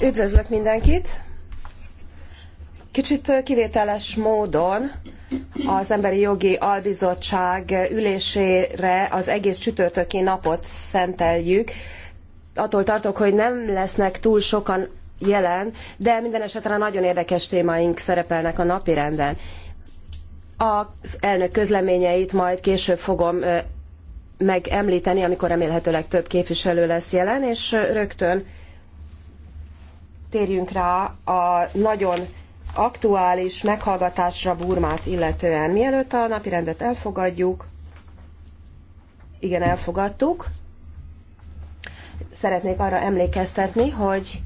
Üdvözlök mindenkit! Kicsit uh, kivételes módon az Emberi Jogi Albizottság ülésére az egész csütörtöki napot szenteljük. Attól tartok, hogy nem lesznek túl sokan jelen, de minden esetre nagyon érdekes témáink szerepelnek a napirenden. Az elnök közleményeit majd később fogom uh, megemlíteni, amikor remélhetőleg több képviselő lesz jelen, és rögtön térjünk rá a nagyon aktuális meghallgatásra Burmát illetően. Mielőtt a napirendet elfogadjuk, igen, elfogadtuk, szeretnék arra emlékeztetni, hogy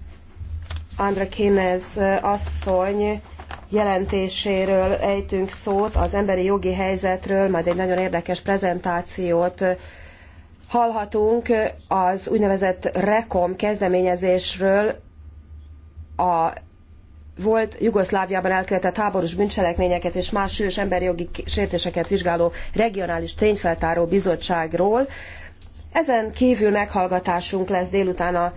Andra Kénez asszony jelentéséről ejtünk szót, az emberi jogi helyzetről, majd egy nagyon érdekes prezentációt hallhatunk az úgynevezett REKOM kezdeményezésről a volt Jugoszláviában elkövetett háborús bűncselekményeket és más súlyos emberi jogi sértéseket vizsgáló regionális tényfeltáró bizottságról. Ezen kívül meghallgatásunk lesz délután a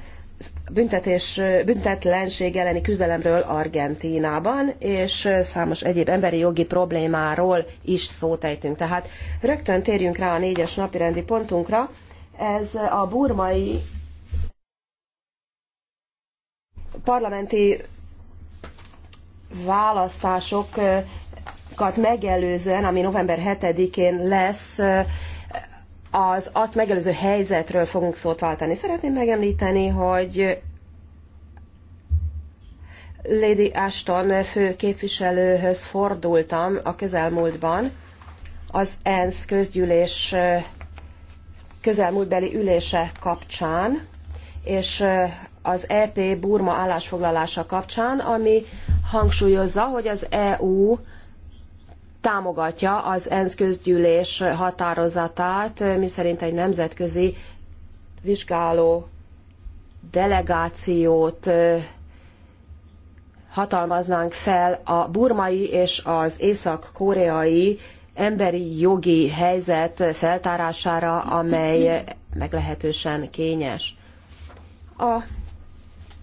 büntetés, büntetlenség elleni küzdelemről Argentínában, és számos egyéb emberi jogi problémáról is szót ejtünk. Tehát rögtön térjünk rá a négyes napirendi pontunkra. Ez a burmai parlamenti választásokat megelőzően, ami november 7-én lesz, az azt megelőző helyzetről fogunk szót váltani. Szeretném megemlíteni, hogy Lady Ashton fő képviselőhöz fordultam a közelmúltban az ENSZ közgyűlés közelmúltbeli ülése kapcsán, és eh, az EP Burma állásfoglalása kapcsán, ami hangsúlyozza, hogy az EU támogatja az ENSZ közgyűlés határozatát, miszerint egy nemzetközi vizsgáló delegációt hatalmaznánk fel a burmai és az észak-koreai emberi jogi helyzet feltárására, amely meglehetősen kényes. A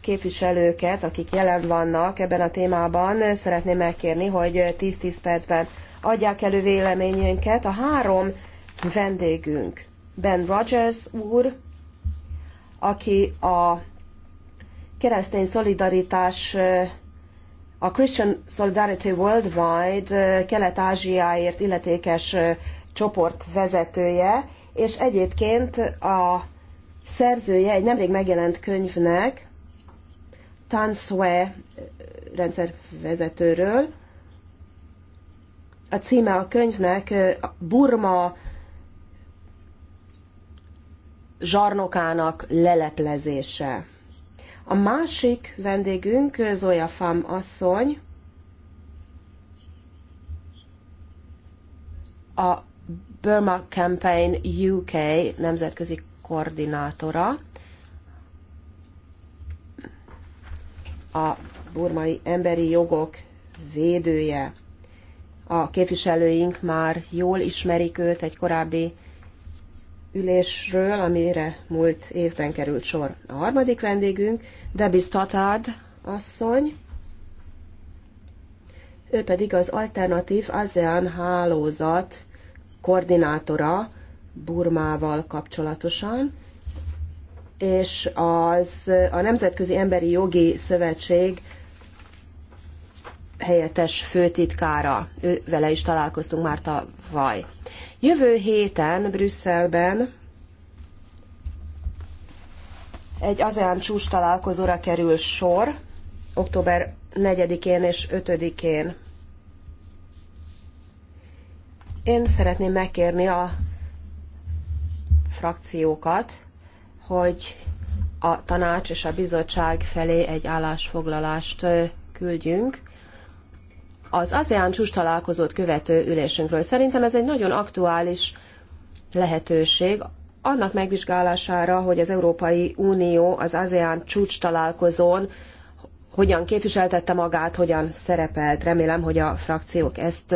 képviselőket, akik jelen vannak ebben a témában, szeretném megkérni, hogy 10-10 percben adják elő véleményünket. A három vendégünk Ben Rogers úr, aki a keresztény szolidaritás, a Christian Solidarity Worldwide Kelet-Ázsiáért illetékes csoport vezetője, és egyébként a szerzője egy nemrég megjelent könyvnek, Sue rendszervezetőről, a címe a könyvnek Burma zsarnokának leleplezése. A másik vendégünk Zoya Fam asszony, a Burma Campaign UK nemzetközi koordinátora, a burmai emberi jogok védője a képviselőink már jól ismerik őt egy korábbi ülésről, amire múlt évben került sor. A harmadik vendégünk Debis Tatard asszony, ő pedig az alternatív ASEAN hálózat koordinátora Burmával kapcsolatosan, és az, a Nemzetközi Emberi Jogi Szövetség helyettes főtitkára. Ő, vele is találkoztunk már tavaly. Jövő héten Brüsszelben egy ASEAN csúcs találkozóra kerül sor, október 4-én és 5-én. Én szeretném megkérni a frakciókat, hogy a tanács és a bizottság felé egy állásfoglalást küldjünk az ASEAN csúcs találkozót követő ülésünkről. Szerintem ez egy nagyon aktuális lehetőség annak megvizsgálására, hogy az Európai Unió az ASEAN csúcs találkozón hogyan képviseltette magát, hogyan szerepelt. Remélem, hogy a frakciók ezt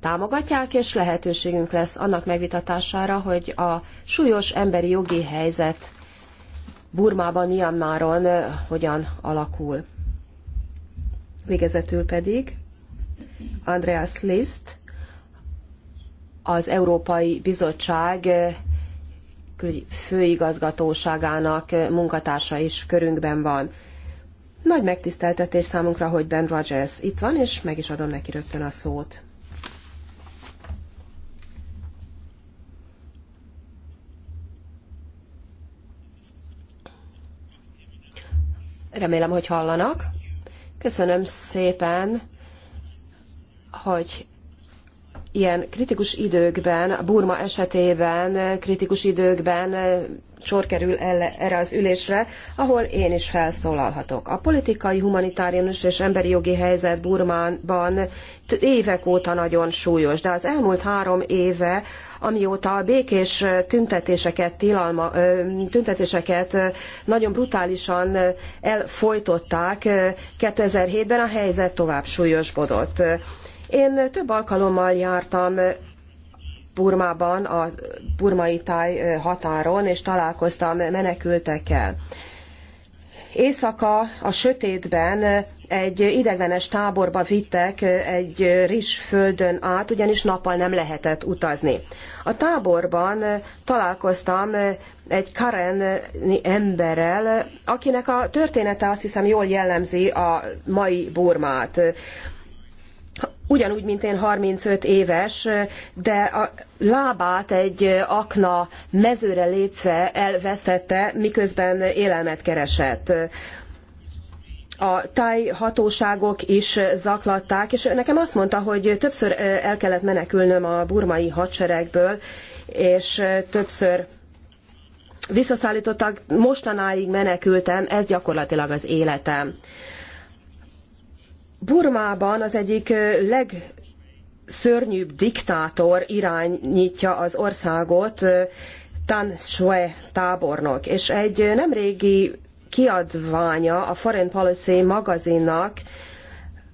támogatják, és lehetőségünk lesz annak megvitatására, hogy a súlyos emberi jogi helyzet Burmában, Myanmaron hogyan alakul. Végezetül pedig Andreas Liszt, az Európai Bizottság eh, főigazgatóságának eh, munkatársa is körünkben van. Nagy megtiszteltetés számunkra, hogy Ben Rogers itt van, és meg is adom neki rögtön a szót. Remélem, hogy hallanak. Köszönöm szépen hogy ilyen kritikus időkben, Burma esetében, kritikus időkben eh, sor kerül erre az ülésre, ahol én is felszólalhatok. A politikai, humanitárius és emberi jogi helyzet Burmában évek óta nagyon súlyos, de az elmúlt három éve, amióta a békés tüntetéseket, tilalma, tüntetéseket nagyon brutálisan elfojtották, 2007-ben a helyzet tovább súlyosbodott. Én több alkalommal jártam Burmában, a burmai táj határon, és találkoztam menekültekkel. Éjszaka a sötétben egy ideglenes táborba vittek egy rizs földön át, ugyanis nappal nem lehetett utazni. A táborban találkoztam egy Karen emberrel, akinek a története azt hiszem jól jellemzi a mai Burmát ugyanúgy, mint én 35 éves, de a lábát egy akna mezőre lépve elvesztette, miközben élelmet keresett. A táj hatóságok is zaklatták, és nekem azt mondta, hogy többször el kellett menekülnöm a burmai hadseregből, és többször visszaszállítottak, mostanáig menekültem, ez gyakorlatilag az életem. Burmában az egyik legszörnyűbb diktátor irányítja az országot, Tan Shwe tábornok, és egy nemrégi kiadványa a Foreign Policy magazinnak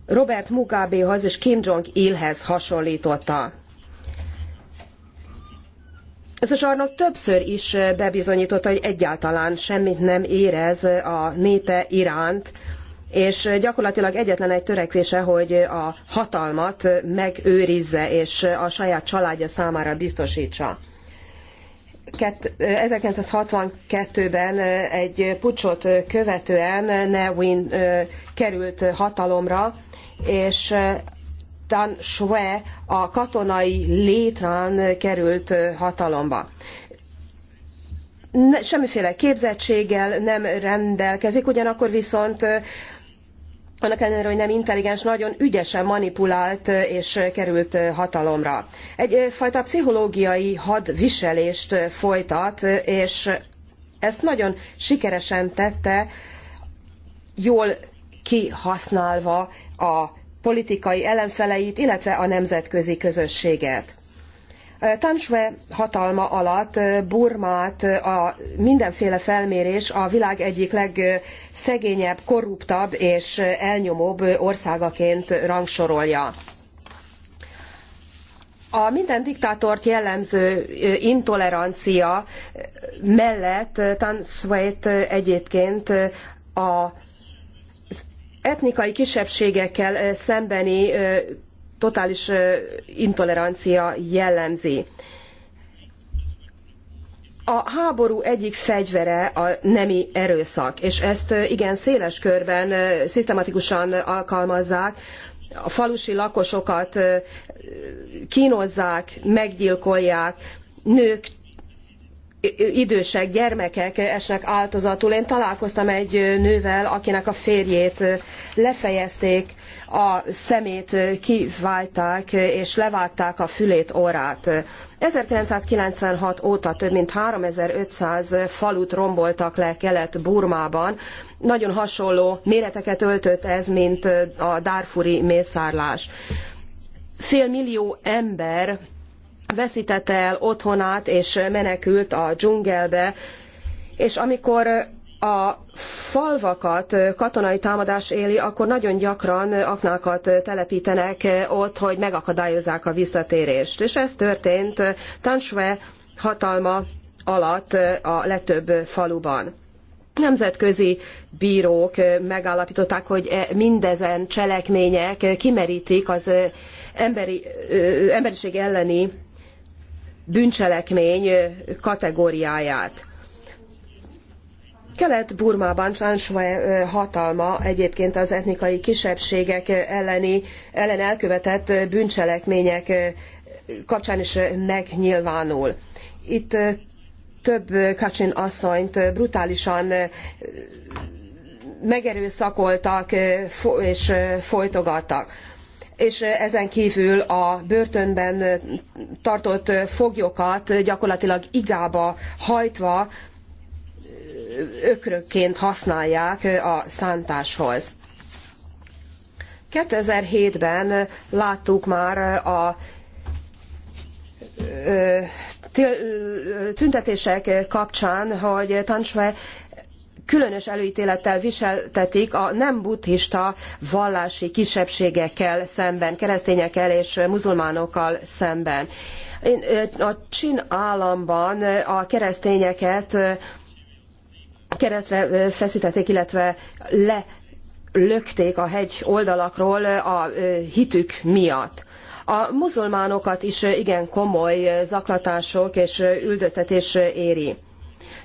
Robert Mugabéhoz és Kim Jong-ilhez hasonlította. Ez a zsarnok többször is bebizonyította, hogy egyáltalán semmit nem érez a népe iránt, és gyakorlatilag egyetlen egy törekvése, hogy a hatalmat megőrizze és a saját családja számára biztosítsa. 1962-ben egy pucsot követően Newin került hatalomra, és tan Shwe a katonai létrán került hatalomba semmiféle képzettséggel nem rendelkezik, ugyanakkor viszont annak ellenére, hogy nem intelligens, nagyon ügyesen manipulált és került hatalomra. Egyfajta pszichológiai hadviselést folytat, és ezt nagyon sikeresen tette, jól kihasználva a politikai ellenfeleit, illetve a nemzetközi közösséget. Tancsue hatalma alatt Burmát a mindenféle felmérés a világ egyik legszegényebb, korruptabb és elnyomóbb országaként rangsorolja. A minden diktátort jellemző intolerancia mellett Tan Sweet egyébként a etnikai kisebbségekkel szembeni totális intolerancia jellemzi. A háború egyik fegyvere a nemi erőszak, és ezt igen széles körben szisztematikusan alkalmazzák. A falusi lakosokat kínozzák, meggyilkolják, nők idősek, gyermekek esnek áldozatul. Én találkoztam egy nővel, akinek a férjét lefejezték, a szemét kiválták és levágták a fülét, orrát. 1996 óta több mint 3500 falut romboltak le Kelet-Burmában. Nagyon hasonló méreteket öltött ez, mint a Darfuri mészárlás. Fél millió ember veszítette el otthonát és menekült a dzsungelbe, és amikor a falvakat katonai támadás éli, akkor nagyon gyakran aknákat telepítenek ott, hogy megakadályozzák a visszatérést. És ez történt Tansue hatalma alatt a legtöbb faluban. Nemzetközi bírók megállapították, hogy e, mindezen cselekmények kimerítik az emberi, emberiség elleni bűncselekmény kategóriáját. Kelet-Burmában Transvae hatalma egyébként az etnikai kisebbségek elleni, ellen elkövetett bűncselekmények kapcsán is megnyilvánul. Itt több Kacsin asszonyt brutálisan megerőszakoltak és folytogattak. És ezen kívül a börtönben tartott foglyokat gyakorlatilag igába hajtva ökrökként használják a szántáshoz. 2007-ben láttuk már a tüntetések kapcsán, hogy Tansve különös előítélettel viseltetik a nem buddhista vallási kisebbségekkel szemben, keresztényekkel és muzulmánokkal szemben. A Csin államban a keresztényeket keresztre feszítették, illetve le lökték a hegy oldalakról a hitük miatt. A muzulmánokat is igen komoly zaklatások és üldöztetés éri.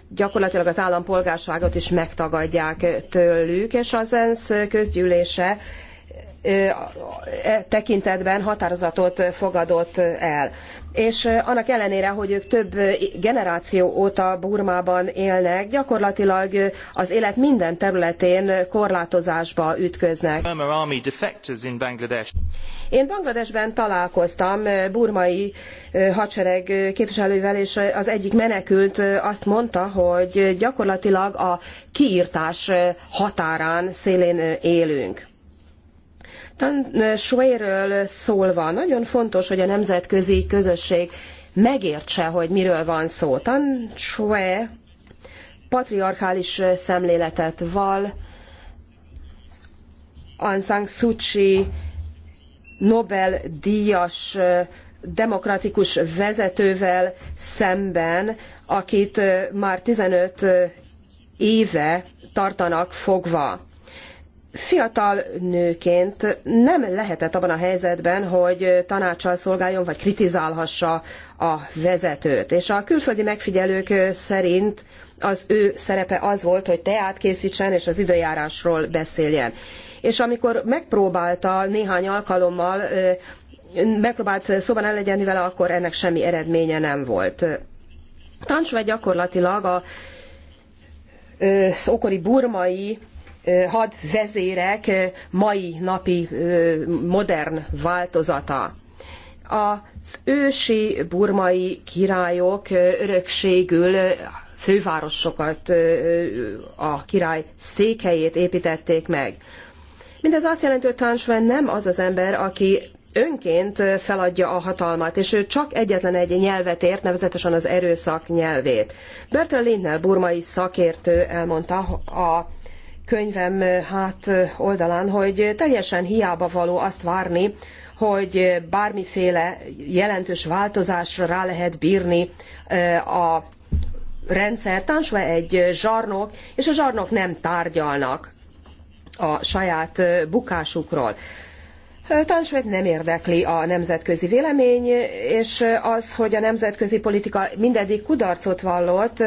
Gyakorlatilag az állampolgárságot is megtagadják tőlük, és az ENSZ közgyűlése e tekintetben határozatot fogadott el. És annak ellenére, hogy ők több generáció óta Burmában élnek, gyakorlatilag az élet minden területén korlátozásba ütköznek. Én Bangladesben találkoztam burmai hadsereg képviselővel, és az egyik menekült azt mondta, hogy gyakorlatilag a kiírtás határán szélén élünk. Eh, Schwerről szólva, nagyon fontos, hogy a nemzetközi közösség megértse, hogy miről van szó. Tan Sue patriarchális eh, szemléletet val, Aung San Suu Kyi Nobel-díjas eh, demokratikus vezetővel szemben, akit már 15 éve tartanak fogva fiatal nőként nem lehetett abban a helyzetben, hogy tanácsal szolgáljon, vagy kritizálhassa a vezetőt. És a külföldi megfigyelők szerint az ő szerepe az volt, hogy teát készítsen és az időjárásról beszéljen. És amikor megpróbálta néhány alkalommal, megpróbált szóban ellegyenni vele, akkor ennek semmi eredménye nem volt. Tancsve gyakorlatilag a az okori burmai hadvezérek mai napi modern változata. Az ősi burmai királyok örökségül fővárosokat, a király székhelyét építették meg. Mindez azt jelenti, hogy Tansven nem az az ember, aki önként feladja a hatalmat, és ő csak egyetlen egy nyelvet ért, nevezetesen az erőszak nyelvét. Bertrand Lindnell, burmai szakértő elmondta a könyvem hát oldalán, hogy teljesen hiába való azt várni, hogy bármiféle jelentős változásra rá lehet bírni a rendszer. Tánsva egy zsarnok, és a zsarnok nem tárgyalnak a saját bukásukról. Tansvet nem érdekli a nemzetközi vélemény, és az, hogy a nemzetközi politika mindeddig kudarcot vallott,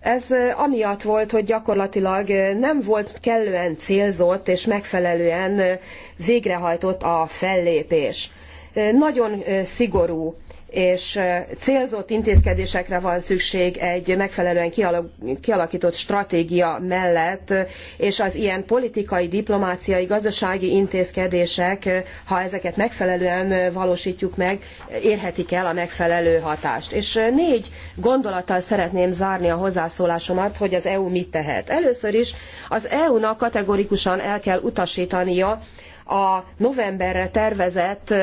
ez amiatt volt, hogy gyakorlatilag nem volt kellően célzott és megfelelően végrehajtott a fellépés. Nagyon szigorú és célzott intézkedésekre van szükség egy megfelelően kialakított stratégia mellett, és az ilyen politikai, diplomáciai, gazdasági intézkedések, ha ezeket megfelelően valósítjuk meg, érhetik el a megfelelő hatást. És négy gondolattal szeretném zárni a hozzászólásomat, hogy az EU mit tehet. Először is az EU-nak kategorikusan el kell utasítania a novemberre tervezett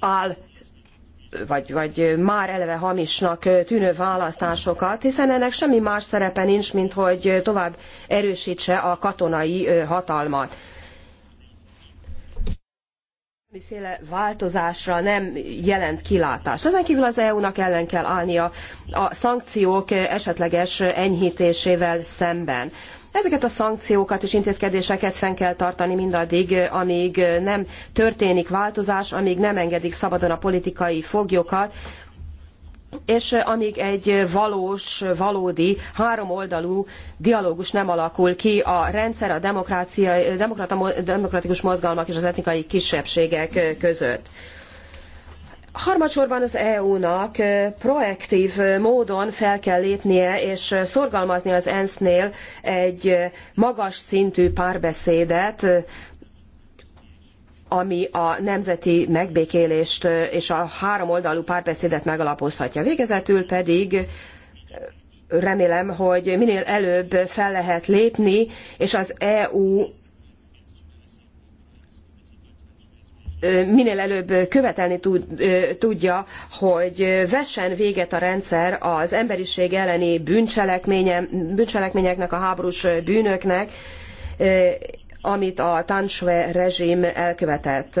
áll vagy, vagy már eleve hamisnak tűnő választásokat, hiszen ennek semmi más szerepe nincs, mint hogy tovább erősítse a katonai hatalmat. Semmiféle változásra nem jelent kilátást. Ezen kívül az EU-nak ellen kell állnia a szankciók esetleges enyhítésével szemben. Ezeket a szankciókat és intézkedéseket fenn kell tartani mindaddig, amíg nem történik változás, amíg nem engedik szabadon a politikai foglyokat, és amíg egy valós, valódi, háromoldalú dialógus nem alakul ki a rendszer, a demokrácia, demokratikus mozgalmak és az etnikai kisebbségek között. Harmadsorban az EU-nak proaktív módon fel kell lépnie és szorgalmazni az ENSZ-nél egy magas szintű párbeszédet, ami a nemzeti megbékélést és a háromoldalú párbeszédet megalapozhatja. Végezetül pedig remélem, hogy minél előbb fel lehet lépni, és az EU minél előbb követelni tudja, hogy vessen véget a rendszer az emberiség elleni bűncselekményeknek, a háborús bűnöknek, amit a Tansue rezsim elkövetett.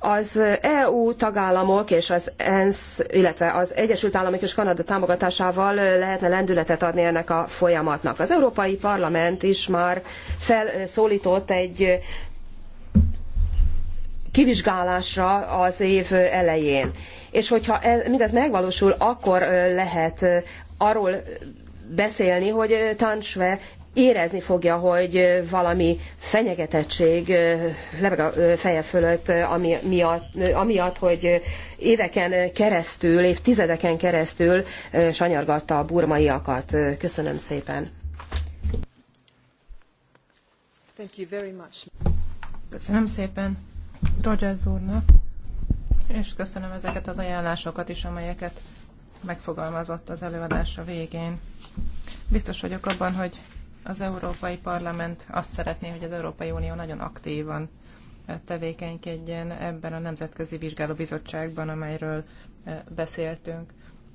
Az EU tagállamok és az ENSZ, illetve az Egyesült Államok és Kanada támogatásával lehetne lendületet adni ennek a folyamatnak. Az Európai Parlament is már felszólított egy kivizsgálásra az év elején. És hogyha ez, mindez megvalósul, akkor lehet arról beszélni, hogy Tansve érezni fogja, hogy valami fenyegetettség lebeg a feje fölött, ami, miatt, amiatt, hogy éveken keresztül, évtizedeken keresztül sanyargatta a burmaiakat. Köszönöm szépen. Köszönöm szépen. Rogers úrnak, és köszönöm ezeket az ajánlásokat is, amelyeket megfogalmazott az előadása végén. Biztos vagyok abban, hogy az Európai Parlament azt szeretné, hogy az Európai Unió nagyon aktívan tevékenykedjen ebben a Nemzetközi Vizsgálóbizottságban, amelyről e, beszéltünk.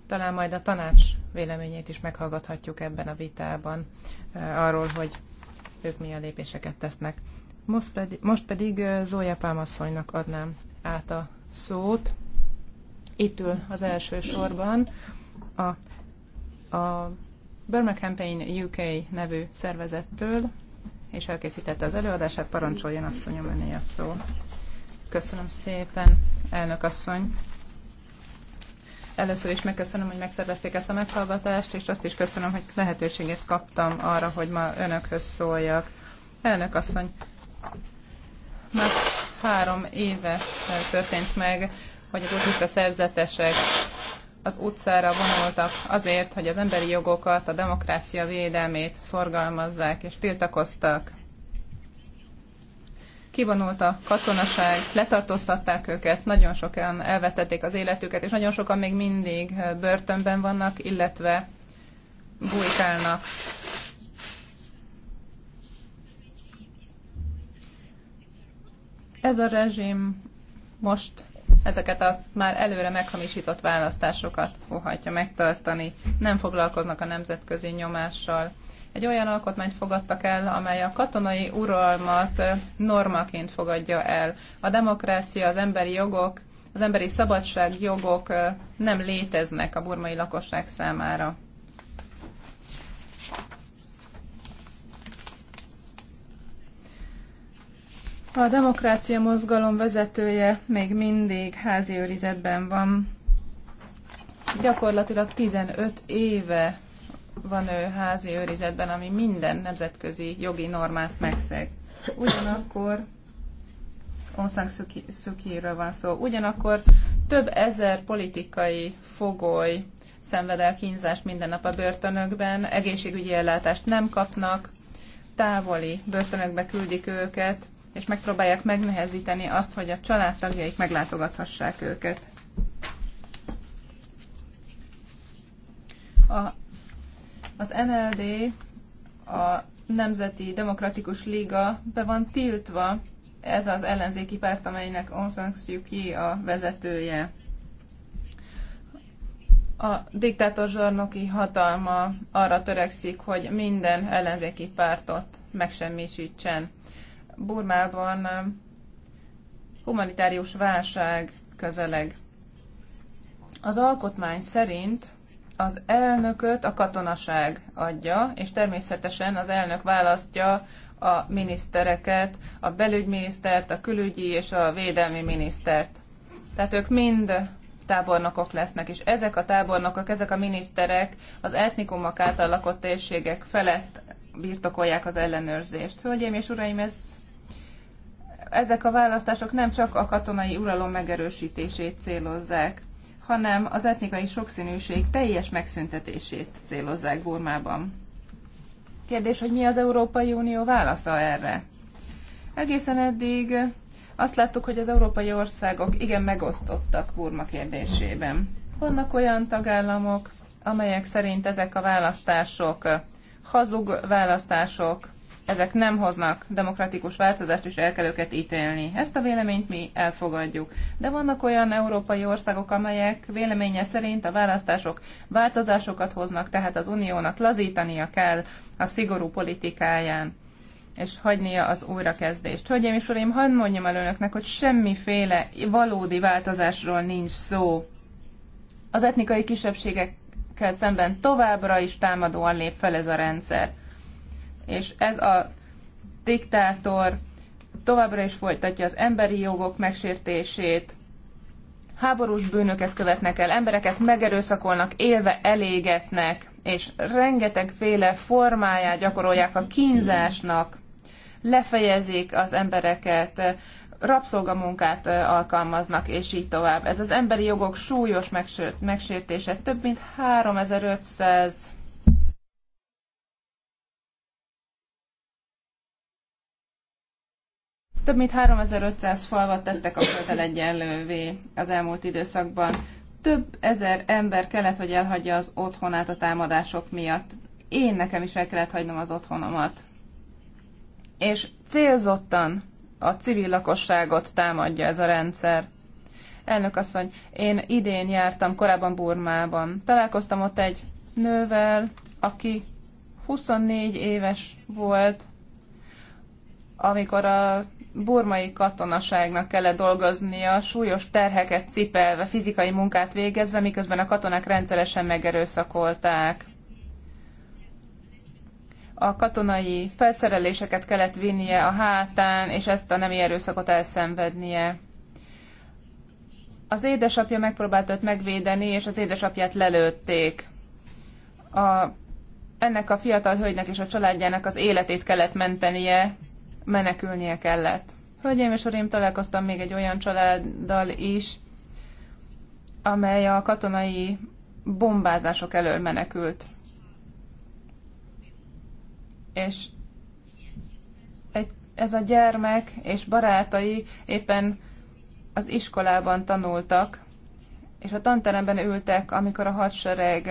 Talán majd a tanács véleményét is meghallgathatjuk ebben a vitában e, arról, hogy ők milyen lépéseket tesznek. Most pedig, most pedig Zója Pálmasszonynak adnám át a szót. Itt ül az első sorban a, a Birmingham Pain UK nevű szervezettől, és elkészítette az előadását. Parancsoljon asszonyom, önné a szó. Köszönöm szépen, elnök asszony. Először is megköszönöm, hogy megszervezték ezt a meghallgatást, és azt is köszönöm, hogy lehetőséget kaptam arra, hogy ma önökhöz szóljak. Elnök asszony, már három éve történt meg, hogy az utca szerzetesek az utcára vonultak azért, hogy az emberi jogokat, a demokrácia védelmét szorgalmazzák és tiltakoztak. Kivonult a katonaság, letartóztatták őket, nagyon sokan elvetették az életüket, és nagyon sokan még mindig börtönben vannak, illetve bujkálnak. Ez a rezsim most ezeket a már előre meghamisított választásokat foghatja megtartani. Nem foglalkoznak a nemzetközi nyomással. Egy olyan alkotmányt fogadtak el, amely a katonai uralmat normaként fogadja el. A demokrácia, az emberi jogok, az emberi szabadság jogok nem léteznek a burmai lakosság számára. A demokrácia mozgalom vezetője még mindig házi őrizetben van. Gyakorlatilag 15 éve van ő házi őrizetben, ami minden nemzetközi jogi normát megszeg. Ugyanakkor Onszang Szukiről van szó. Ugyanakkor több ezer politikai fogoly szenved el kínzást minden nap a börtönökben, egészségügyi ellátást nem kapnak, távoli börtönökbe küldik őket, és megpróbálják megnehezíteni azt, hogy a családtagjaik meglátogathassák őket. A, az NLD, a Nemzeti Demokratikus Liga be van tiltva, ez az ellenzéki párt, amelynek Aung San Suu Kyi a vezetője. A diktátor hatalma arra törekszik, hogy minden ellenzéki pártot megsemmisítsen. Burmában um, humanitárius válság közeleg. Az alkotmány szerint az elnököt a katonaság adja, és természetesen az elnök választja a minisztereket, a belügyminisztert, a külügyi és a védelmi minisztert. Tehát ők mind tábornokok lesznek, és ezek a tábornokok, ezek a miniszterek az etnikumok által lakott térségek felett birtokolják az ellenőrzést. Hölgyeim és uraim, ez ezek a választások nem csak a katonai uralom megerősítését célozzák, hanem az etnikai sokszínűség teljes megszüntetését célozzák Burmában. Kérdés, hogy mi az Európai Unió válasza erre? Egészen eddig azt láttuk, hogy az európai országok igen megosztottak Burma kérdésében. Vannak olyan tagállamok, amelyek szerint ezek a választások hazug választások, ezek nem hoznak demokratikus változást, és el kell őket ítélni. Ezt a véleményt mi elfogadjuk. De vannak olyan európai országok, amelyek véleménye szerint a választások változásokat hoznak, tehát az uniónak lazítania kell a szigorú politikáján és hagynia az újrakezdést. Hölgyeim és uraim, hadd mondjam el önöknek, hogy semmiféle valódi változásról nincs szó. Az etnikai kisebbségekkel szemben továbbra is támadóan lép fel ez a rendszer és ez a diktátor továbbra is folytatja az emberi jogok megsértését, háborús bűnöket követnek el, embereket megerőszakolnak, élve elégetnek, és rengetegféle formáját gyakorolják a kínzásnak, lefejezik az embereket, rabszolgamunkát alkalmaznak, és így tovább. Ez az emberi jogok súlyos megsértése. Több mint 3500 Több mint 3500 falvat tettek a földdel egyenlővé az elmúlt időszakban. Több ezer ember kellett, hogy elhagyja az otthonát a támadások miatt. Én nekem is el kellett hagynom az otthonomat. És célzottan a civil lakosságot támadja ez a rendszer. Elnök asszony, én idén jártam korábban Burmában. Találkoztam ott egy nővel, aki 24 éves volt, amikor a burmai katonaságnak kellett dolgoznia, súlyos terheket cipelve, fizikai munkát végezve, miközben a katonák rendszeresen megerőszakolták. A katonai felszereléseket kellett vinnie a hátán, és ezt a nemi erőszakot elszenvednie. Az édesapja megpróbált őt megvédeni, és az édesapját lelőtték. A, ennek a fiatal hölgynek és a családjának az életét kellett mentenie, menekülnie kellett. Hölgyeim és Uraim, találkoztam még egy olyan családdal is, amely a katonai bombázások elől menekült. És egy, ez a gyermek és barátai éppen az iskolában tanultak, és a tanteremben ültek, amikor a hadsereg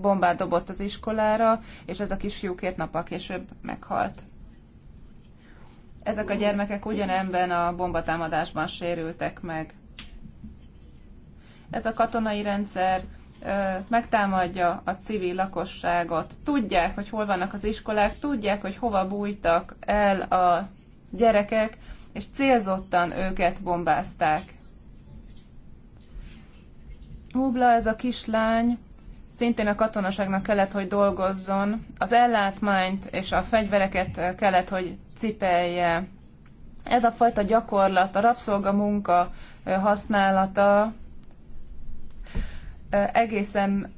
bombát dobott az iskolára, és ez a kisfiú két nappal később meghalt. Ezek a gyermekek ugyanebben a bombatámadásban sérültek meg. Ez a katonai rendszer megtámadja a civil lakosságot. Tudják, hogy hol vannak az iskolák, tudják, hogy hova bújtak el a gyerekek, és célzottan őket bombázták. Ubla, ez a kislány, szintén a katonaságnak kellett, hogy dolgozzon, az ellátmányt és a fegyvereket kellett, hogy cipelje. Ez a fajta gyakorlat, a munka használata egészen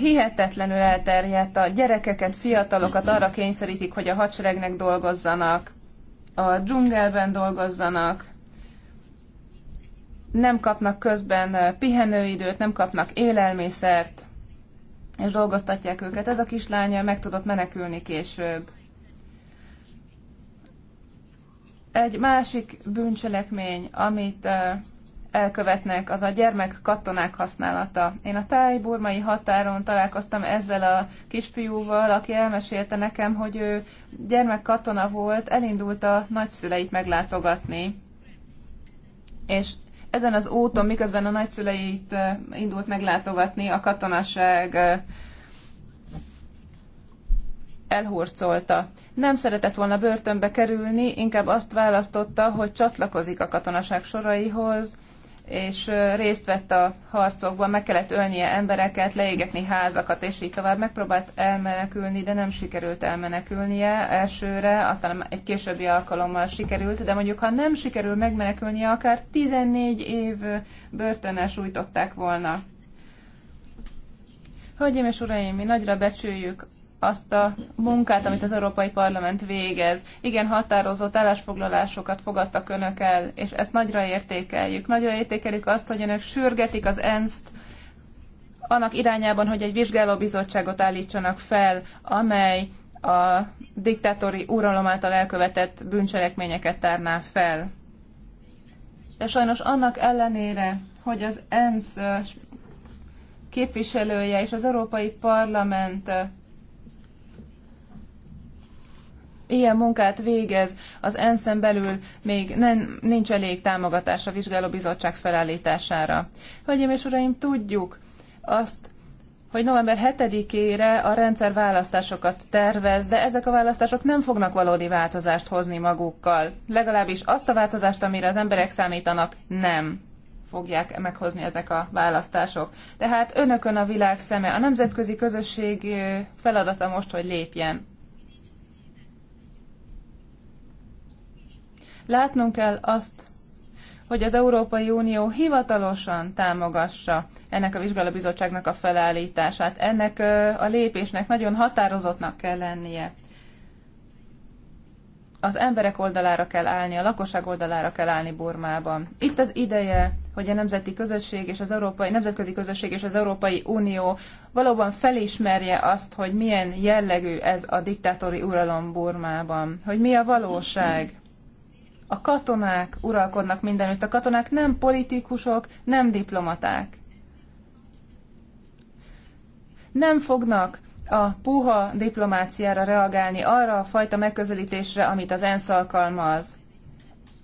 hihetetlenül elterjedt. A gyerekeket, fiatalokat arra kényszerítik, hogy a hadseregnek dolgozzanak, a dzsungelben dolgozzanak, nem kapnak közben pihenőidőt, nem kapnak élelmiszert, és dolgoztatják őket. Ez a kislány meg tudott menekülni később. Egy másik bűncselekmény, amit elkövetnek, az a gyermek katonák használata. Én a táj-burmai határon találkoztam ezzel a kisfiúval, aki elmesélte nekem, hogy ő gyermek katona volt, elindult a nagyszüleit meglátogatni. És ezen az úton, miközben a nagyszüleit eh, indult meglátogatni, a katonaság eh, elhurcolta. Nem szeretett volna börtönbe kerülni, inkább azt választotta, hogy csatlakozik a katonaság soraihoz, és részt vett a harcokban, meg kellett ölnie embereket, leégetni házakat, és így tovább. Megpróbált elmenekülni, de nem sikerült elmenekülnie elsőre, aztán egy későbbi alkalommal sikerült, de mondjuk, ha nem sikerül megmenekülnie, akár 14 év börtönnel sújtották volna. Hölgyeim és uraim, mi nagyra becsüljük azt a munkát, amit az Európai Parlament végez. Igen, határozott állásfoglalásokat fogadtak önök el, és ezt nagyra értékeljük. Nagyra értékeljük azt, hogy önök sürgetik az ENSZ-t, annak irányában, hogy egy vizsgálóbizottságot állítsanak fel, amely a diktátori uralom által elkövetett bűncselekményeket tárná fel. De sajnos annak ellenére, hogy az ENSZ képviselője és az Európai Parlament ilyen munkát végez, az ENSZ-en belül még nem, nincs elég támogatás a vizsgálóbizottság felállítására. Hölgyeim és uraim, tudjuk azt, hogy november 7-ére a rendszer választásokat tervez, de ezek a választások nem fognak valódi változást hozni magukkal. Legalábbis azt a változást, amire az emberek számítanak, nem fogják meghozni ezek a választások. Tehát önökön a világ szeme, a nemzetközi közösség feladata most, hogy lépjen. Látnunk kell azt, hogy az Európai Unió hivatalosan támogassa ennek a vizsgálóbizottságnak a felállítását. Ennek a lépésnek nagyon határozottnak kell lennie. Az emberek oldalára kell állni, a lakosság oldalára kell állni Burmában. Itt az ideje, hogy a nemzeti közösség és az európai, nemzetközi közösség és az Európai Unió valóban felismerje azt, hogy milyen jellegű ez a diktátori uralom Burmában, hogy mi a valóság a katonák uralkodnak mindenütt. A katonák nem politikusok, nem diplomaták. Nem fognak a puha diplomáciára reagálni, arra a fajta megközelítésre, amit az ENSZ alkalmaz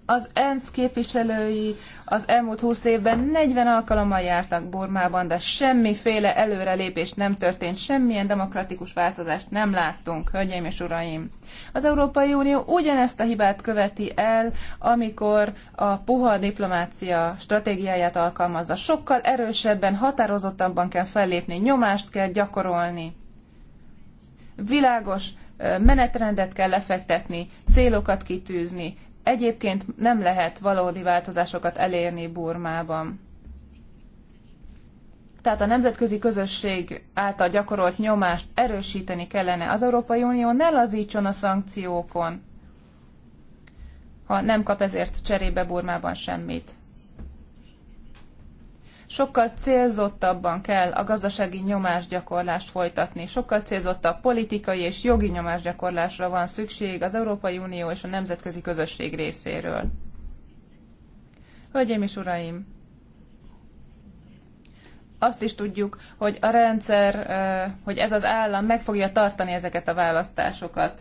az ENSZ képviselői az elmúlt húsz évben 40 alkalommal jártak Burmában, de semmiféle előrelépés nem történt, semmilyen demokratikus változást nem láttunk, hölgyeim és uraim. Az Európai Unió ugyanezt a hibát követi el, amikor a puha diplomácia stratégiáját alkalmazza. Sokkal erősebben, határozottabban kell fellépni, nyomást kell gyakorolni. Világos menetrendet kell lefektetni, célokat kitűzni, Egyébként nem lehet valódi változásokat elérni Burmában. Tehát a nemzetközi közösség által gyakorolt nyomást erősíteni kellene. Az Európai Unió ne lazítson a szankciókon, ha nem kap ezért cserébe Burmában semmit sokkal célzottabban kell a gazdasági nyomásgyakorlást folytatni, sokkal célzottabb politikai és jogi nyomásgyakorlásra van szükség az Európai Unió és a nemzetközi közösség részéről. Hölgyeim és uraim! Azt is tudjuk, hogy a rendszer, eh, hogy ez az állam meg fogja tartani ezeket a választásokat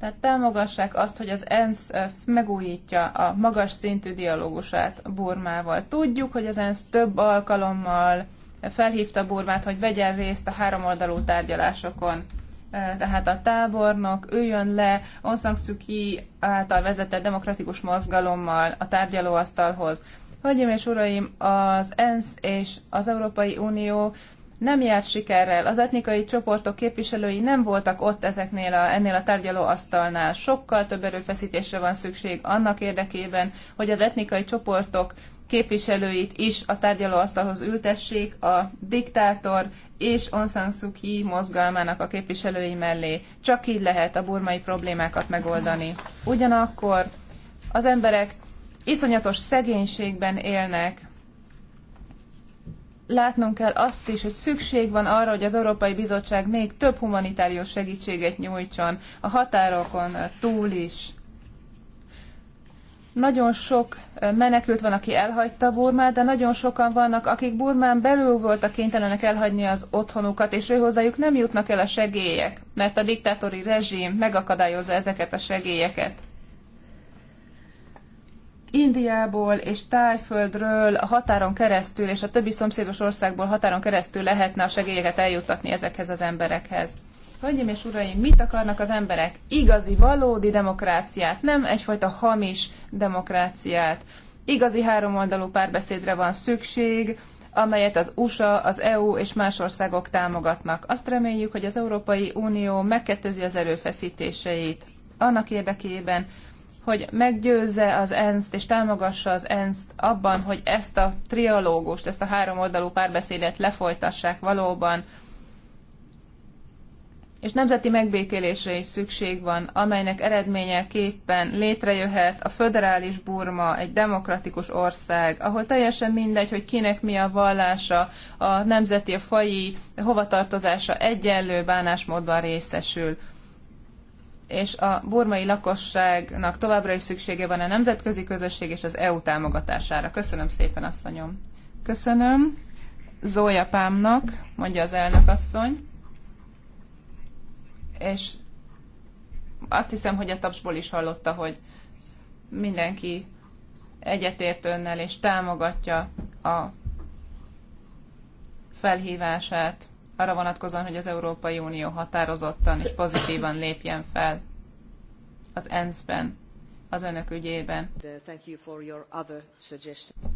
Tehát támogassák azt, hogy az ENSZ eh, megújítja a magas szintű dialógusát Burmával. Tudjuk, hogy az ENSZ több alkalommal felhívta Burmát, hogy vegyen részt a háromoldalú tárgyalásokon. Eh, tehát a tábornok üljön le Aung San Suu Kyi által vezetett demokratikus mozgalommal a tárgyalóasztalhoz. Hölgyeim és uraim, az ENSZ és az Európai Unió nem járt sikerrel. Az etnikai csoportok képviselői nem voltak ott ezeknél a, ennél a tárgyalóasztalnál. Sokkal több erőfeszítésre van szükség annak érdekében, hogy az etnikai csoportok képviselőit is a tárgyalóasztalhoz ültessék a diktátor és Aung San Suu Kyi mozgalmának a képviselői mellé. Csak így lehet a burmai problémákat megoldani. Ugyanakkor az emberek iszonyatos szegénységben élnek, látnunk kell azt is, hogy szükség van arra, hogy az Európai Bizottság még több humanitárius segítséget nyújtson a határokon túl is. Nagyon sok menekült van, aki elhagyta Burmát, de nagyon sokan vannak, akik Burmán belül voltak kénytelenek elhagyni az otthonukat, és hozzájuk nem jutnak el a segélyek, mert a diktátori rezsim megakadályozza ezeket a segélyeket. Indiából és Tájföldről a határon keresztül és a többi szomszédos országból határon keresztül lehetne a segélyeket eljuttatni ezekhez az emberekhez. Hölgyeim és uraim, mit akarnak az emberek? Igazi, valódi demokráciát, nem egyfajta hamis demokráciát. Igazi háromoldalú párbeszédre van szükség, amelyet az USA, az EU és más országok támogatnak. Azt reméljük, hogy az Európai Unió megkettőzi az erőfeszítéseit annak érdekében, hogy meggyőzze az ENSZ-t és támogassa az ENSZ-t abban, hogy ezt a trialógust, ezt a három oldalú párbeszédet lefolytassák valóban, és nemzeti megbékélésre is szükség van, amelynek eredményeképpen létrejöhet a föderális Burma, egy demokratikus ország, ahol teljesen mindegy, hogy kinek mi a vallása, a nemzeti, a fai hovatartozása egyenlő bánásmódban részesül és a burmai lakosságnak továbbra is szüksége van a nemzetközi közösség és az EU támogatására. Köszönöm szépen, asszonyom. Köszönöm. Zója Pámnak, mondja az elnök asszony. És azt hiszem, hogy a tapsból is hallotta, hogy mindenki egyetért önnel és támogatja a felhívását arra vonatkozóan, hogy az Európai Unió határozottan és pozitívan lépjen fel az ENSZ-ben, az önök ügyében. Uh,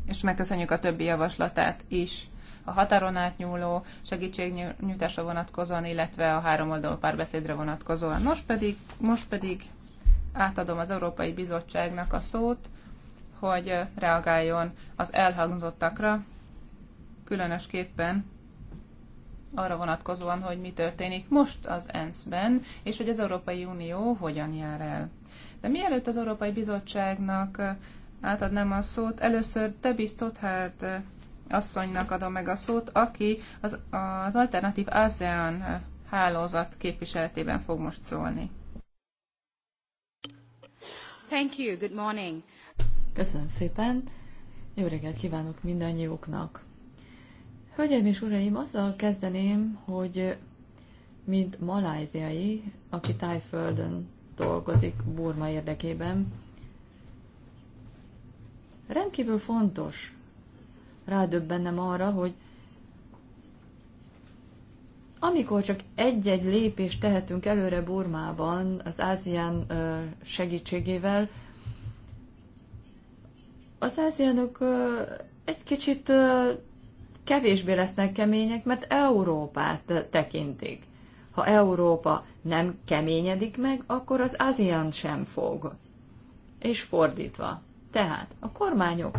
és megköszönjük a többi javaslatát is a határon átnyúló segítségnyújtásra vonatkozóan, illetve a háromoldalú párbeszédre vonatkozóan. Most pedig, most pedig átadom az Európai Bizottságnak a szót, hogy uh, reagáljon az elhangzottakra, különösképpen arra vonatkozóan, hogy mi történik most az ENSZ-ben, és hogy az Európai Unió hogyan jár el. De mielőtt az Európai Bizottságnak eh, átadnám a szót, először te Stothard eh, asszonynak adom meg a szót, aki az, az alternatív ASEAN eh, hálózat képviseletében fog most szólni. Thank you. Good morning. Köszönöm szépen. Jó reggelt kívánok mindannyiuknak. Hölgyeim és uraim, azzal kezdeném, hogy mint maláziai, aki tájföldön dolgozik Burma érdekében, rendkívül fontos rádöbbennem arra, hogy amikor csak egy-egy lépést tehetünk előre Burmában az ázián segítségével, az Ázianok egy kicsit kevésbé lesznek kemények, mert Európát tekintik. Ha Európa nem keményedik meg, akkor az ASEAN sem fog. És fordítva. Tehát a kormányok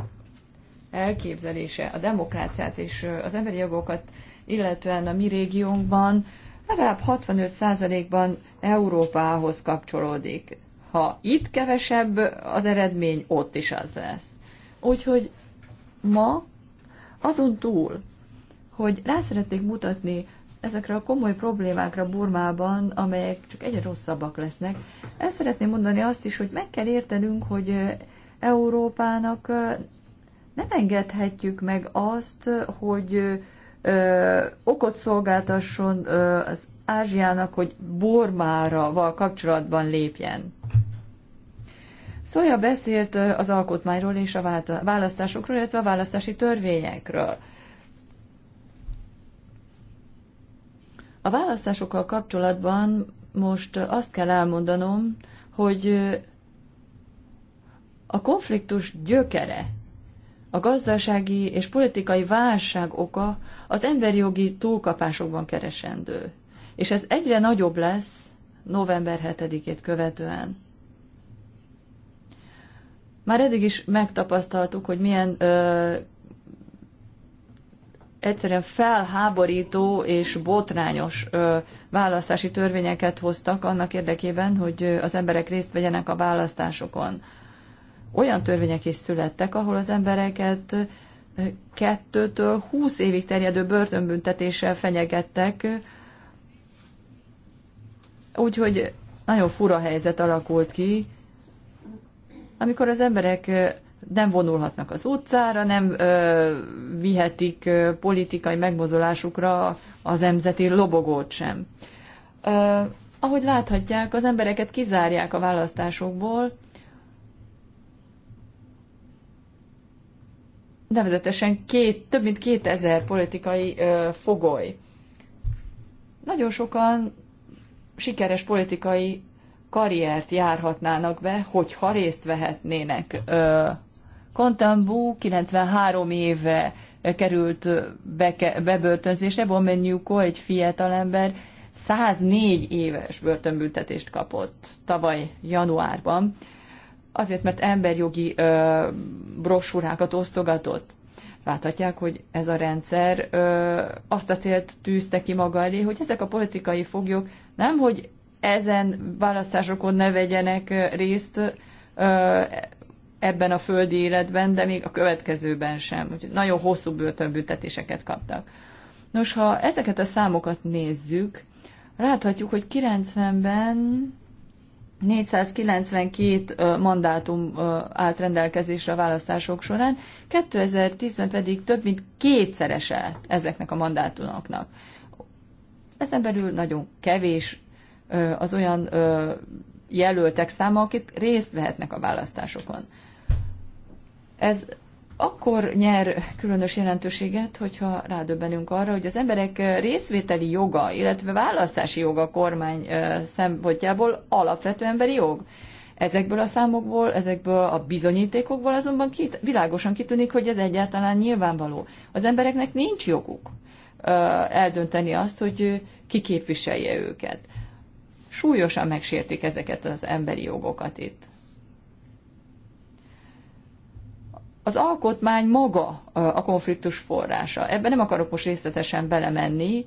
elképzelése a demokráciát és az emberi jogokat, illetően a mi régiónkban legalább 65%-ban Európához kapcsolódik. Ha itt kevesebb az eredmény, ott is az lesz. Úgyhogy ma azon túl, hogy rá szeretnék mutatni ezekre a komoly problémákra Burmában, amelyek csak egyre rosszabbak lesznek, ezt szeretném mondani azt is, hogy meg kell értenünk, hogy Európának nem engedhetjük meg azt, hogy ö, okot szolgáltasson ö, az Ázsiának, hogy Burmára val kapcsolatban lépjen. Szója beszélt az alkotmányról és a választásokról, illetve a választási törvényekről. A választásokkal kapcsolatban most azt kell elmondanom, hogy a konfliktus gyökere, a gazdasági és politikai válság oka az emberi jogi túlkapásokban keresendő. És ez egyre nagyobb lesz november 7-ét követően. Már eddig is megtapasztaltuk, hogy milyen ö, egyszerűen felháborító és botrányos ö, választási törvényeket hoztak annak érdekében, hogy az emberek részt vegyenek a választásokon. Olyan törvények is születtek, ahol az embereket kettőtől húsz évig terjedő börtönbüntetéssel fenyegettek, úgyhogy nagyon fura helyzet alakult ki, amikor az emberek nem vonulhatnak az utcára, nem ö, vihetik ö, politikai megmozolásukra az emzeti lobogót sem. Ö, ahogy láthatják, az embereket kizárják a választásokból, nevezetesen két, több mint 2000 politikai ö, fogoly. Nagyon sokan sikeres politikai karriert járhatnának be, hogyha részt vehetnének. Kontambú 93 évre került beke, bebörtönzésre, Bomenyuko, egy fiatalember, 104 éves börtönbüntetést kapott tavaly januárban, azért, mert emberjogi ö, brosúrákat osztogatott. Láthatják, hogy ez a rendszer ö, azt a célt tűzte ki maga elé, hogy ezek a politikai foglyok nem, hogy ezen választásokon ne vegyenek részt ebben a földi életben, de még a következőben sem. Úgyhogy nagyon hosszú börtönbüntetéseket kaptak. Nos, ha ezeket a számokat nézzük, láthatjuk, hogy 90-ben 492 mandátum állt rendelkezésre a választások során, 2010-ben pedig több mint kétszerese ezeknek a mandátumoknak. Ezen belül nagyon kevés az olyan jelöltek száma, akik részt vehetnek a választásokon. Ez akkor nyer különös jelentőséget, hogyha rádöbbenünk arra, hogy az emberek részvételi joga, illetve választási joga a kormány szempontjából alapvető emberi jog. Ezekből a számokból, ezekből a bizonyítékokból azonban kit, világosan kitűnik, hogy ez egyáltalán nyilvánvaló. Az embereknek nincs joguk eldönteni azt, hogy ki képviselje őket súlyosan megsértik ezeket az emberi jogokat itt. Az alkotmány maga a konfliktus forrása. Ebben nem akarok most részletesen belemenni,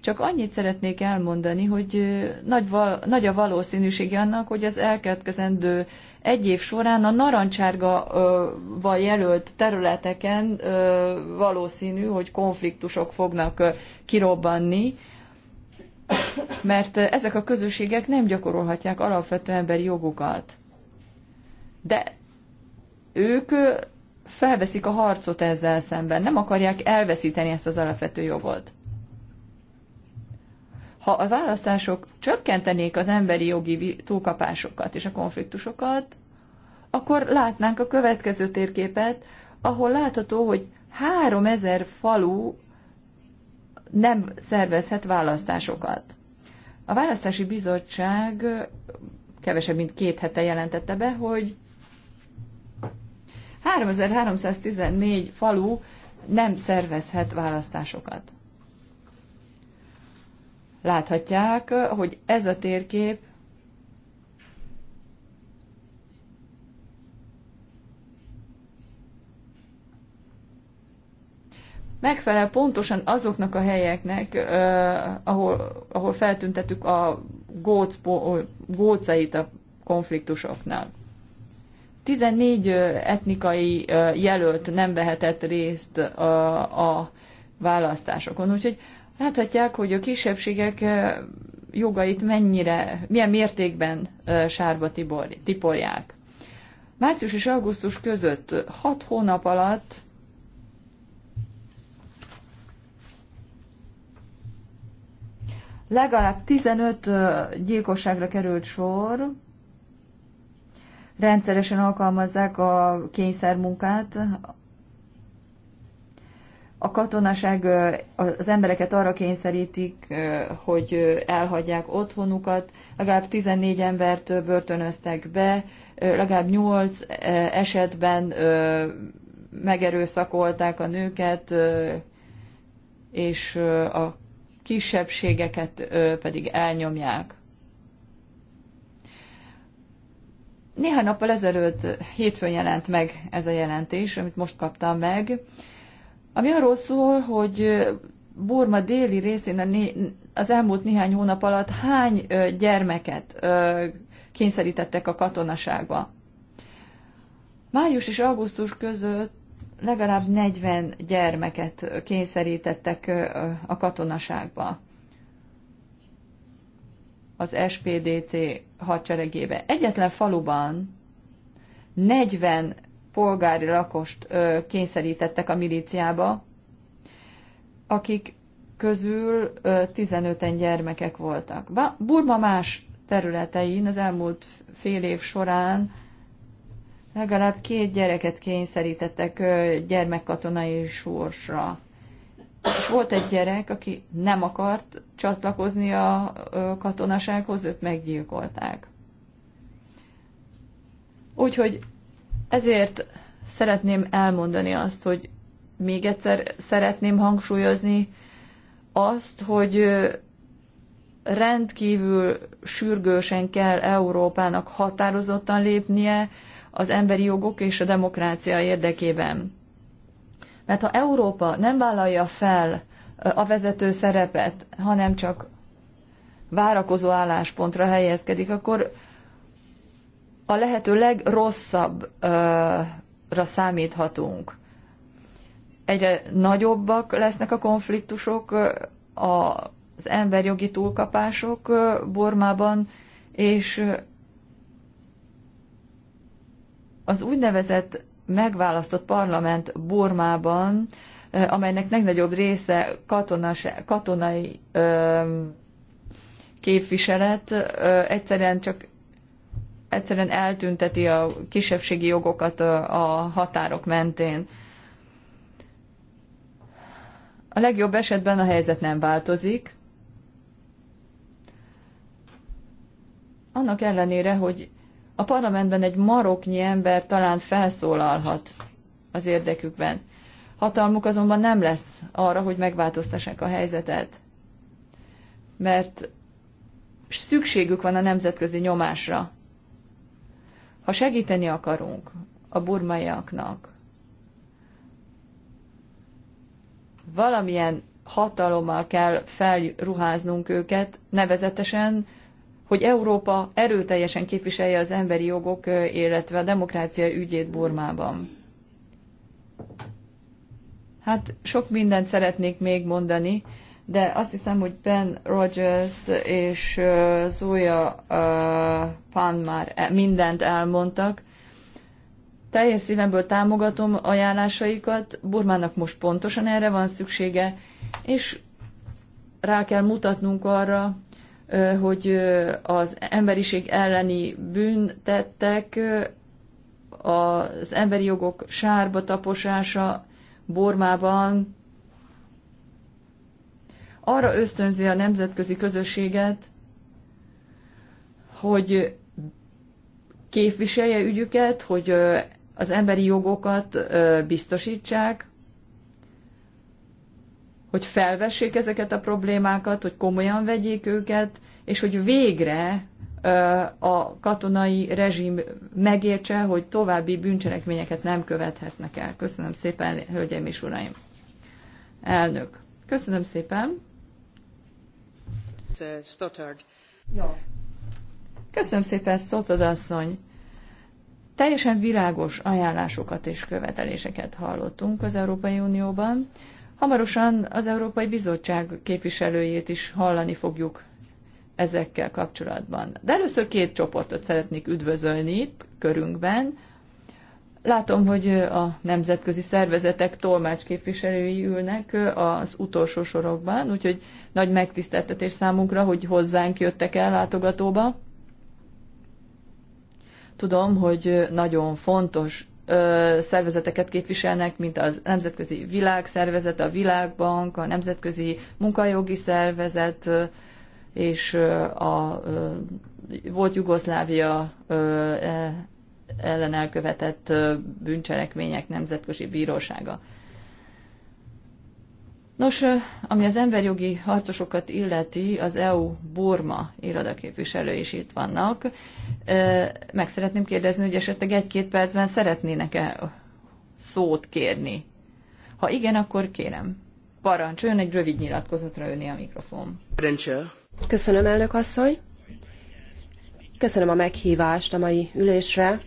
csak annyit szeretnék elmondani, hogy nagy, val- nagy a valószínűsége annak, hogy az elkövetkezendő egy év során a narancsárgaval jelölt területeken valószínű, hogy konfliktusok fognak kirobbanni, mert ezek a közösségek nem gyakorolhatják alapvető emberi jogukat. De ők felveszik a harcot ezzel szemben, nem akarják elveszíteni ezt az alapvető jogot. Ha a választások csökkentenék az emberi jogi túlkapásokat és a konfliktusokat, akkor látnánk a következő térképet, ahol látható, hogy 3000 falu nem szervezhet választásokat. A választási bizottság kevesebb, mint két hete jelentette be, hogy 3314 falu nem szervezhet választásokat. Láthatják, hogy ez a térkép megfelel pontosan azoknak a helyeknek, uh, ahol, ahol feltüntettük a góc, gócait a konfliktusoknak. 14 etnikai jelölt nem vehetett részt a, a választásokon, úgyhogy láthatják, hogy a kisebbségek jogait mennyire, milyen mértékben sárba tiporják. Március és augusztus között 6 hónap alatt legalább 15 gyilkosságra került sor, rendszeresen alkalmazzák a kényszermunkát, a katonaság az embereket arra kényszerítik, hogy elhagyják otthonukat, legalább 14 embert börtönöztek be, legalább 8 esetben megerőszakolták a nőket, és a kisebbségeket pedig elnyomják. Néhány nappal ezelőtt hétfőn jelent meg ez a jelentés, amit most kaptam meg, ami arról szól, hogy Burma déli részén a az elmúlt néhány hónap alatt hány gyermeket kényszerítettek a katonaságba. Május és augusztus között legalább 40 gyermeket kényszerítettek a katonaságba az S.P.D.T. hadseregébe. Egyetlen faluban 40 polgári lakost kényszerítettek a milíciába, akik közül 15-en gyermekek voltak. Burma más területein az elmúlt fél év során Legalább két gyereket kényszerítettek gyermekkatonai sorsra. És volt egy gyerek, aki nem akart csatlakozni a katonasághoz, őt meggyilkolták. Úgyhogy ezért szeretném elmondani azt, hogy még egyszer szeretném hangsúlyozni azt, hogy rendkívül sürgősen kell Európának határozottan lépnie, az emberi jogok és a demokrácia érdekében. Mert ha Európa nem vállalja fel a vezető szerepet, hanem csak várakozó álláspontra helyezkedik, akkor a lehető legrosszabbra számíthatunk. Egyre nagyobbak lesznek a konfliktusok, az emberjogi túlkapások bormában és az úgynevezett megválasztott parlament Burmában, amelynek legnagyobb része katonas, katonai ö, képviselet, ö, egyszerűen csak egyszerűen eltünteti a kisebbségi jogokat a, a határok mentén. A legjobb esetben a helyzet nem változik. Annak ellenére, hogy a parlamentben egy maroknyi ember talán felszólalhat az érdekükben. Hatalmuk azonban nem lesz arra, hogy megváltoztassák a helyzetet, mert szükségük van a nemzetközi nyomásra. Ha segíteni akarunk a burmaiaknak, valamilyen hatalommal kell felruháznunk őket, nevezetesen hogy Európa erőteljesen képviselje az emberi jogok, illetve a demokrácia ügyét Burmában. Hát sok mindent szeretnék még mondani, de azt hiszem, hogy Ben Rogers és Zója Pan már e- mindent elmondtak. Teljes szívemből támogatom ajánlásaikat, Burmának most pontosan erre van szüksége, és rá kell mutatnunk arra, hogy az emberiség elleni bűntettek, az emberi jogok sárba taposása Bormában arra ösztönzi a nemzetközi közösséget, hogy képviselje ügyüket, hogy az emberi jogokat biztosítsák, hogy felvessék ezeket a problémákat, hogy komolyan vegyék őket, és hogy végre a katonai rezsim megértse, hogy további bűncselekményeket nem követhetnek el. Köszönöm szépen, hölgyeim és uraim. Elnök. Köszönöm szépen. Köszönöm szépen, Stotard asszony. Teljesen világos ajánlásokat és követeléseket hallottunk az Európai Unióban. Hamarosan az Európai Bizottság képviselőjét is hallani fogjuk ezekkel kapcsolatban. De először két csoportot szeretnék üdvözölni itt körünkben. Látom, hogy a nemzetközi szervezetek tolmácsképviselői ülnek az utolsó sorokban, úgyhogy nagy megtiszteltetés számunkra, hogy hozzánk jöttek el látogatóba. Tudom, hogy nagyon fontos ö, szervezeteket képviselnek, mint az Nemzetközi Világszervezet, a Világbank, a Nemzetközi Munkajogi Szervezet, és a volt Jugoszlávia e, ellen elkövetett bűncselekmények nemzetközi bírósága. Nos, ami az emberjogi harcosokat illeti, az EU Burma irodaképviselő is itt vannak. Meg szeretném kérdezni, hogy esetleg egy-két percben szeretnének-e szót kérni. Ha igen, akkor kérem. Parancsoljon egy rövid nyilatkozatra önni a mikrofon. Rendszerűen. Köszönöm, elnök asszony. Köszönöm a meghívást a mai ülésre.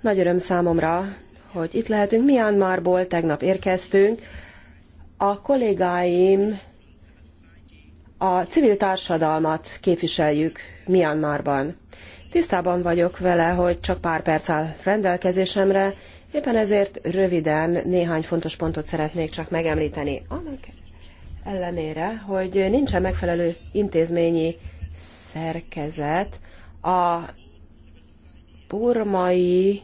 Nagy öröm számomra, hogy itt lehetünk. Myanmarból tegnap érkeztünk. A kollégáim a civil társadalmat képviseljük Myanmarban. Tisztában vagyok vele, hogy csak pár perc áll rendelkezésemre, éppen ezért röviden néhány fontos pontot szeretnék csak megemlíteni. Annak ellenére, hogy nincsen megfelelő intézményi szerkezet, a burmai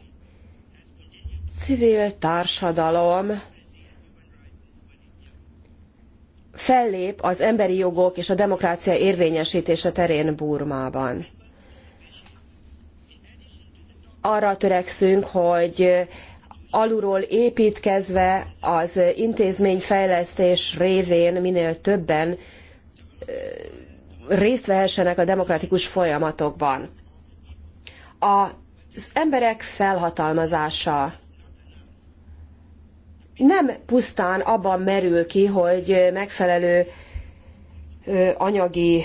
civil társadalom fellép az emberi jogok és a demokrácia érvényesítése terén Burmában. Arra törekszünk, hogy alulról építkezve az intézményfejlesztés révén minél többen részt vehessenek a demokratikus folyamatokban. Az emberek felhatalmazása nem pusztán abban merül ki, hogy megfelelő anyagi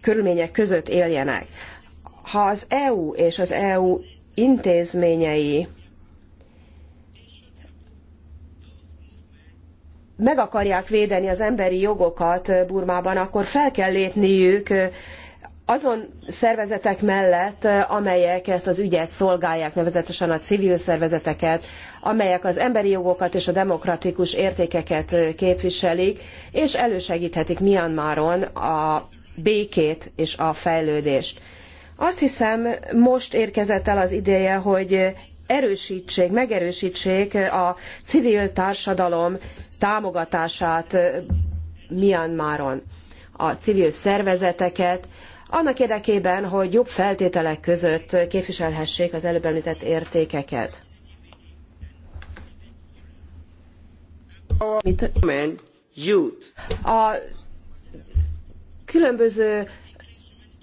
körülmények között éljenek. Ha az EU és az EU intézményei meg akarják védeni az emberi jogokat eh, Burmában, akkor fel kell lépniük eh, azon szervezetek mellett, eh, amelyek ezt az ügyet szolgálják, nevezetesen a civil szervezeteket, amelyek az emberi jogokat és a demokratikus értékeket képviselik, és elősegíthetik Myanmaron a békét és a fejlődést. Azt hiszem, most érkezett el az ideje, hogy erősítsék, megerősítsék a civil társadalom támogatását Myanmaron, a civil szervezeteket, annak érdekében, hogy jobb feltételek között képviselhessék az előbb említett értékeket. A különböző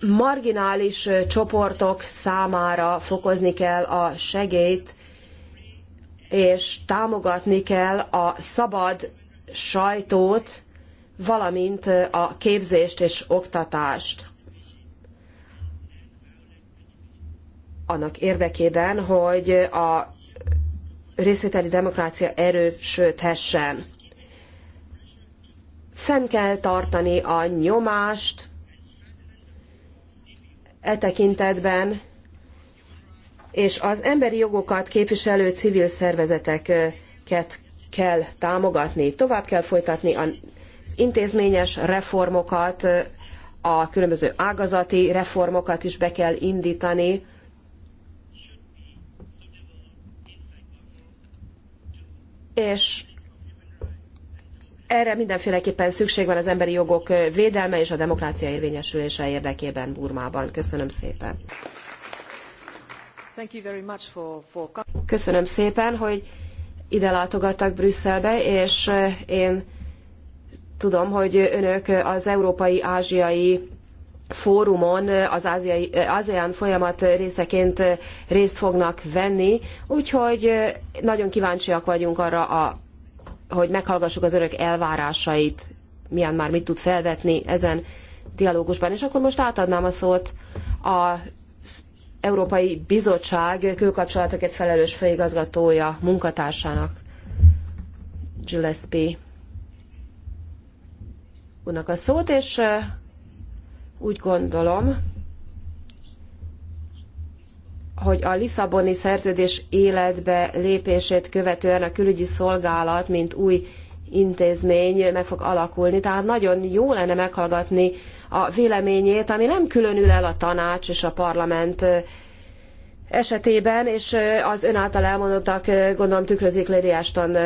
marginális csoportok számára fokozni kell a segélyt, és támogatni kell a szabad sajtót, valamint a képzést és oktatást. Annak érdekében, hogy a részvételi demokrácia erősödhessen. Fenn kell tartani a nyomást, e tekintetben, és az emberi jogokat képviselő civil szervezeteket kell támogatni. Tovább kell folytatni az intézményes reformokat, a különböző ágazati reformokat is be kell indítani. És erre mindenféleképpen szükség van az emberi jogok védelme és a demokrácia érvényesülése érdekében Burmában. Köszönöm szépen. Köszönöm szépen, hogy ide látogattak Brüsszelbe, és eh, én tudom, hogy önök az Európai-Ázsiai fórumon eh, az ázsiai, ASEAN eh, folyamat részeként részt fognak venni, úgyhogy nagyon kíváncsiak vagyunk arra a hogy meghallgassuk az önök elvárásait, milyen már mit tud felvetni ezen dialógusban. És akkor most átadnám a szót a Európai Bizottság külkapcsolatokért felelős főigazgatója munkatársának, Gillespie úrnak a szót, és úgy gondolom, hogy a Lisszaboni szerződés életbe lépését követően a külügyi szolgálat, mint új intézmény meg fog alakulni. Tehát nagyon jó lenne meghallgatni a véleményét, ami nem különül el a tanács és a parlament esetében, és az ön által elmondottak gondolom tükrözik Lady Ashton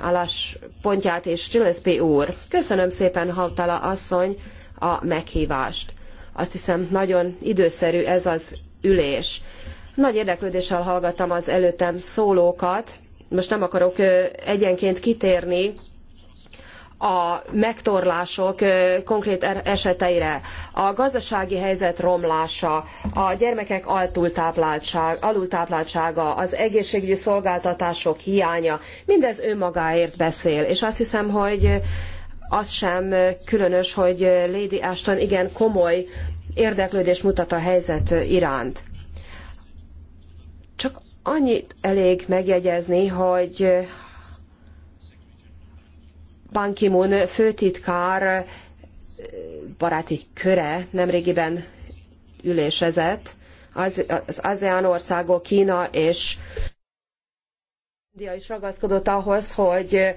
álláspontját és Gillespie úr. Köszönöm szépen, Hautala asszony, a meghívást. Azt hiszem, nagyon időszerű ez az ülés. Nagy érdeklődéssel hallgattam az előttem szólókat, most nem akarok egyenként kitérni a megtorlások konkrét er- eseteire, a gazdasági helyzet romlása, a gyermekek alultápláltsága, az egészségügyi szolgáltatások hiánya, mindez önmagáért beszél. És azt hiszem, hogy az sem különös, hogy Lady Ashton igen komoly érdeklődést mutat a helyzet iránt. Csak annyit elég megjegyezni, hogy Ban Ki-moon főtitkár eh, baráti köre nemrégiben ülésezett, az, az ASEAN országok, Kína és India is ragaszkodott ahhoz, hogy eh,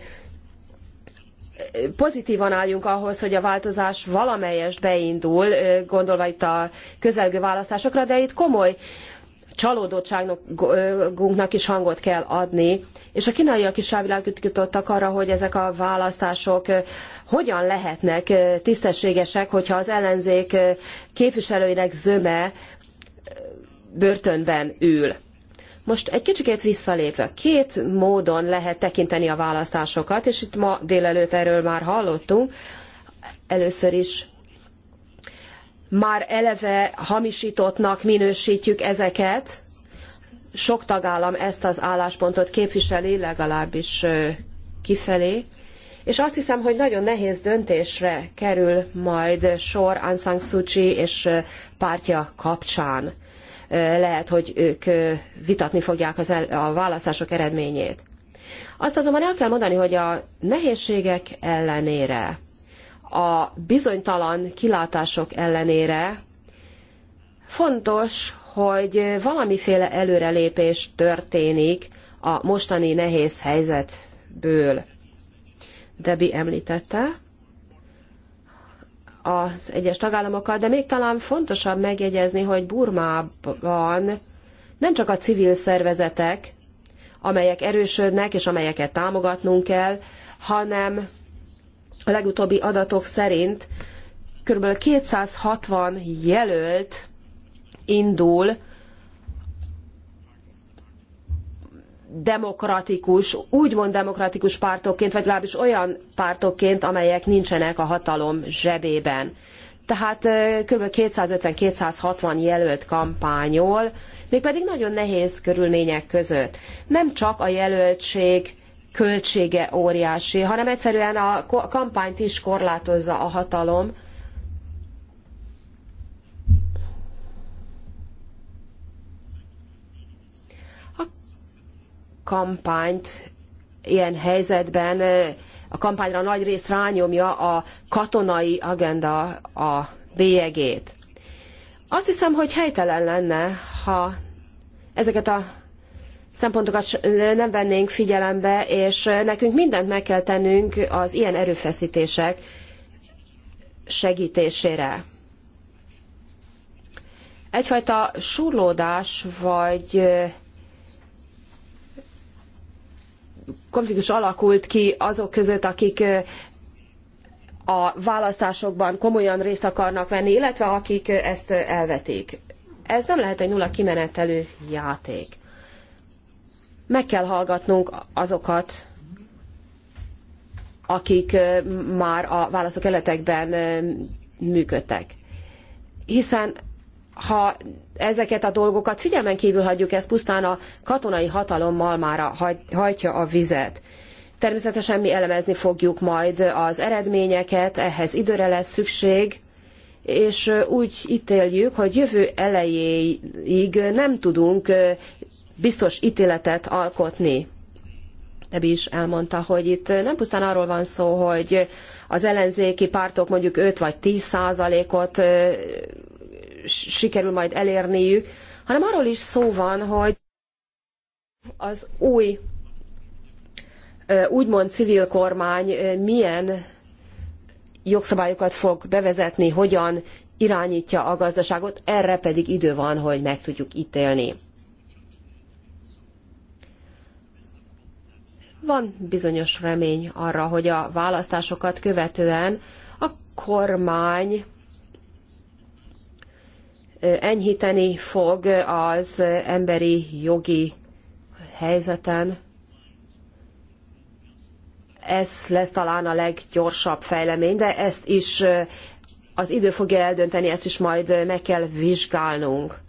pozitívan álljunk ahhoz, hogy a változás valamelyest beindul, eh, gondolva itt a közelgő választásokra, de itt komoly csalódottságunknak is hangot kell adni, és a kínaiak is rávilágítottak arra, hogy ezek a választások hogyan lehetnek tisztességesek, hogyha az ellenzék képviselőinek zöme börtönben ül. Most egy kicsikét visszalépve, két módon lehet tekinteni a választásokat, és itt ma délelőtt erről már hallottunk. Először is már eleve hamisítottnak minősítjük ezeket. Sok tagállam ezt az álláspontot képviseli, legalábbis kifelé. És azt hiszem, hogy nagyon nehéz döntésre kerül majd sor Aung San Suu Kyi és pártja kapcsán. Lehet, hogy ők vitatni fogják az el, a választások eredményét. Azt azonban el kell mondani, hogy a nehézségek ellenére a bizonytalan kilátások ellenére fontos, hogy valamiféle előrelépés történik a mostani nehéz helyzetből. Debi említette az egyes tagállamokat, de még talán fontosabb megjegyezni, hogy Burmában nem csak a civil szervezetek, amelyek erősödnek és amelyeket támogatnunk kell, hanem a legutóbbi adatok szerint kb. 260 jelölt indul demokratikus, úgymond demokratikus pártokként, vagy legalábbis olyan pártokként, amelyek nincsenek a hatalom zsebében. Tehát kb. 250-260 jelölt kampányol, mégpedig nagyon nehéz körülmények között. Nem csak a jelöltség költsége óriási, hanem egyszerűen a kampányt is korlátozza a hatalom. A kampányt ilyen helyzetben a kampányra nagy részt rányomja a katonai agenda a bélyegét. Azt hiszem, hogy helytelen lenne, ha ezeket a szempontokat nem vennénk figyelembe, és nekünk mindent meg kell tennünk az ilyen erőfeszítések segítésére. Egyfajta surlódás vagy konfliktus alakult ki azok között, akik a választásokban komolyan részt akarnak venni, illetve akik ezt elvetik. Ez nem lehet egy nulla kimenetelű játék meg kell hallgatnunk azokat, akik már a válaszok eletekben működtek. Hiszen ha ezeket a dolgokat figyelmen kívül hagyjuk, ez pusztán a katonai hatalommal már hajtja a vizet. Természetesen mi elemezni fogjuk majd az eredményeket, ehhez időre lesz szükség, és úgy ítéljük, hogy jövő elejéig nem tudunk biztos ítéletet alkotni. Ebi is elmondta, hogy itt nem pusztán arról van szó, hogy az ellenzéki pártok mondjuk 5 vagy 10 százalékot sikerül majd elérniük, hanem arról is szó van, hogy az új úgymond civil kormány milyen jogszabályokat fog bevezetni, hogyan irányítja a gazdaságot, erre pedig idő van, hogy meg tudjuk ítélni. Van bizonyos remény arra, hogy a választásokat követően a kormány enyhíteni fog az emberi jogi helyzeten. Ez lesz talán a leggyorsabb fejlemény, de ezt is az idő fogja eldönteni, ezt is majd meg kell vizsgálnunk.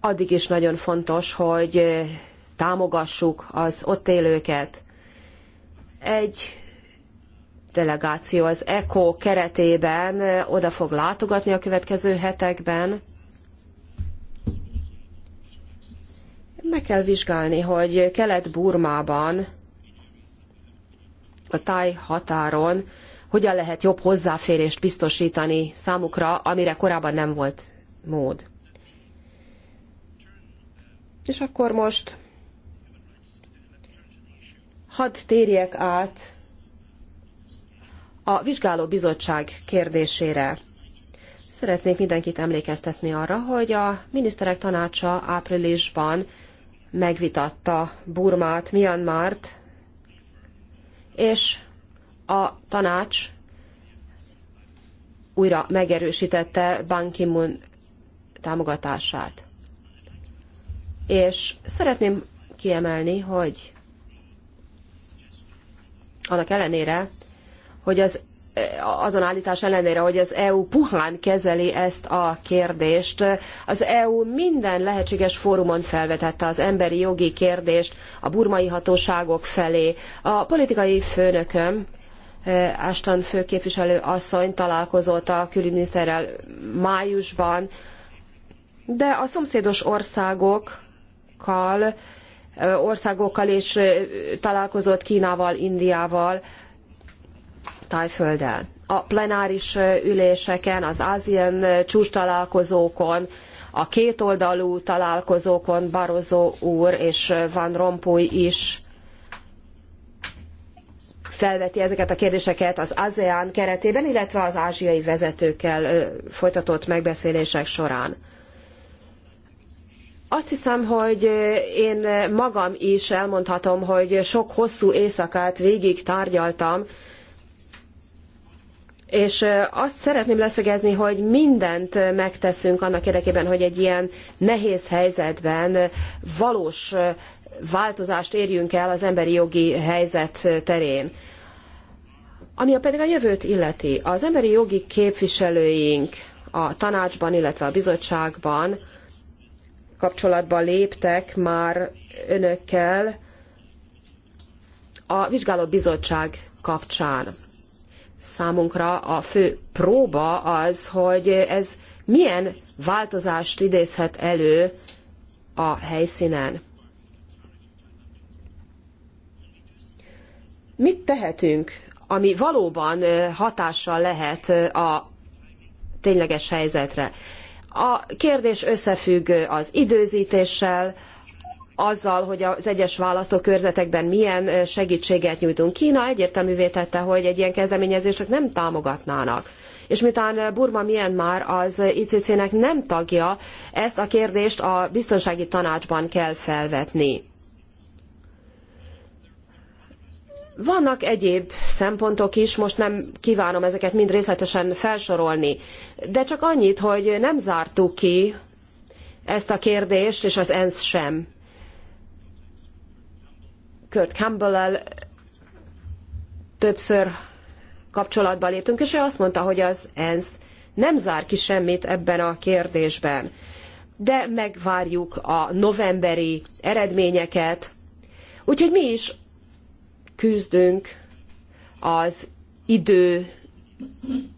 Addig is nagyon fontos, hogy támogassuk az ott élőket. Egy delegáció az ECO keretében oda fog látogatni a következő hetekben. Meg kell vizsgálni, hogy Kelet-Burmában, a táj határon hogyan lehet jobb hozzáférést biztosítani számukra, amire korábban nem volt mód. És akkor most Hadd térjek át a vizsgáló bizottság kérdésére. Szeretnék mindenkit emlékeztetni arra, hogy a miniszterek tanácsa áprilisban megvitatta Burmát, Myanmart, és a tanács újra megerősítette Ban Ki-moon támogatását. És szeretném kiemelni, hogy annak ellenére, hogy az eh, azon állítás ellenére, hogy az EU puhán kezeli ezt a kérdést. Az EU minden lehetséges fórumon felvetette az emberi jogi kérdést a burmai hatóságok felé. A politikai főnököm, eh, Ashton főképviselő asszony találkozott a külügyminiszterrel májusban, de a szomszédos országokkal országokkal, és találkozott Kínával, Indiával, Tájfölddel. A plenáris üléseken, az ASEAN csúcs találkozókon, a kétoldalú találkozókon Barroso úr és Van Rompuy is felveti ezeket a kérdéseket az ASEAN keretében, illetve az ázsiai vezetőkkel folytatott megbeszélések során. Azt hiszem, hogy én magam is elmondhatom, hogy sok hosszú éjszakát végig tárgyaltam, és azt szeretném leszögezni, hogy mindent megteszünk annak érdekében, hogy egy ilyen nehéz helyzetben valós változást érjünk el az emberi jogi helyzet terén. Ami a pedig a jövőt illeti, az emberi jogi képviselőink a tanácsban, illetve a bizottságban kapcsolatba léptek már önökkel a vizsgálóbizottság kapcsán. Számunkra a fő próba az, hogy ez milyen változást idézhet elő a helyszínen. Mit tehetünk, ami valóban hatással lehet a tényleges helyzetre? A kérdés összefügg az időzítéssel, azzal, hogy az egyes választókörzetekben milyen segítséget nyújtunk. Kína egyértelművé tette, hogy egy ilyen kezdeményezések nem támogatnának. És miután Burma milyen már az ICC-nek nem tagja, ezt a kérdést a biztonsági tanácsban kell felvetni. Vannak egyéb szempontok is, most nem kívánom ezeket mind részletesen felsorolni, de csak annyit, hogy nem zártuk ki ezt a kérdést, és az ENSZ sem. Kurt campbell többször kapcsolatba léptünk, és ő azt mondta, hogy az ENSZ nem zár ki semmit ebben a kérdésben, de megvárjuk a novemberi eredményeket. Úgyhogy mi is küzdünk az idő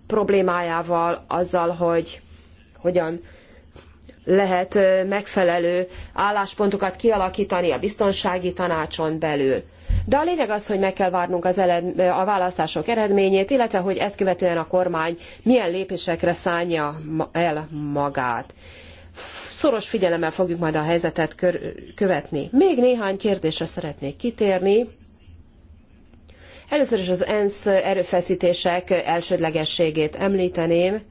problémájával, azzal, hogy hogyan lehet megfelelő álláspontokat kialakítani a biztonsági tanácson belül. De a lényeg az, hogy meg kell várnunk az eled, a választások eredményét, illetve hogy ezt követően a kormány milyen lépésekre szánja el magát. Szoros figyelemmel fogjuk majd a helyzetet követni. Még néhány kérdésre szeretnék kitérni. Először is az ENSZ erőfeszítések elsődlegességét említeném.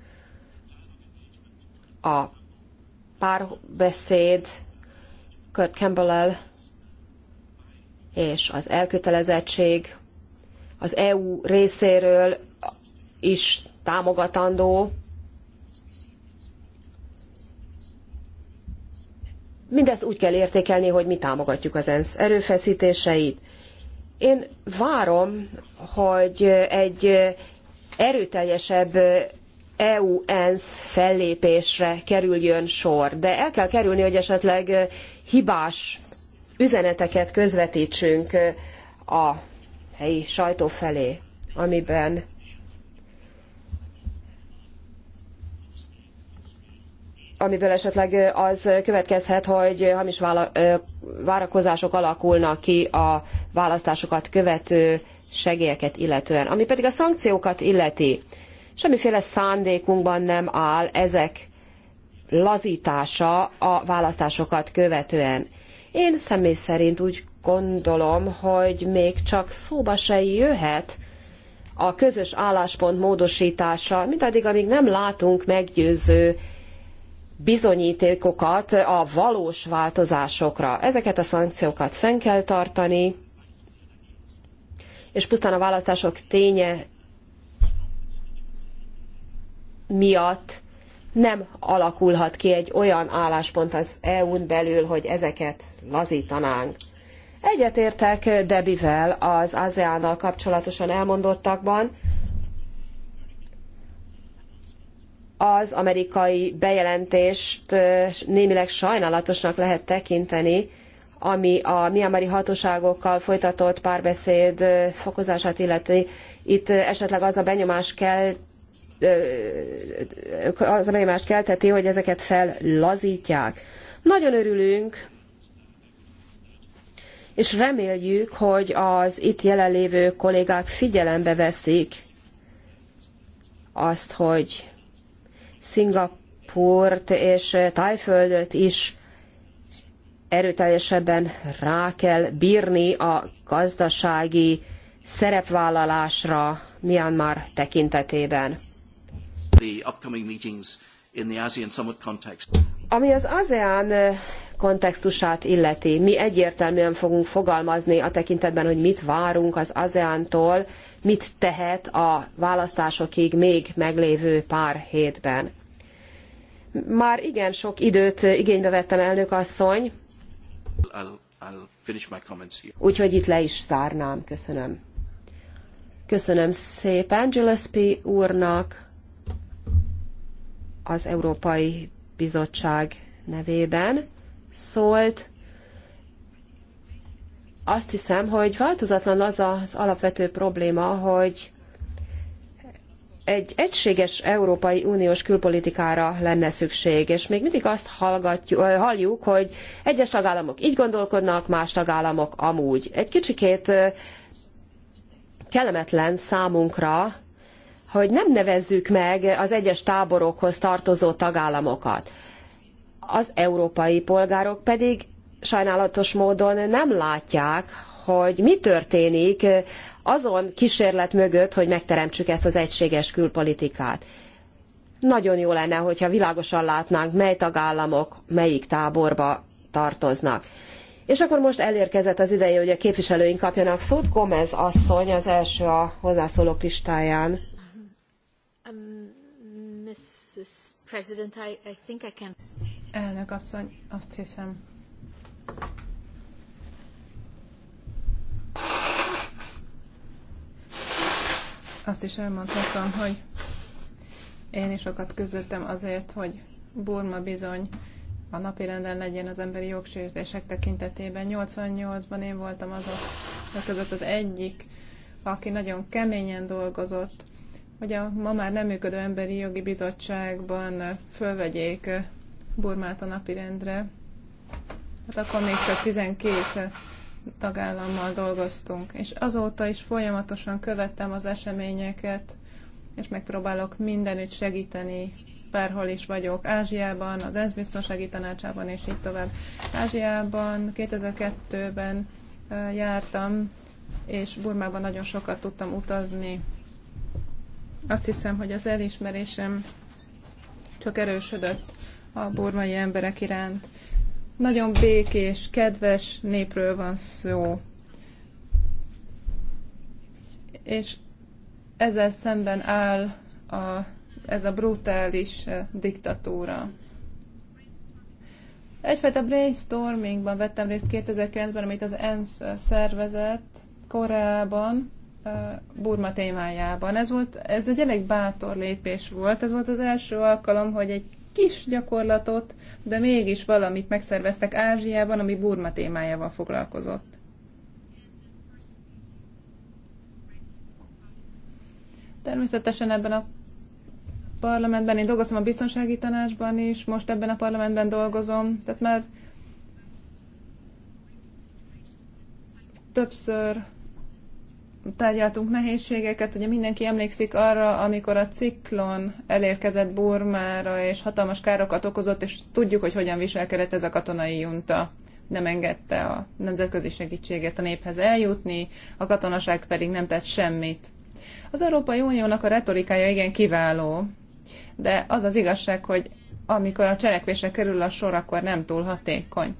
A párbeszéd Kurt campbell és az elkötelezettség az EU részéről is támogatandó. Mindezt úgy kell értékelni, hogy mi támogatjuk az ENSZ erőfeszítéseit. Én várom, hogy egy erőteljesebb EU-ENSZ fellépésre kerüljön sor, de el kell kerülni, hogy esetleg hibás üzeneteket közvetítsünk a helyi sajtó felé, amiben amiből esetleg az következhet, hogy hamis várakozások alakulnak ki a választásokat követő segélyeket illetően. Ami pedig a szankciókat illeti, semmiféle szándékunkban nem áll ezek lazítása a választásokat követően. Én személy szerint úgy gondolom, hogy még csak szóba se jöhet a közös álláspont módosítása, mindaddig, amíg nem látunk meggyőző bizonyítékokat a valós változásokra. Ezeket a szankciókat fenn kell tartani, és pusztán a választások ténye miatt nem alakulhat ki egy olyan álláspont az EU-n belül, hogy ezeket lazítanánk. Egyetértek Debivel az ASEAN-nal kapcsolatosan elmondottakban, az amerikai bejelentést némileg sajnálatosnak lehet tekinteni, ami a miamari hatóságokkal folytatott párbeszéd fokozását illeti. Itt esetleg az a benyomás kell az a benyomást kelteti, hogy ezeket fellazítják. Nagyon örülünk, és reméljük, hogy az itt jelenlévő kollégák figyelembe veszik azt, hogy Szingapurt és Tájföldöt is erőteljesebben rá kell bírni a gazdasági szerepvállalásra Myanmar tekintetében. Ami az ASEAN kontextusát illeti, mi egyértelműen fogunk fogalmazni a tekintetben, hogy mit várunk az ASEAN-tól, mit tehet a választásokig még meglévő pár hétben. Már igen sok időt igénybe vettem, elnök asszony. Úgyhogy itt le is zárnám. Köszönöm. Köszönöm szépen Gillespie úrnak az Európai Bizottság nevében szólt azt hiszem, hogy változatlan az az alapvető probléma, hogy egy egységes Európai Uniós külpolitikára lenne szükség, és még mindig azt hallgatjuk, halljuk, hogy egyes tagállamok így gondolkodnak, más tagállamok amúgy. Egy kicsikét kellemetlen számunkra, hogy nem nevezzük meg az egyes táborokhoz tartozó tagállamokat. Az európai polgárok pedig sajnálatos módon nem látják, hogy mi történik azon kísérlet mögött, hogy megteremtsük ezt az egységes külpolitikát. Nagyon jó lenne, hogyha világosan látnánk, mely tagállamok melyik táborba tartoznak. És akkor most elérkezett az ideje, hogy a képviselőink kapjanak szót. Gomez asszony az első a hozzászólók listáján. Um, Elnök asszony, azt hiszem, azt is elmondhatom, hogy én is sokat közöttem azért, hogy Burma bizony a napirenden legyen az emberi jogsértések tekintetében. 88-ban én voltam azok között az egyik, aki nagyon keményen dolgozott, hogy a ma már nem működő emberi jogi bizottságban fölvegyék Burmát a napirendre. Hát akkor még csak 12 tagállammal dolgoztunk. És azóta is folyamatosan követtem az eseményeket, és megpróbálok mindenütt segíteni, bárhol is vagyok. Ázsiában, az ENSZ biztonsági tanácsában, és így tovább. Ázsiában 2002-ben jártam, és Burmában nagyon sokat tudtam utazni. Azt hiszem, hogy az elismerésem csak erősödött a burmai emberek iránt. Nagyon békés, kedves népről van szó. És ezzel szemben áll a, ez a brutális diktatúra. Egyfajta brainstormingban vettem részt 2009-ben, amit az ENSZ szervezett Koreában, Burma témájában. Ez, volt, ez egy elég bátor lépés volt. Ez volt az első alkalom, hogy egy kis gyakorlatot, de mégis valamit megszerveztek Ázsiában, ami Burma témájával foglalkozott. Természetesen ebben a parlamentben, én dolgozom a biztonsági tanácsban is, most ebben a parlamentben dolgozom, tehát már többször tárgyaltunk nehézségeket, ugye mindenki emlékszik arra, amikor a ciklon elérkezett Burmára, és hatalmas károkat okozott, és tudjuk, hogy hogyan viselkedett ez a katonai junta. Nem engedte a nemzetközi segítséget a néphez eljutni, a katonaság pedig nem tett semmit. Az Európai Uniónak a retorikája igen kiváló, de az az igazság, hogy amikor a cselekvése kerül a sor, akkor nem túl hatékony.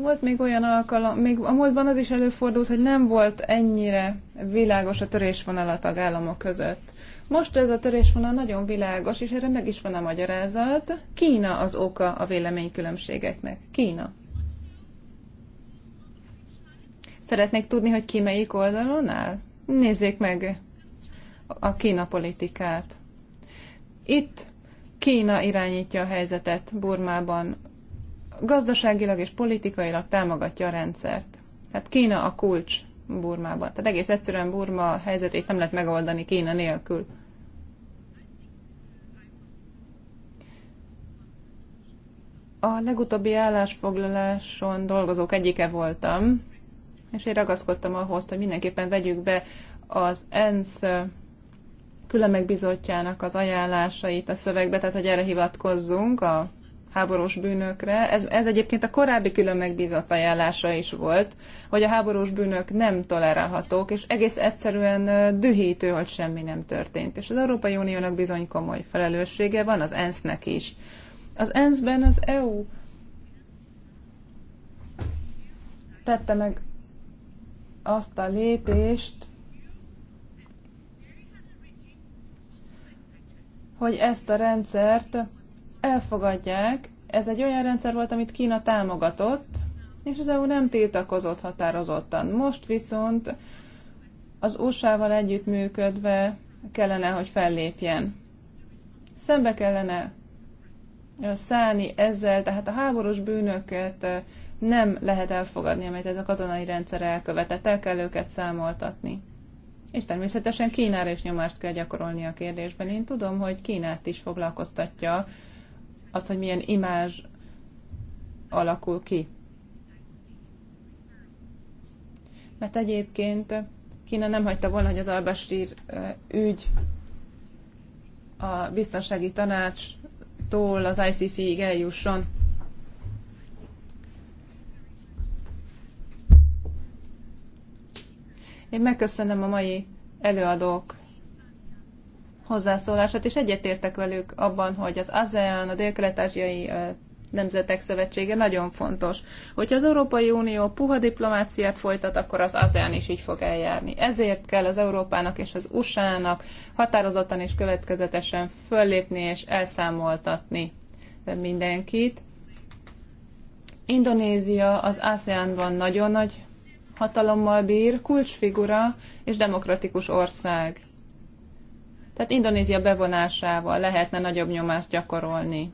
Volt még olyan alkalom, még a múltban az is előfordult, hogy nem volt ennyire világos a törésvonal a tagállamok között. Most ez a törésvonal nagyon világos, és erre meg is van a magyarázat. Kína az oka a véleménykülönbségeknek. Kína. Szeretnék tudni, hogy ki melyik oldalon áll? Nézzék meg a Kína politikát. Itt Kína irányítja a helyzetet Burmában gazdaságilag és politikailag támogatja a rendszert. Tehát Kína a kulcs Burmában. Tehát egész egyszerűen Burma helyzetét nem lehet megoldani Kína nélkül. A legutóbbi állásfoglaláson dolgozók egyike voltam, és én ragaszkodtam ahhoz, hogy mindenképpen vegyük be az ENSZ külön megbizotjának az ajánlásait a szövegbe, tehát hogy erre hivatkozzunk a háborús bűnökre. Ez, ez egyébként a korábbi külön megbízott ajánlása is volt, hogy a háborús bűnök nem tolerálhatók, és egész egyszerűen dühítő, hogy semmi nem történt. És az Európai Uniónak bizony komoly felelőssége van, az ENSZ-nek is. Az ENSZ-ben az EU tette meg azt a lépést, hogy ezt a rendszert elfogadják. Ez egy olyan rendszer volt, amit Kína támogatott, és az EU nem tiltakozott határozottan. Most viszont az USA-val együttműködve kellene, hogy fellépjen. Szembe kellene szállni ezzel, tehát a háborús bűnöket nem lehet elfogadni, amelyet ez a katonai rendszer elkövetett, el kell őket számoltatni. És természetesen Kínára is nyomást kell gyakorolni a kérdésben. Én tudom, hogy Kínát is foglalkoztatja az, hogy milyen imázs alakul ki. Mert egyébként Kína nem hagyta volna, hogy az Albasír eh, ügy a biztonsági tanácstól az ICC-ig eljusson. Én megköszönöm a mai előadók hozzászólását, és egyetértek velük abban, hogy az ASEAN, a dél-kelet-ázsiai Nemzetek Szövetsége nagyon fontos. Hogyha az Európai Unió puha diplomáciát folytat, akkor az ASEAN is így fog eljárni. Ezért kell az Európának és az USA-nak határozottan és következetesen föllépni és elszámoltatni mindenkit. Indonézia az ASEAN-ban nagyon nagy hatalommal bír, kulcsfigura és demokratikus ország. Tehát Indonézia bevonásával lehetne nagyobb nyomást gyakorolni.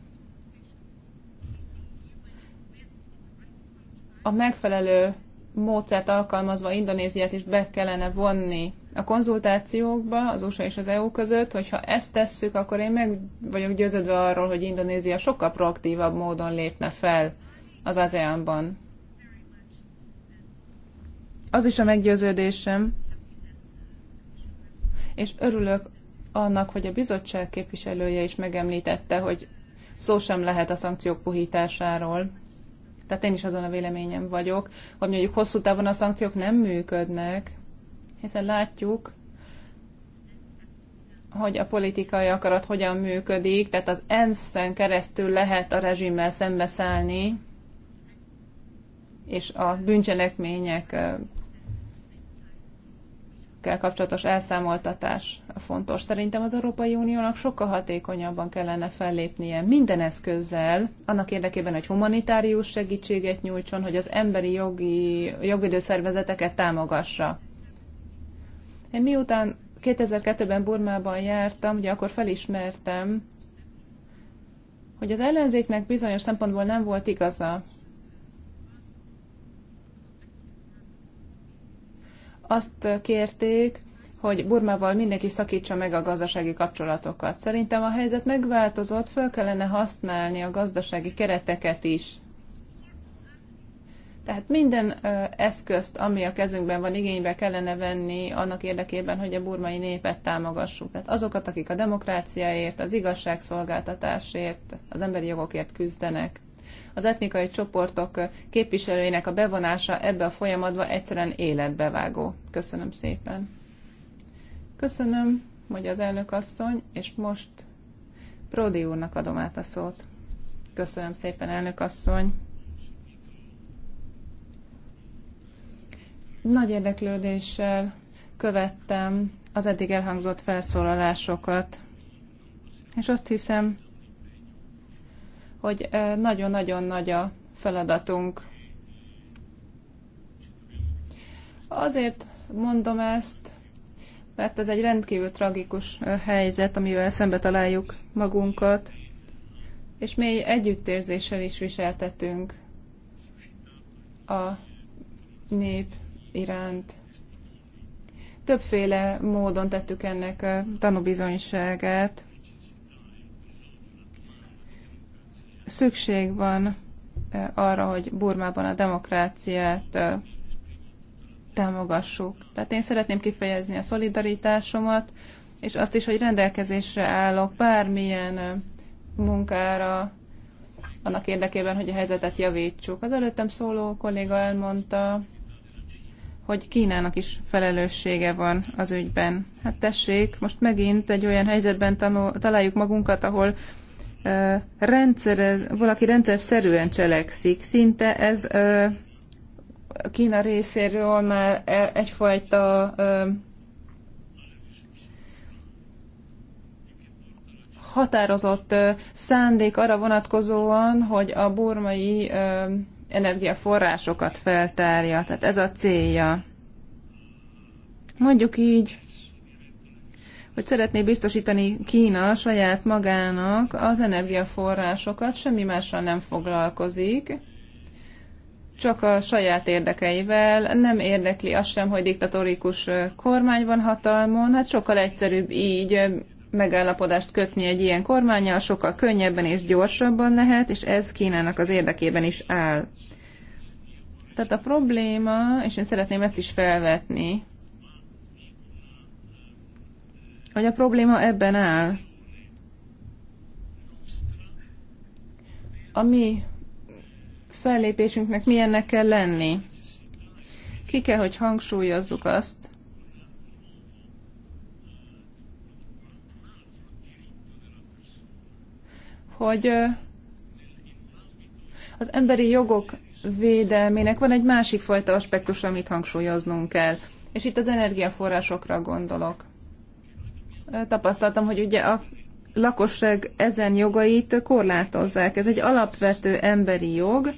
A megfelelő módszert alkalmazva Indonéziát is be kellene vonni a konzultációkba az USA és az EU között, hogyha ezt tesszük, akkor én meg vagyok győződve arról, hogy Indonézia sokkal proaktívabb módon lépne fel az ASEAN-ban. Az is a meggyőződésem, és örülök annak, hogy a bizottság képviselője is megemlítette, hogy szó sem lehet a szankciók puhításáról. Tehát én is azon a véleményem vagyok, hogy mondjuk hosszú távon a szankciók nem működnek, hiszen látjuk, hogy a politikai akarat hogyan működik, tehát az ENSZ-en keresztül lehet a rezsimmel szembeszállni, és a bűncselekmények ügyekkel kapcsolatos elszámoltatás fontos. Szerintem az Európai Uniónak sokkal hatékonyabban kellene fellépnie minden eszközzel, annak érdekében, hogy humanitárius segítséget nyújtson, hogy az emberi jogi, jogvédő szervezeteket támogassa. Én miután 2002-ben Burmában jártam, ugye akkor felismertem, hogy az ellenzéknek bizonyos szempontból nem volt igaza. azt kérték, hogy Burmával mindenki szakítsa meg a gazdasági kapcsolatokat. Szerintem a helyzet megváltozott, föl kellene használni a gazdasági kereteket is. Tehát minden eszközt, ami a kezünkben van, igénybe kellene venni annak érdekében, hogy a burmai népet támogassuk. Tehát azokat, akik a demokráciáért, az igazságszolgáltatásért, az emberi jogokért küzdenek az etnikai csoportok képviselőinek a bevonása ebbe a folyamatba egyszerűen életbevágó. Köszönöm szépen. Köszönöm, mondja az elnök asszony, és most Pródi úrnak adom át a szót. Köszönöm szépen, elnök asszony. Nagy érdeklődéssel követtem az eddig elhangzott felszólalásokat, és azt hiszem, hogy nagyon-nagyon nagy a feladatunk. Azért mondom ezt, mert ez egy rendkívül tragikus helyzet, amivel szembe találjuk magunkat, és mély együttérzéssel is viseltetünk a nép iránt. Többféle módon tettük ennek a tanúbizonyságát. Szükség van arra, hogy Burmában a demokráciát támogassuk. Tehát én szeretném kifejezni a szolidaritásomat, és azt is, hogy rendelkezésre állok bármilyen munkára, annak érdekében, hogy a helyzetet javítsuk. Az előttem szóló kolléga elmondta, hogy Kínának is felelőssége van az ügyben. Hát tessék, most megint egy olyan helyzetben tanul, találjuk magunkat, ahol rendszerez, valaki rendszer szerűen cselekszik, szinte ez Kína részéről már e, egyfajta határozott szándék arra vonatkozóan, hogy a burmai energiaforrásokat feltárja. Tehát ez a célja. Mondjuk így, hogy szeretné biztosítani Kína saját magának az energiaforrásokat, semmi mással nem foglalkozik, csak a saját érdekeivel, nem érdekli azt sem, hogy diktatórikus kormány van hatalmon, hát sokkal egyszerűbb így megállapodást kötni egy ilyen kormányjal, sokkal könnyebben és gyorsabban lehet, és ez Kínának az érdekében is áll. Tehát a probléma, és én szeretném ezt is felvetni, hogy a probléma ebben áll. A mi fellépésünknek milyennek kell lenni? Ki kell, hogy hangsúlyozzuk azt, hogy az emberi jogok védelmének van egy másik fajta aspektus, amit hangsúlyoznunk kell. És itt az energiaforrásokra gondolok tapasztaltam, hogy ugye a lakosság ezen jogait korlátozzák. Ez egy alapvető emberi jog,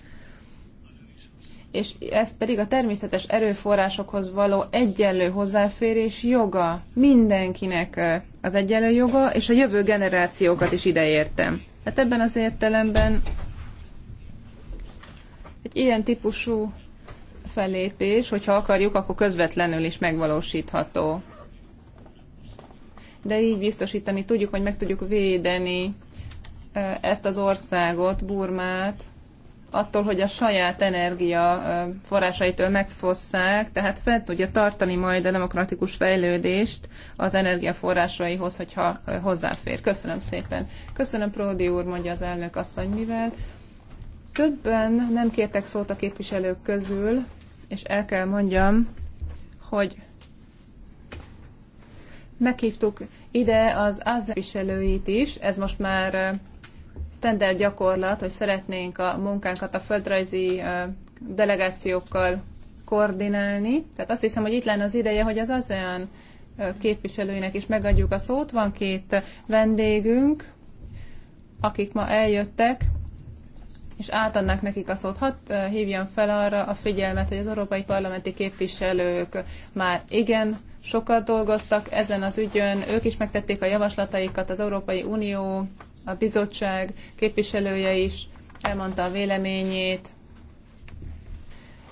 és ez pedig a természetes erőforrásokhoz való egyenlő hozzáférés joga mindenkinek az egyenlő joga, és a jövő generációkat is ideértem. Hát ebben az értelemben egy ilyen típusú fellépés, hogyha akarjuk, akkor közvetlenül is megvalósítható de így biztosítani tudjuk, hogy meg tudjuk védeni ezt az országot, Burmát, attól, hogy a saját energia forrásaitől megfosszák, tehát fel tudja tartani majd a demokratikus fejlődést az energiaforrásaihoz, hogyha hozzáfér. Köszönöm szépen. Köszönöm, Pródi úr, mondja az elnök asszony, mivel többen nem kértek szót a képviselők közül, és el kell mondjam, hogy meghívtuk ide az az viselőit is. Ez most már standard gyakorlat, hogy szeretnénk a munkánkat a földrajzi delegációkkal koordinálni. Tehát azt hiszem, hogy itt lenne az ideje, hogy az ASEAN képviselőinek is megadjuk a szót. Van két vendégünk, akik ma eljöttek, és átadnak nekik a szót. Hadd hívjam fel arra a figyelmet, hogy az európai parlamenti képviselők már igen sokat dolgoztak ezen az ügyön, ők is megtették a javaslataikat, az Európai Unió, a bizottság képviselője is elmondta a véleményét.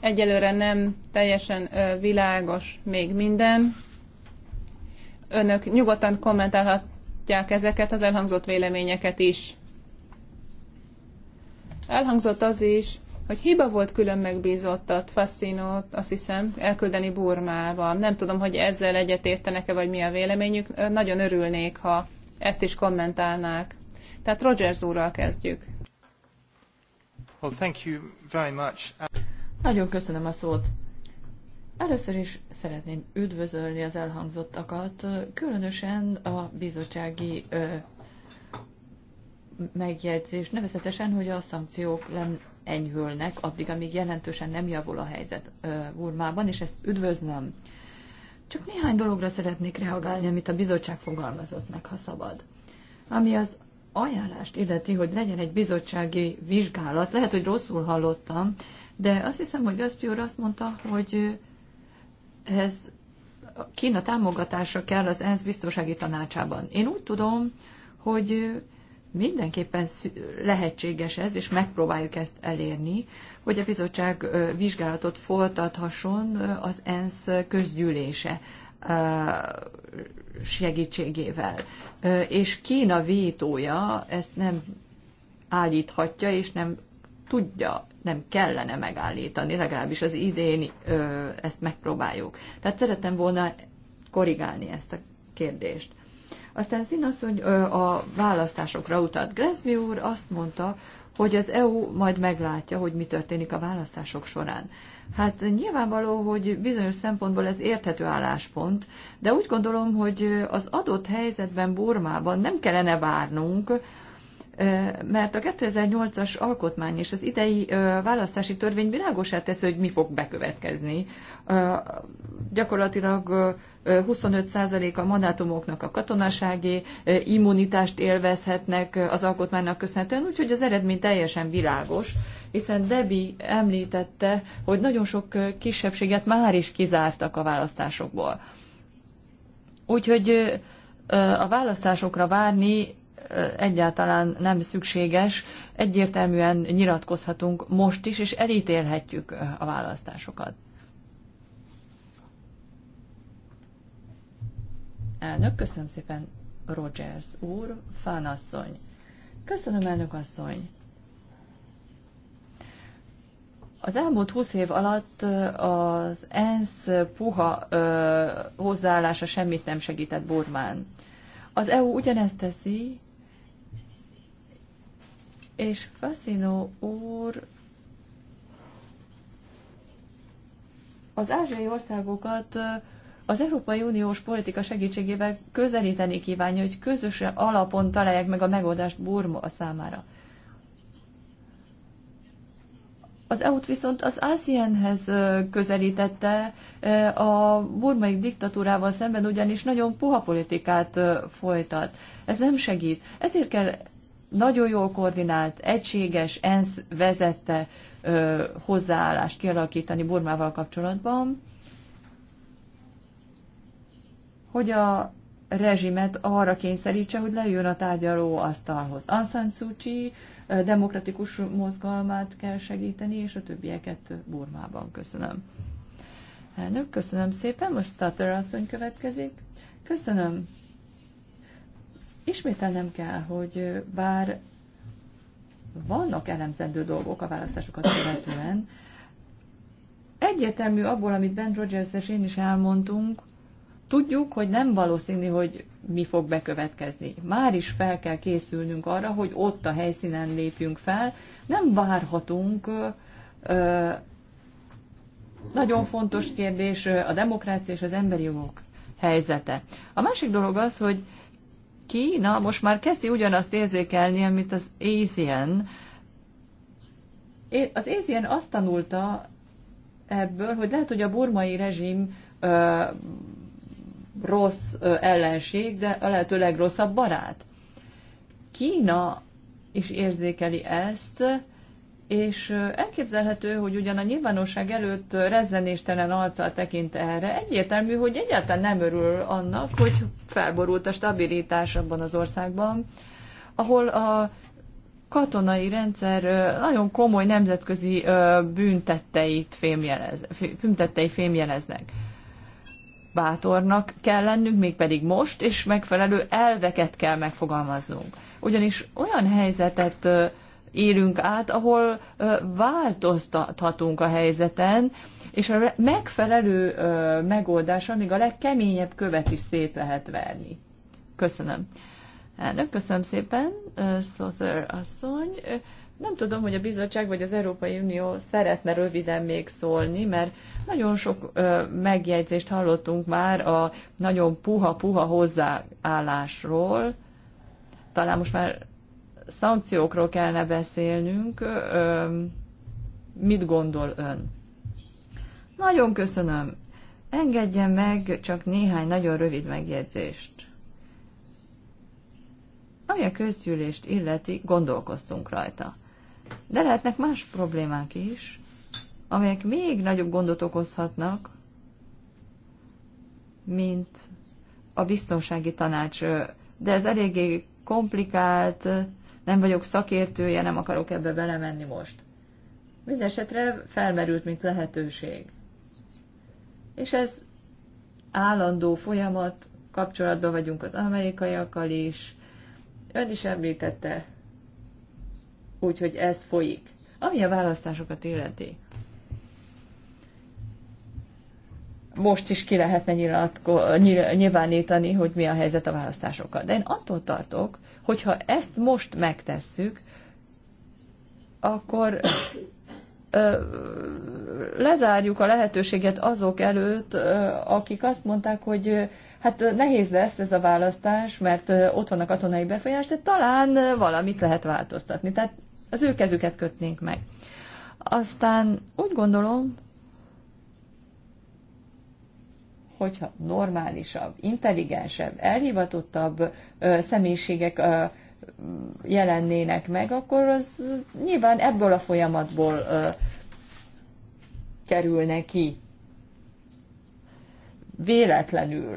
Egyelőre nem teljesen világos még minden. Önök nyugodtan kommentálhatják ezeket az elhangzott véleményeket is. Elhangzott az is, hogy hiba volt külön a Faszinót, azt hiszem, elküldeni Burmával. Nem tudom, hogy ezzel egyetértenek-e, vagy mi a véleményük. Nagyon örülnék, ha ezt is kommentálnák. Tehát Rogers úrral kezdjük. Well, thank you very much. Nagyon köszönöm a szót. Először is szeretném üdvözölni az elhangzottakat, különösen a bizottsági ö, nevezetesen, hogy a szankciók enyhülnek, addig, amíg jelentősen nem javul a helyzet Burmában, és ezt üdvözlöm. Csak néhány dologra szeretnék reagálni, amit a bizottság fogalmazott meg, ha szabad. Ami az ajánlást illeti, hogy legyen egy bizottsági vizsgálat. Lehet, hogy rosszul hallottam, de azt hiszem, hogy Gaspi úr azt mondta, hogy ez Kína támogatása kell az ENSZ biztonsági tanácsában. Én úgy tudom, hogy mindenképpen lehetséges ez, és megpróbáljuk ezt elérni, hogy a bizottság vizsgálatot folytathasson az ENSZ közgyűlése segítségével. És Kína vétója ezt nem állíthatja, és nem tudja, nem kellene megállítani, legalábbis az idén ezt megpróbáljuk. Tehát szeretem volna korrigálni ezt a kérdést. Aztán Színasszony a választásokra utalt. Gresby úr azt mondta, hogy az EU majd meglátja, hogy mi történik a választások során. Hát nyilvánvaló, hogy bizonyos szempontból ez érthető álláspont, de úgy gondolom, hogy az adott helyzetben Burmában nem kellene várnunk, mert a 2008-as alkotmány és az idei választási törvény világosát teszi, hogy mi fog bekövetkezni. Gyakorlatilag 25% a mandátumoknak a katonasági immunitást élvezhetnek az alkotmánynak köszönhetően, úgyhogy az eredmény teljesen világos, hiszen Debi említette, hogy nagyon sok kisebbséget már is kizártak a választásokból. Úgyhogy a választásokra várni egyáltalán nem szükséges, egyértelműen nyilatkozhatunk most is, és elítélhetjük a választásokat. Elnök, köszönöm szépen, Rogers úr, Fánasszony. Köszönöm, elnök asszony. Az elmúlt 20 év alatt az ENSZ puha ö, hozzáállása semmit nem segített Burmán. Az EU ugyanezt teszi, és Faszino úr az ázsiai országokat az Európai Uniós politika segítségével közelíteni kívánja, hogy közös alapon találják meg a megoldást Burma számára. Az EU-t viszont az ASEAN-hez közelítette a burmai diktatúrával szemben, ugyanis nagyon puha politikát folytat. Ez nem segít. Ezért kell nagyon jól koordinált, egységes, ENSZ vezette hozzáállást kialakítani Burmával kapcsolatban, hogy a rezsimet arra kényszerítse, hogy lejön a tárgyaló asztalhoz. Ansan Suu Kyi demokratikus mozgalmát kell segíteni, és a többieket Burmában. Köszönöm. Elnök, köszönöm szépen. Most Stutter asszony következik. Köszönöm. Ismételnem kell, hogy bár vannak elemzendő dolgok a választásokat követően, egyértelmű abból, amit Ben Rogers és én is elmondtunk, Tudjuk, hogy nem valószínű, hogy mi fog bekövetkezni. Már is fel kell készülnünk arra, hogy ott a helyszínen lépjünk fel. Nem várhatunk ö, nagyon fontos kérdés a demokrácia és az emberi jogok helyzete. A másik dolog az, hogy Kína most már kezdi ugyanazt érzékelni, amit az ASEAN. Az ASEAN azt tanulta ebből, hogy lehet, hogy a burmai rezsim ö, rossz ellenség, de a lehető legrosszabb barát. Kína is érzékeli ezt, és elképzelhető, hogy ugyan a nyilvánosság előtt rezzenéstelen arccal tekint erre, egyértelmű, hogy egyáltalán nem örül annak, hogy felborult a stabilitás abban az országban, ahol a katonai rendszer nagyon komoly nemzetközi büntetteit fémjelez, büntettei fémjeleznek bátornak kell lennünk, mégpedig most, és megfelelő elveket kell megfogalmaznunk. Ugyanis olyan helyzetet élünk át, ahol változtathatunk a helyzeten, és a megfelelő megoldás, amíg a legkeményebb követ is szét lehet verni. Köszönöm. Elnök, köszönöm szépen, Szother asszony. Nem tudom, hogy a bizottság vagy az Európai Unió szeretne röviden még szólni, mert nagyon sok ö, megjegyzést hallottunk már a nagyon puha-puha hozzáállásról. Talán most már szankciókról kellene beszélnünk. Ö, mit gondol ön? Nagyon köszönöm. Engedje meg csak néhány nagyon rövid megjegyzést. Ami a közgyűlést illeti, gondolkoztunk rajta. De lehetnek más problémák is, amelyek még nagyobb gondot okozhatnak, mint a biztonsági tanács. De ez eléggé komplikált, nem vagyok szakértője, nem akarok ebbe belemenni most. Mindenesetre felmerült, mint lehetőség. És ez állandó folyamat, kapcsolatban vagyunk az amerikaiakkal is. Ön is említette Úgyhogy ez folyik. Ami a választásokat illeti. Most is ki lehetne nyilatko- nyilvánítani, hogy mi a helyzet a választásokkal. De én attól tartok, hogyha ezt most megtesszük, akkor ö, lezárjuk a lehetőséget azok előtt, ö, akik azt mondták, hogy Hát nehéz lesz ez a választás, mert ott van a katonai befolyás, de talán valamit lehet változtatni. Tehát az ő kezüket kötnénk meg. Aztán úgy gondolom, hogyha normálisabb, intelligensebb, elhivatottabb ö, személyiségek ö, jelennének meg, akkor az nyilván ebből a folyamatból ö, kerülne ki. Véletlenül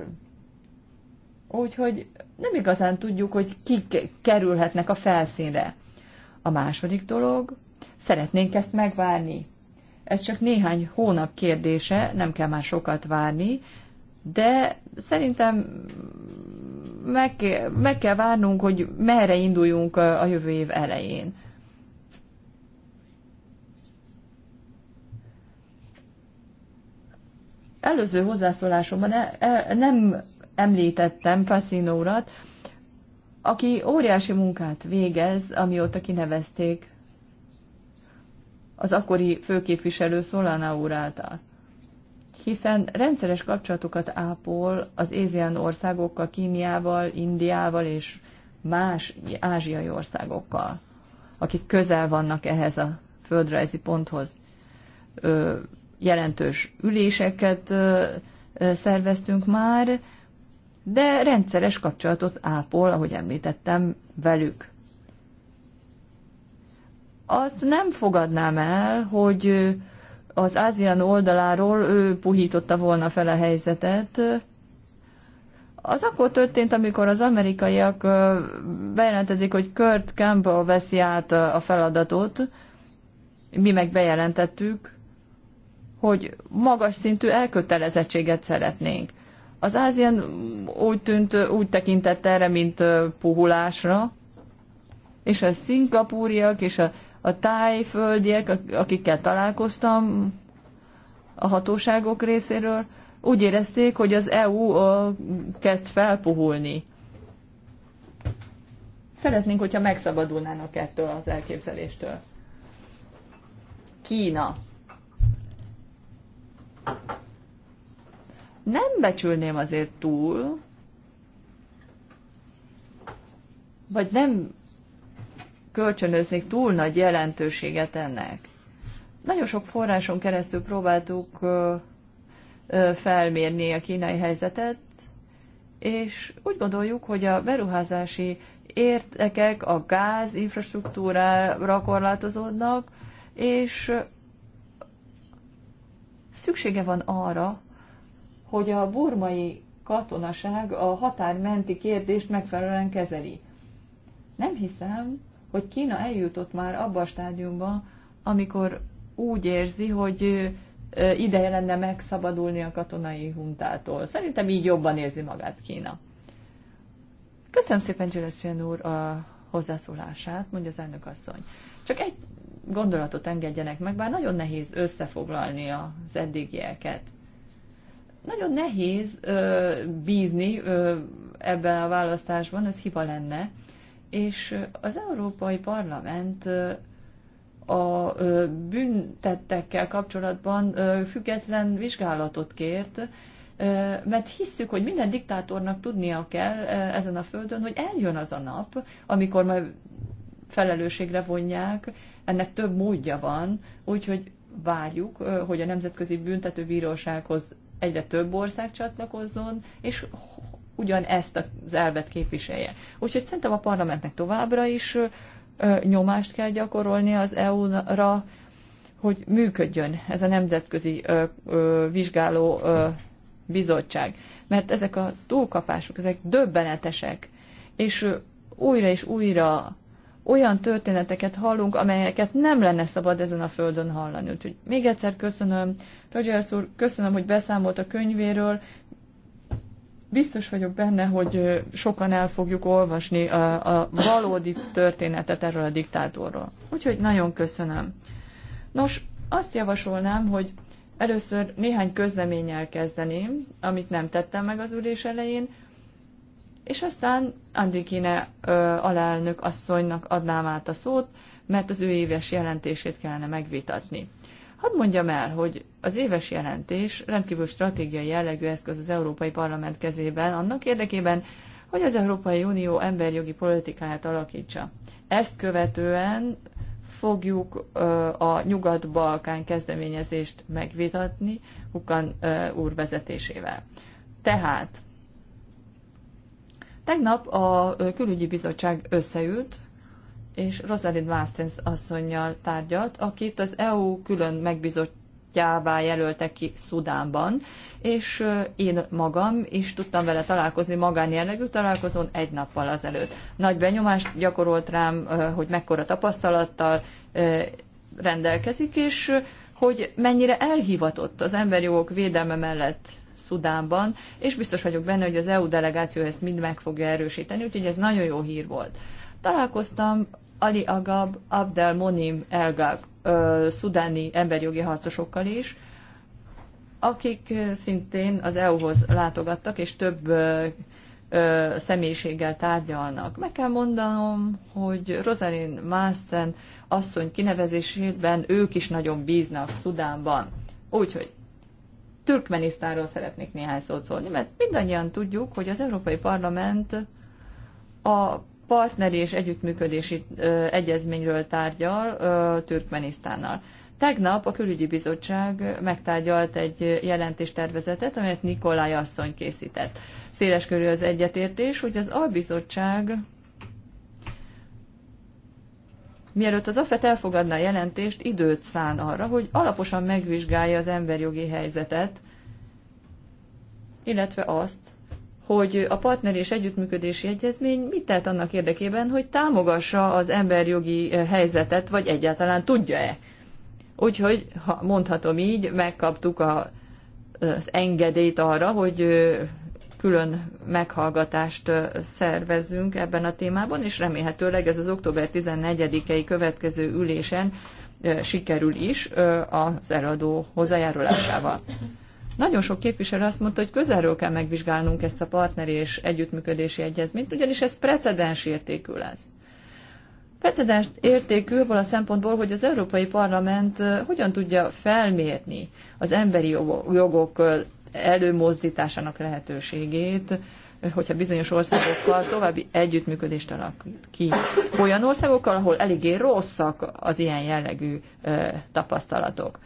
Úgyhogy nem igazán tudjuk, hogy kik kerülhetnek a felszínre. A második dolog, szeretnénk ezt megvárni. Ez csak néhány hónap kérdése, nem kell már sokat várni, de szerintem meg, meg kell várnunk, hogy merre induljunk a jövő év elején. Előző hozzászólásomban e- e- nem említettem Fassino urat, aki óriási munkát végez, amióta kinevezték az akkori főképviselő Szolana úr által. Hiszen rendszeres kapcsolatokat ápol az ézián országokkal, Kíniával, Indiával és más ázsiai országokkal, akik közel vannak ehhez a földrajzi ponthoz. Ö, jelentős üléseket ö, szerveztünk már, de rendszeres kapcsolatot ápol, ahogy említettem, velük. Azt nem fogadnám el, hogy az Ázian oldaláról ő puhította volna fel a helyzetet. Az akkor történt, amikor az amerikaiak bejelentették, hogy Kurt Campbell veszi át a feladatot, mi meg bejelentettük, hogy magas szintű elkötelezettséget szeretnénk. Az Ázien úgy tűnt, úgy tekintett erre, mint puhulásra, és a szingapúriak és a, a tájföldiek, akikkel találkoztam a hatóságok részéről, úgy érezték, hogy az EU kezd felpuhulni. Szeretnénk, hogyha megszabadulnának ettől az elképzeléstől. Kína nem becsülném azért túl, vagy nem kölcsönöznék túl nagy jelentőséget ennek. Nagyon sok forráson keresztül próbáltuk felmérni a kínai helyzetet, és úgy gondoljuk, hogy a beruházási értekek a gáz infrastruktúrára korlátozódnak, és szüksége van arra, hogy a burmai katonaság a határmenti kérdést megfelelően kezeli. Nem hiszem, hogy Kína eljutott már abba a stádiumba, amikor úgy érzi, hogy ideje lenne megszabadulni a katonai huntától. Szerintem így jobban érzi magát Kína. Köszönöm szépen Gillespien úr a hozzászólását, mondja az elnök asszony. Csak egy gondolatot engedjenek meg, bár nagyon nehéz összefoglalni az eddigieket. Nagyon nehéz ö, bízni ö, ebben a választásban, ez hiba lenne, és az Európai Parlament ö, a ö, büntettekkel kapcsolatban ö, független vizsgálatot kért, mert hisszük, hogy minden diktátornak tudnia kell ezen a földön, hogy eljön az a nap, amikor majd felelősségre vonják, ennek több módja van, úgyhogy várjuk, hogy a Nemzetközi Büntetőbírósághoz egyre több ország csatlakozzon, és ugyan ezt az elvet képviselje. Úgyhogy szerintem a parlamentnek továbbra is nyomást kell gyakorolni az EU-ra, hogy működjön ez a nemzetközi vizsgáló bizottság. Mert ezek a túlkapások, ezek döbbenetesek, és újra és újra olyan történeteket hallunk, amelyeket nem lenne szabad ezen a földön hallani. Úgyhogy még egyszer köszönöm Rogers úr, köszönöm, hogy beszámolt a könyvéről. Biztos vagyok benne, hogy sokan el fogjuk olvasni a, a valódi történetet erről a diktátorról. Úgyhogy nagyon köszönöm. Nos, azt javasolnám, hogy először néhány közleménnyel kezdeném, amit nem tettem meg az ülés elején, és aztán Andrikine alelnök asszonynak adnám át a szót, mert az ő éves jelentését kellene megvitatni. Hadd mondjam el, hogy az éves jelentés rendkívül stratégiai jellegű eszköz az Európai Parlament kezében, annak érdekében, hogy az Európai Unió emberjogi politikáját alakítsa. Ezt követően fogjuk a Nyugat-Balkán kezdeményezést megvitatni Hukan úr vezetésével. Tehát tegnap a külügyi bizottság összeült, és Rosalind Mastens asszonynal tárgyalt, akit az EU külön megbizott pártjává jelöltek ki Szudánban, és én magam is tudtam vele találkozni magánjellegű találkozón egy nappal azelőtt. Nagy benyomást gyakorolt rám, hogy mekkora tapasztalattal rendelkezik, és hogy mennyire elhivatott az emberi jogok védelme mellett Szudánban, és biztos vagyok benne, hogy az EU delegáció ezt mind meg fogja erősíteni, úgyhogy ez nagyon jó hír volt. Találkoztam Ali Agab Abdel Monim Elgag szudáni emberjogi harcosokkal is, akik szintén az EU-hoz látogattak, és több ö, ö, személyiséggel tárgyalnak. Meg kell mondanom, hogy Rosalind Masten asszony kinevezésében ők is nagyon bíznak Szudánban. Úgyhogy Türkmenisztáról szeretnék néhány szót szólni, mert mindannyian tudjuk, hogy az Európai Parlament a partneri és együttműködési egyezményről tárgyal Türkmenisztánnal. Tegnap a külügyi bizottság megtárgyalt egy jelentéstervezetet, amelyet Nikolaj asszony készített. Széles körül az egyetértés, hogy az albizottság mielőtt az AFET elfogadná a jelentést, időt szán arra, hogy alaposan megvizsgálja az emberjogi helyzetet, illetve azt, hogy a partner és együttműködési egyezmény mit tett annak érdekében, hogy támogassa az emberjogi eh, helyzetet, vagy egyáltalán tudja-e. Úgyhogy, ha mondhatom így, megkaptuk a, az engedélyt arra, hogy eh, külön meghallgatást eh, szervezzünk ebben a témában, és remélhetőleg ez az október 14-i következő ülésen sikerül is az eladó hozzájárulásával. Nagyon sok képviselő azt mondta, hogy közelről kell megvizsgálnunk ezt a partneri és együttműködési egyezményt, ugyanis ez precedens értékű lesz. Precedens értékű abból a szempontból, hogy az Európai Parlament hogyan tudja felmérni az emberi jogok előmozdításának lehetőségét, hogyha bizonyos országokkal további együttműködést alakít ki. Olyan országokkal, ahol eléggé rosszak az ilyen jellegű tapasztalatok.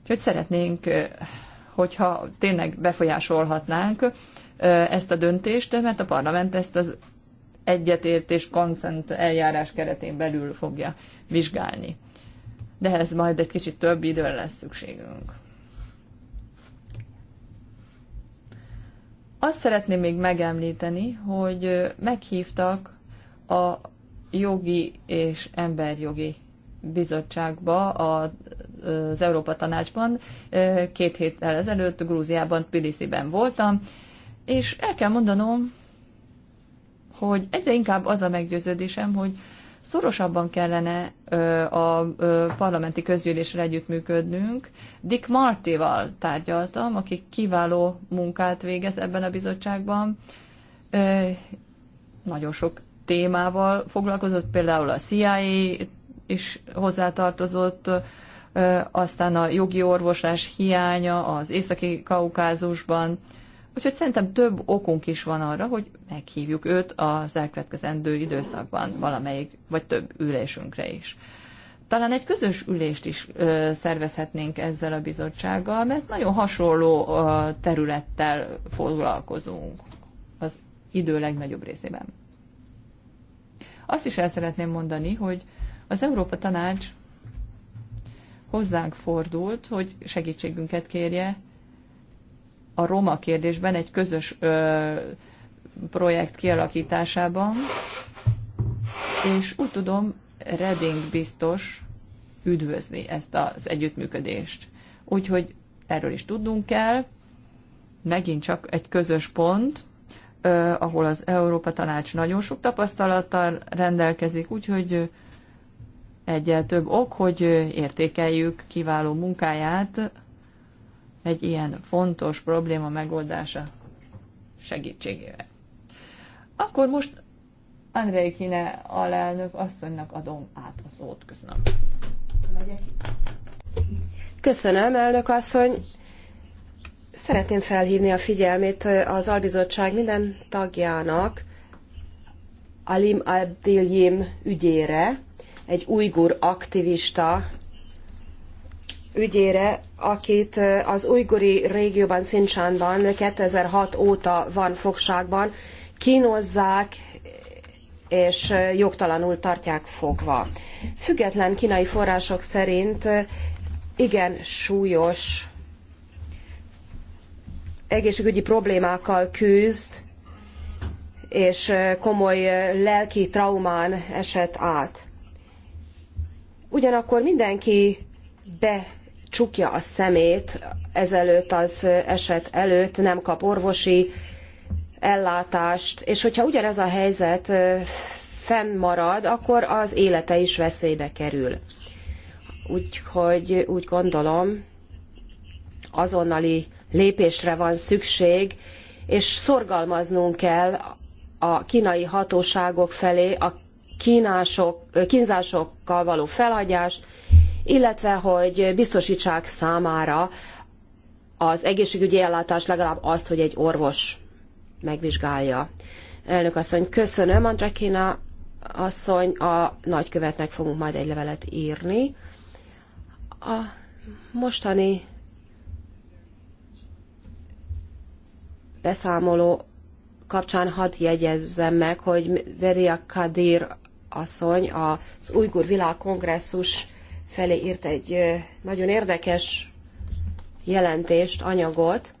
Úgyhogy szeretnénk hogyha tényleg befolyásolhatnánk ezt a döntést, mert a parlament ezt az egyetértés koncent eljárás keretén belül fogja vizsgálni. De ez majd egy kicsit több időre lesz szükségünk. Azt szeretném még megemlíteni, hogy meghívtak a jogi és emberjogi bizottságba a az Európa Tanácsban két héttel ezelőtt Grúziában, Tbilisi-ben voltam, és el kell mondanom, hogy egyre inkább az a meggyőződésem, hogy szorosabban kellene a parlamenti közgyűlésre együttműködnünk. Dick Martival tárgyaltam, aki kiváló munkát végez ebben a bizottságban. Nagyon sok témával foglalkozott, például a CIA is hozzátartozott, aztán a jogi orvoslás hiánya az északi kaukázusban. Úgyhogy szerintem több okunk is van arra, hogy meghívjuk őt az elkövetkezendő időszakban valamelyik, vagy több ülésünkre is. Talán egy közös ülést is ö, szervezhetnénk ezzel a bizottsággal, mert nagyon hasonló ö, területtel foglalkozunk az idő legnagyobb részében. Azt is el szeretném mondani, hogy az Európa Tanács hozzánk fordult, hogy segítségünket kérje a roma kérdésben egy közös ö, projekt kialakításában, és úgy tudom, Reding biztos üdvözli ezt az együttműködést. Úgyhogy erről is tudnunk kell, megint csak egy közös pont, ahol az Európa Tanács nagyon sok tapasztalattal rendelkezik, úgyhogy egyel több ok, hogy értékeljük kiváló munkáját egy ilyen fontos probléma megoldása segítségével. Akkor most Andrei Kine alelnök asszonynak adom át a szót. Köszönöm. Köszönöm, elnök asszony. Szeretném felhívni a figyelmét az albizottság minden tagjának Alim Abdiljim ügyére, egy ujgur aktivista ügyére, akit az ujguri régióban, Szincsánban 2006 óta van fogságban, kínozzák és jogtalanul tartják fogva. Független kínai források szerint igen súlyos egészségügyi problémákkal küzd, és komoly lelki traumán esett át ugyanakkor mindenki becsukja a szemét ezelőtt az eset előtt, nem kap orvosi ellátást, és hogyha ugyanez a helyzet fennmarad, akkor az élete is veszélybe kerül. Úgyhogy úgy gondolom, azonnali lépésre van szükség, és szorgalmaznunk kell a kínai hatóságok felé a kínások, kínzásokkal való felhagyást, illetve hogy biztosítsák számára az egészségügyi ellátás legalább azt, hogy egy orvos megvizsgálja. Elnök asszony, köszönöm, Andrekina asszony, a nagykövetnek fogunk majd egy levelet írni. A mostani beszámoló kapcsán hadd jegyezzem meg, hogy Veria Kadir asszony az Ujgur Világkongresszus felé írt egy nagyon érdekes jelentést, anyagot.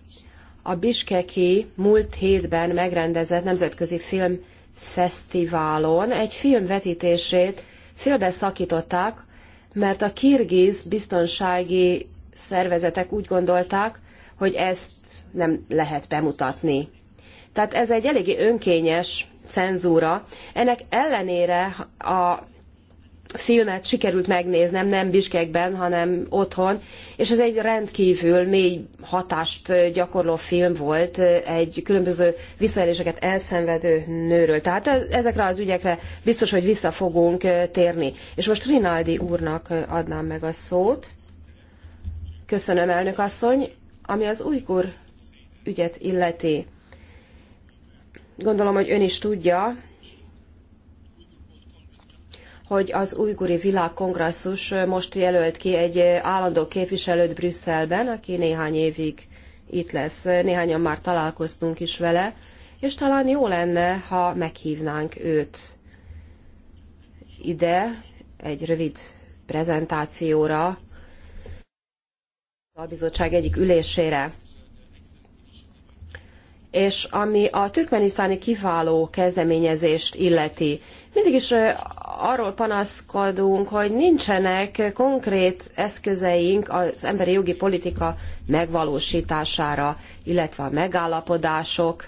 A Biskeki múlt hétben megrendezett Nemzetközi Filmfesztiválon egy film vetítését félbeszakították, mert a kirgiz biztonsági szervezetek úgy gondolták, hogy ezt nem lehet bemutatni. Tehát ez egy eléggé önkényes cenzúra. Ennek ellenére a filmet sikerült megnéznem, nem Biskekben, hanem otthon, és ez egy rendkívül mély hatást gyakorló film volt, egy különböző visszaéléseket elszenvedő nőről. Tehát ezekre az ügyekre biztos, hogy vissza fogunk térni. És most Rinaldi úrnak adnám meg a szót. Köszönöm, elnök asszony, ami az újkor ügyet illeti gondolom, hogy ön is tudja, hogy az ujguri világkongresszus most jelölt ki egy állandó képviselőt Brüsszelben, aki néhány évig itt lesz. Néhányan már találkoztunk is vele, és talán jó lenne, ha meghívnánk őt ide egy rövid prezentációra, a bizottság egyik ülésére és ami a türkmenisztáni kiváló kezdeményezést illeti. Mindig is arról panaszkodunk, hogy nincsenek konkrét eszközeink az emberi jogi politika megvalósítására, illetve a megállapodások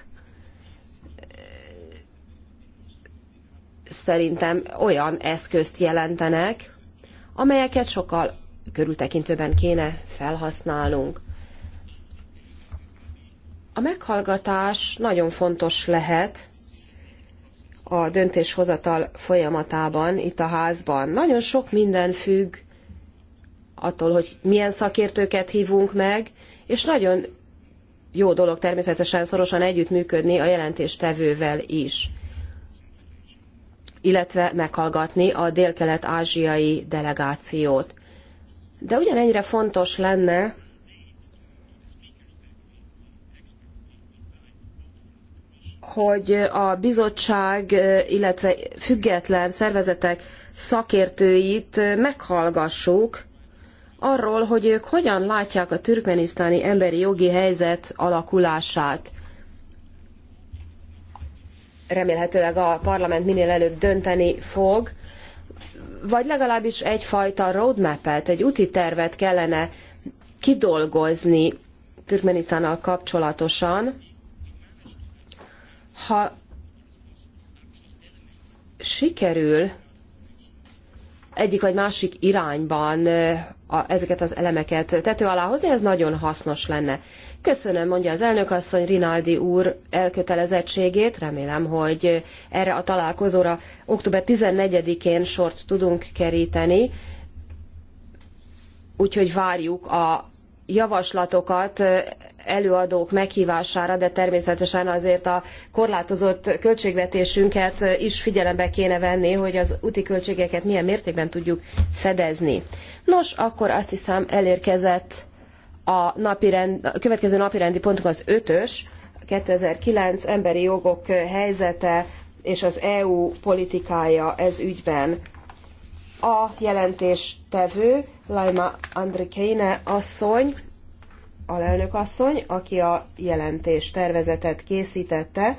szerintem olyan eszközt jelentenek, amelyeket sokkal körültekintőben kéne felhasználnunk. A meghallgatás nagyon fontos lehet a döntéshozatal folyamatában, itt a házban. Nagyon sok minden függ attól, hogy milyen szakértőket hívunk meg, és nagyon jó dolog természetesen szorosan együttműködni a jelentéstevővel is, illetve meghallgatni a délkelet-ázsiai delegációt. De ugyanennyire fontos lenne hogy a bizottság, illetve független szervezetek szakértőit meghallgassuk arról, hogy ők hogyan látják a türkmenisztáni emberi jogi helyzet alakulását. Remélhetőleg a parlament minél előbb dönteni fog, vagy legalábbis egyfajta roadmap-et, egy úti tervet kellene kidolgozni Türkmenisztánnal kapcsolatosan ha sikerül egyik vagy másik irányban a ezeket az elemeket tető alá hozni, ez nagyon hasznos lenne. Köszönöm, mondja az elnök asszony Rinaldi úr elkötelezettségét. Remélem, hogy erre a találkozóra október 14-én sort tudunk keríteni. Úgyhogy várjuk a javaslatokat előadók meghívására, de természetesen azért a korlátozott költségvetésünket is figyelembe kéne venni, hogy az úti költségeket milyen mértékben tudjuk fedezni. Nos, akkor azt hiszem elérkezett a, a következő napirendi pontunk az ötös, 2009 emberi jogok helyzete és az EU politikája ez ügyben. A jelentéstevő Laima Andrikéne asszony, alelnök asszony, aki a jelentés tervezetet készítette.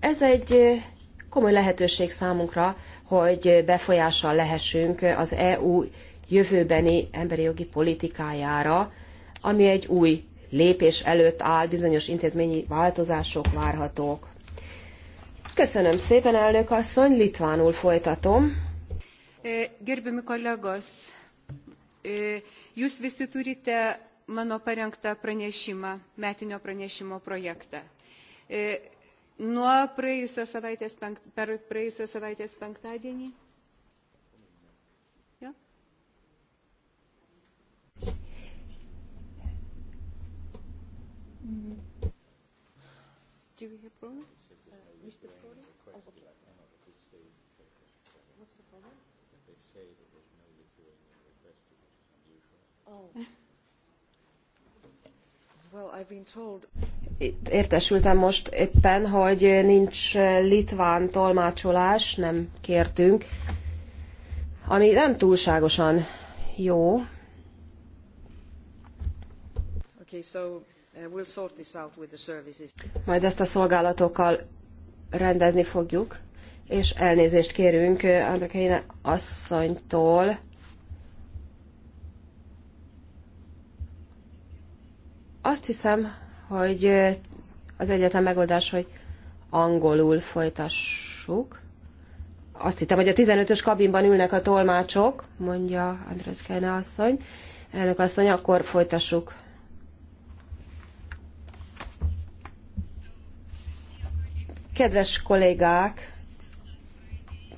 Ez egy komoly lehetőség számunkra, hogy befolyással lehessünk az EU jövőbeni emberi jogi politikájára, ami egy új lépés előtt áll, bizonyos intézményi változások várhatók. Köszönöm szépen, elnök asszony, litvánul folytatom. Gerbiami kolegos, jūs visi mano parengtą pranešimą metinio pranešimo projektą. E, nuo praėjusios savaitės penkt, per praėjusios savaitės penktadienį ja? Do you have a problem? értesültem most éppen, hogy nincs litván tolmácsolás, nem kértünk, ami nem túlságosan jó. Uh, Majd ezt a szolgálatokkal rendezni fogjuk, és elnézést kérünk uh, Andrekeine asszonytól, Azt hiszem, hogy az egyetlen megoldás, hogy angolul folytassuk. Azt hittem, hogy a 15-ös kabinban ülnek a tolmácsok, mondja Andrész Kene asszony. Elnök asszony, akkor folytassuk. Kedves kollégák,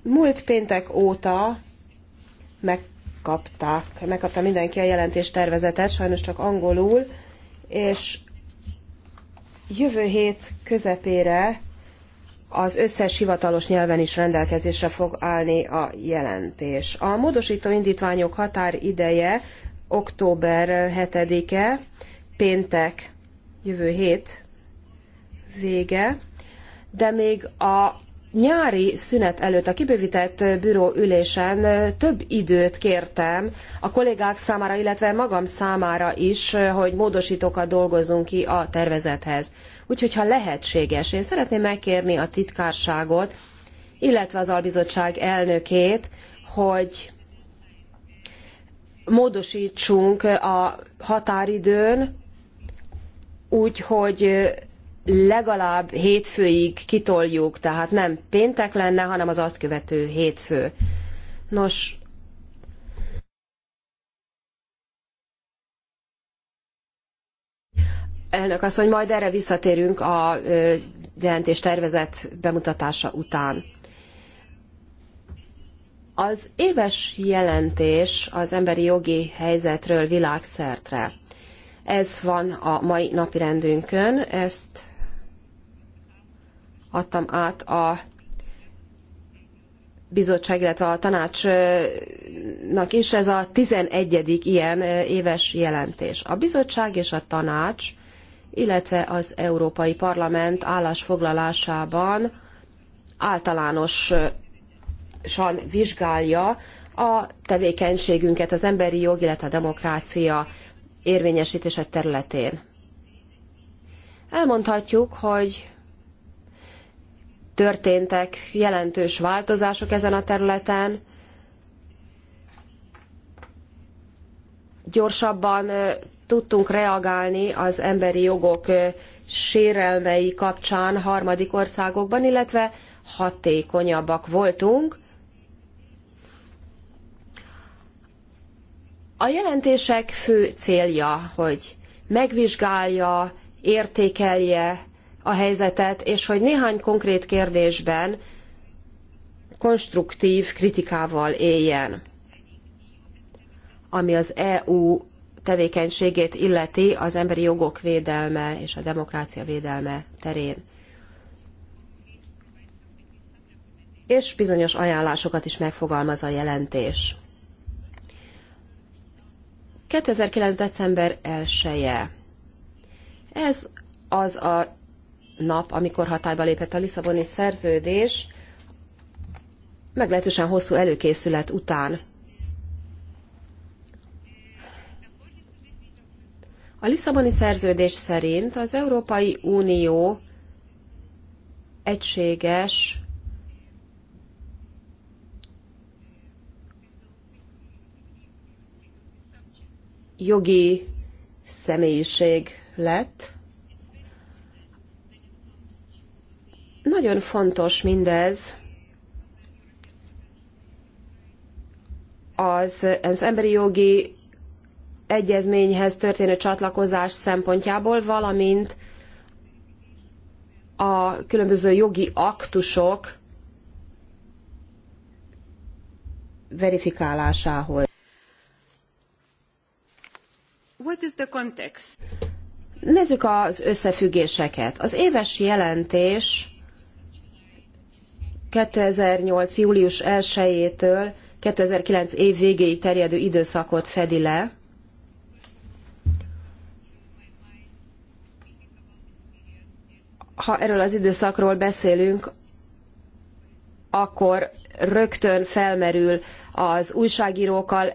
múlt péntek óta megkapták, megkapta mindenki a jelentés tervezetet, sajnos csak angolul és jövő hét közepére az összes hivatalos nyelven is rendelkezésre fog állni a jelentés. A módosító indítványok határideje október 7-e, péntek, jövő hét vége, de még a nyári szünet előtt a kibővített büró ülésen több időt kértem a kollégák számára, illetve magam számára is, hogy módosítókat dolgozzunk ki a tervezethez. Úgyhogy, ha lehetséges, én szeretném megkérni a titkárságot, illetve az albizottság elnökét, hogy módosítsunk a határidőn, úgy, hogy legalább hétfőig kitoljuk, tehát nem péntek lenne, hanem az azt követő hétfő. Nos, elnök mondja, majd erre visszatérünk a jelentés tervezet bemutatása után. Az éves jelentés az emberi jogi helyzetről világszertre. Ez van a mai napirendünkön, ezt adtam át a bizottság, illetve a tanácsnak is ez a 11. ilyen éves jelentés. A bizottság és a tanács, illetve az Európai Parlament állásfoglalásában általánosan vizsgálja a tevékenységünket az emberi jog, illetve a demokrácia érvényesítése területén. Elmondhatjuk, hogy történtek jelentős változások ezen a területen. Gyorsabban tudtunk reagálni az emberi jogok sérelmei kapcsán harmadik országokban, illetve hatékonyabbak voltunk. A jelentések fő célja, hogy megvizsgálja, értékelje a helyzetet, és hogy néhány konkrét kérdésben konstruktív kritikával éljen, ami az EU tevékenységét illeti az emberi jogok védelme és a demokrácia védelme terén. És bizonyos ajánlásokat is megfogalmaz a jelentés. 2009. december 1 -je. Ez az a nap, amikor hatályba lépett a Lisszaboni szerződés, meglehetősen hosszú előkészület után. A Lisszaboni szerződés szerint az Európai Unió egységes jogi személyiség lett, Nagyon fontos mindez az, az emberi jogi egyezményhez történő csatlakozás szempontjából, valamint a különböző jogi aktusok verifikálásához. What is the context? Nézzük az összefüggéseket. Az éves jelentés 2008. július 1-től 2009 év végéig terjedő időszakot fedi le. Ha erről az időszakról beszélünk, akkor rögtön felmerül az újságírókkal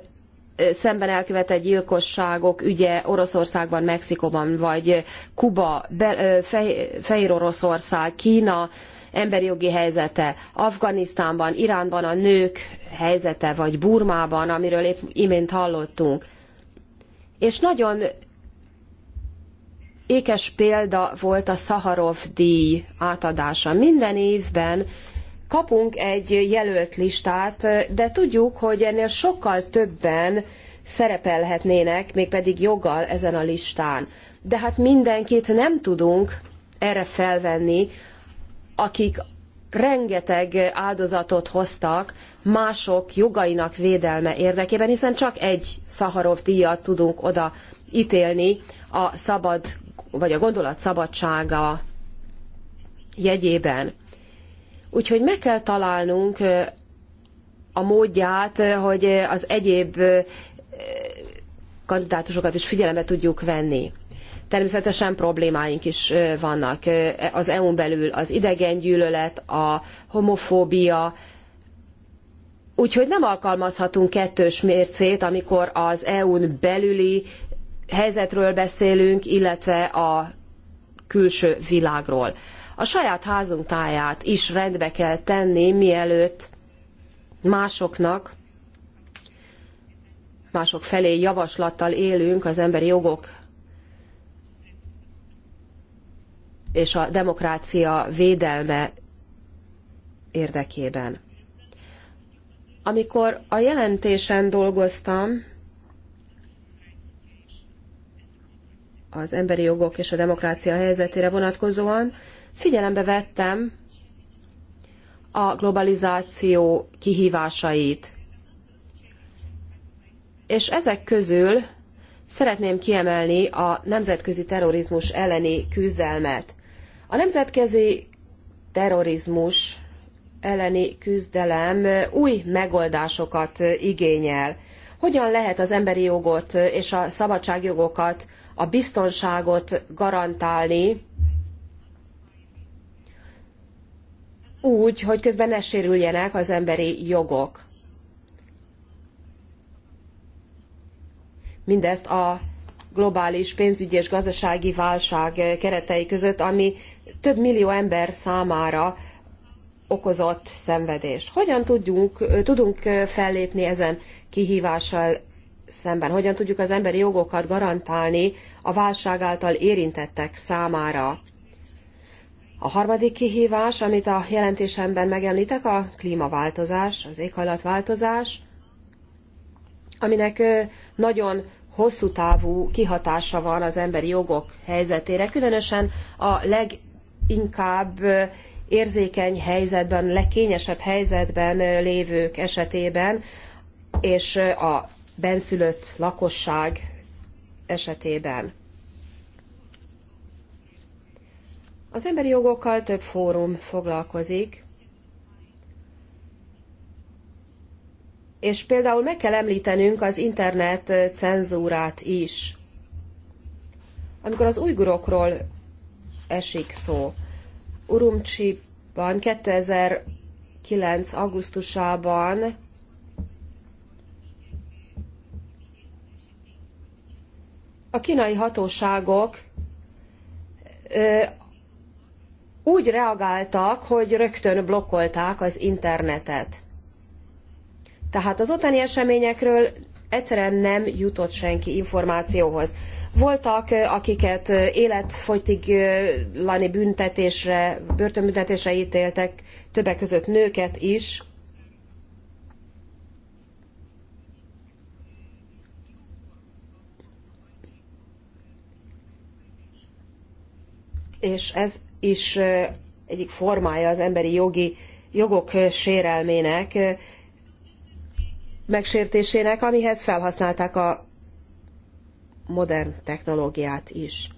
szemben elkövetett gyilkosságok ügye Oroszországban, Mexikóban, vagy Kuba, Fehér Oroszország, Kína, emberi jogi helyzete, Afganisztánban, Iránban a nők helyzete, vagy Burmában, amiről épp imént hallottunk. És nagyon ékes példa volt a Szaharov díj átadása. Minden évben kapunk egy jelölt listát, de tudjuk, hogy ennél sokkal többen szerepelhetnének, mégpedig joggal ezen a listán. De hát mindenkit nem tudunk erre felvenni, akik rengeteg áldozatot hoztak mások jogainak védelme érdekében, hiszen csak egy Szaharov díjat tudunk oda ítélni a szabad, vagy a gondolat szabadsága jegyében. Úgyhogy meg kell találnunk a módját, hogy az egyéb kandidátusokat is figyelembe tudjuk venni. Természetesen problémáink is vannak az EU-n belül az idegengyűlölet, a homofóbia, Úgyhogy nem alkalmazhatunk kettős mércét, amikor az EU-n belüli helyzetről beszélünk, illetve a külső világról. A saját házunk táját is rendbe kell tenni, mielőtt másoknak, mások felé javaslattal élünk az emberi jogok és a demokrácia védelme érdekében. Amikor a jelentésen dolgoztam, az emberi jogok és a demokrácia helyzetére vonatkozóan, figyelembe vettem a globalizáció kihívásait. És ezek közül szeretném kiemelni a nemzetközi terrorizmus elleni küzdelmet. A nemzetközi terrorizmus elleni küzdelem új megoldásokat igényel. Hogyan lehet az emberi jogot és a szabadságjogokat, a biztonságot garantálni úgy, hogy közben ne sérüljenek az emberi jogok? Mindezt a globális pénzügyi és gazdasági válság keretei között, ami több millió ember számára okozott szenvedést. Hogyan tudjunk, tudunk fellépni ezen kihívással szemben? Hogyan tudjuk az emberi jogokat garantálni a válság által érintettek számára? A harmadik kihívás, amit a jelentésemben megemlítek, a klímaváltozás, az éghajlatváltozás, aminek nagyon hosszú távú kihatása van az emberi jogok helyzetére, különösen a leg inkább érzékeny helyzetben, legkényesebb helyzetben lévők esetében, és a benszülött lakosság esetében. Az emberi jogokkal több fórum foglalkozik, és például meg kell említenünk az internet cenzúrát is. Amikor az ujgurokról esik szó, Urumcsiban 2009. augusztusában a kínai hatóságok úgy reagáltak, hogy rögtön blokkolták az internetet. Tehát az ottani eseményekről egyszerűen nem jutott senki információhoz. Voltak, akiket életfogytiglani büntetésre, börtönbüntetésre ítéltek, többek között nőket is. És ez is egyik formája az emberi jogi jogok sérelmének, megsértésének, amihez felhasználták a modern technológiát is.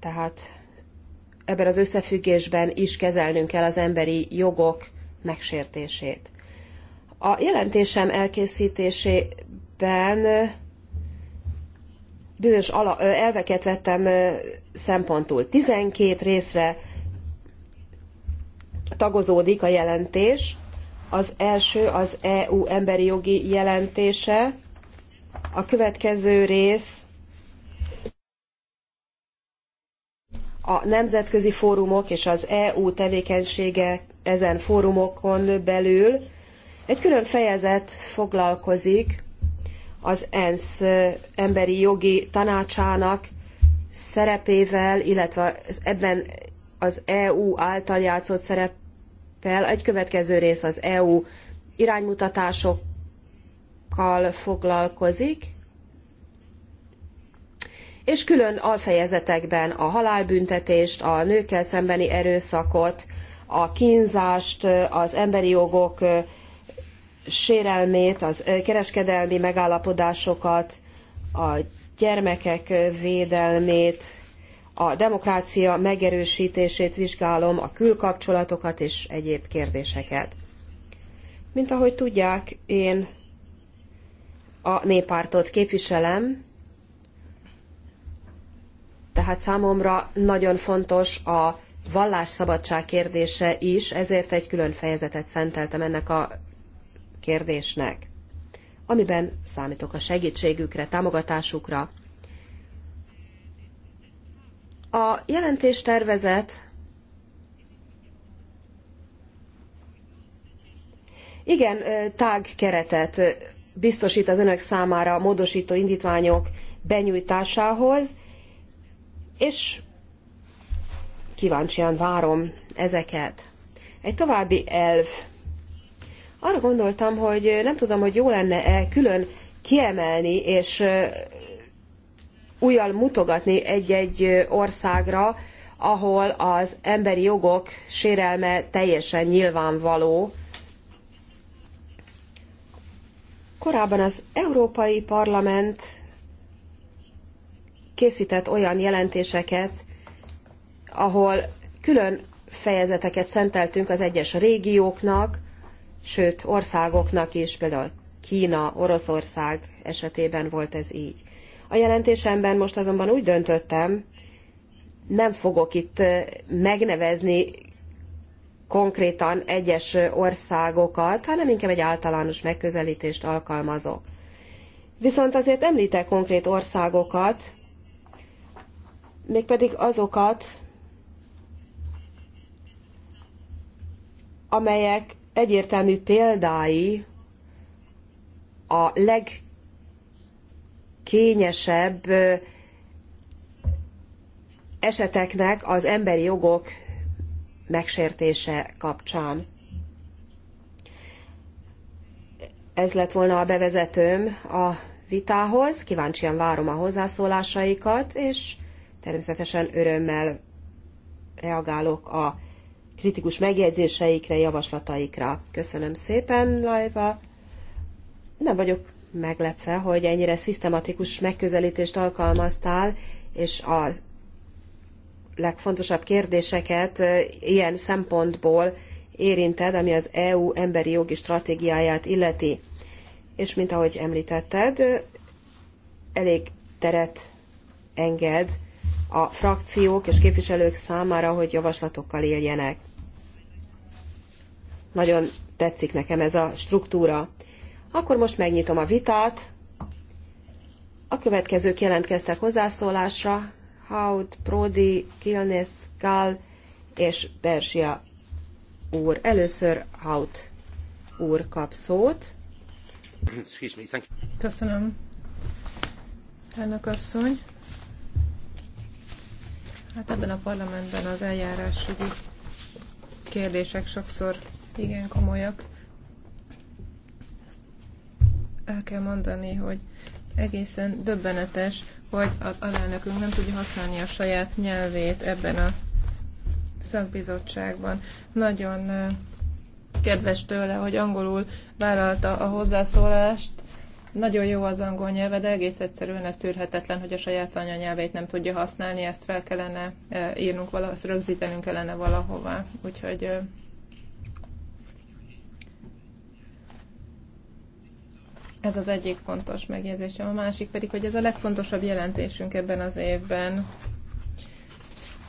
Tehát ebben az összefüggésben is kezelnünk kell az emberi jogok megsértését. A jelentésem elkészítésében bizonyos elveket vettem szempontul. 12 részre tagozódik a jelentés. Az első az EU emberi jogi jelentése, a következő rész a nemzetközi fórumok és az EU tevékenysége ezen fórumokon belül. Egy külön fejezet foglalkozik az ENSZ emberi jogi tanácsának szerepével, illetve ebben az EU által játszott szerep fel. Egy következő rész az EU iránymutatásokkal foglalkozik, és külön alfejezetekben a halálbüntetést, a nőkkel szembeni erőszakot, a kínzást, az emberi jogok sérelmét, az kereskedelmi megállapodásokat, a gyermekek védelmét, a demokrácia megerősítését vizsgálom, a külkapcsolatokat és egyéb kérdéseket. Mint ahogy tudják, én a néppártot képviselem, tehát számomra nagyon fontos a vallásszabadság kérdése is, ezért egy külön fejezetet szenteltem ennek a kérdésnek, amiben számítok a segítségükre, támogatásukra. A jelentés tervezet igen tág keretet biztosít az önök számára a módosító indítványok benyújtásához, és kíváncsian várom ezeket. Egy további elv. Arra gondoltam, hogy nem tudom, hogy jó lenne-e külön kiemelni és újjal mutogatni egy-egy országra, ahol az emberi jogok sérelme teljesen nyilvánvaló. Korábban az Európai Parlament készített olyan jelentéseket, ahol külön fejezeteket szenteltünk az egyes régióknak, sőt országoknak is, például Kína, Oroszország esetében volt ez így. A jelentésemben most azonban úgy döntöttem, nem fogok itt megnevezni konkrétan egyes országokat, hanem inkább egy általános megközelítést alkalmazok. Viszont azért említek konkrét országokat, mégpedig azokat, amelyek egyértelmű példái a leg kényesebb eseteknek az emberi jogok megsértése kapcsán. Ez lett volna a bevezetőm a vitához, kíváncsian várom a hozzászólásaikat, és természetesen örömmel reagálok a kritikus megjegyzéseikre, javaslataikra. Köszönöm szépen, Lajva. Nem vagyok meglepve, hogy ennyire szisztematikus megközelítést alkalmaztál, és a legfontosabb kérdéseket ilyen szempontból érinted, ami az EU emberi jogi stratégiáját illeti. És mint ahogy említetted, elég teret enged a frakciók és képviselők számára, hogy javaslatokkal éljenek. Nagyon tetszik nekem ez a struktúra. Akkor most megnyitom a vitát. A következők jelentkeztek hozzászólásra. Haud, Prodi, Kilnes, Gall és Bersia úr. Először Haut úr kap szót. Köszönöm. Elnök asszony. Hát ebben a parlamentben az eljárásügyi kérdések sokszor igen komolyak el kell mondani, hogy egészen döbbenetes, hogy az alelnökünk nem tudja használni a saját nyelvét ebben a szakbizottságban. Nagyon kedves tőle, hogy angolul vállalta a hozzászólást. Nagyon jó az angol nyelve, de egész egyszerűen ez tűrhetetlen, hogy a saját anyanyelvét nem tudja használni, ezt fel kellene írnunk, valahogy rögzítenünk kellene valahova. Úgyhogy Ez az egyik fontos megjegyzésem. A másik pedig, hogy ez a legfontosabb jelentésünk ebben az évben.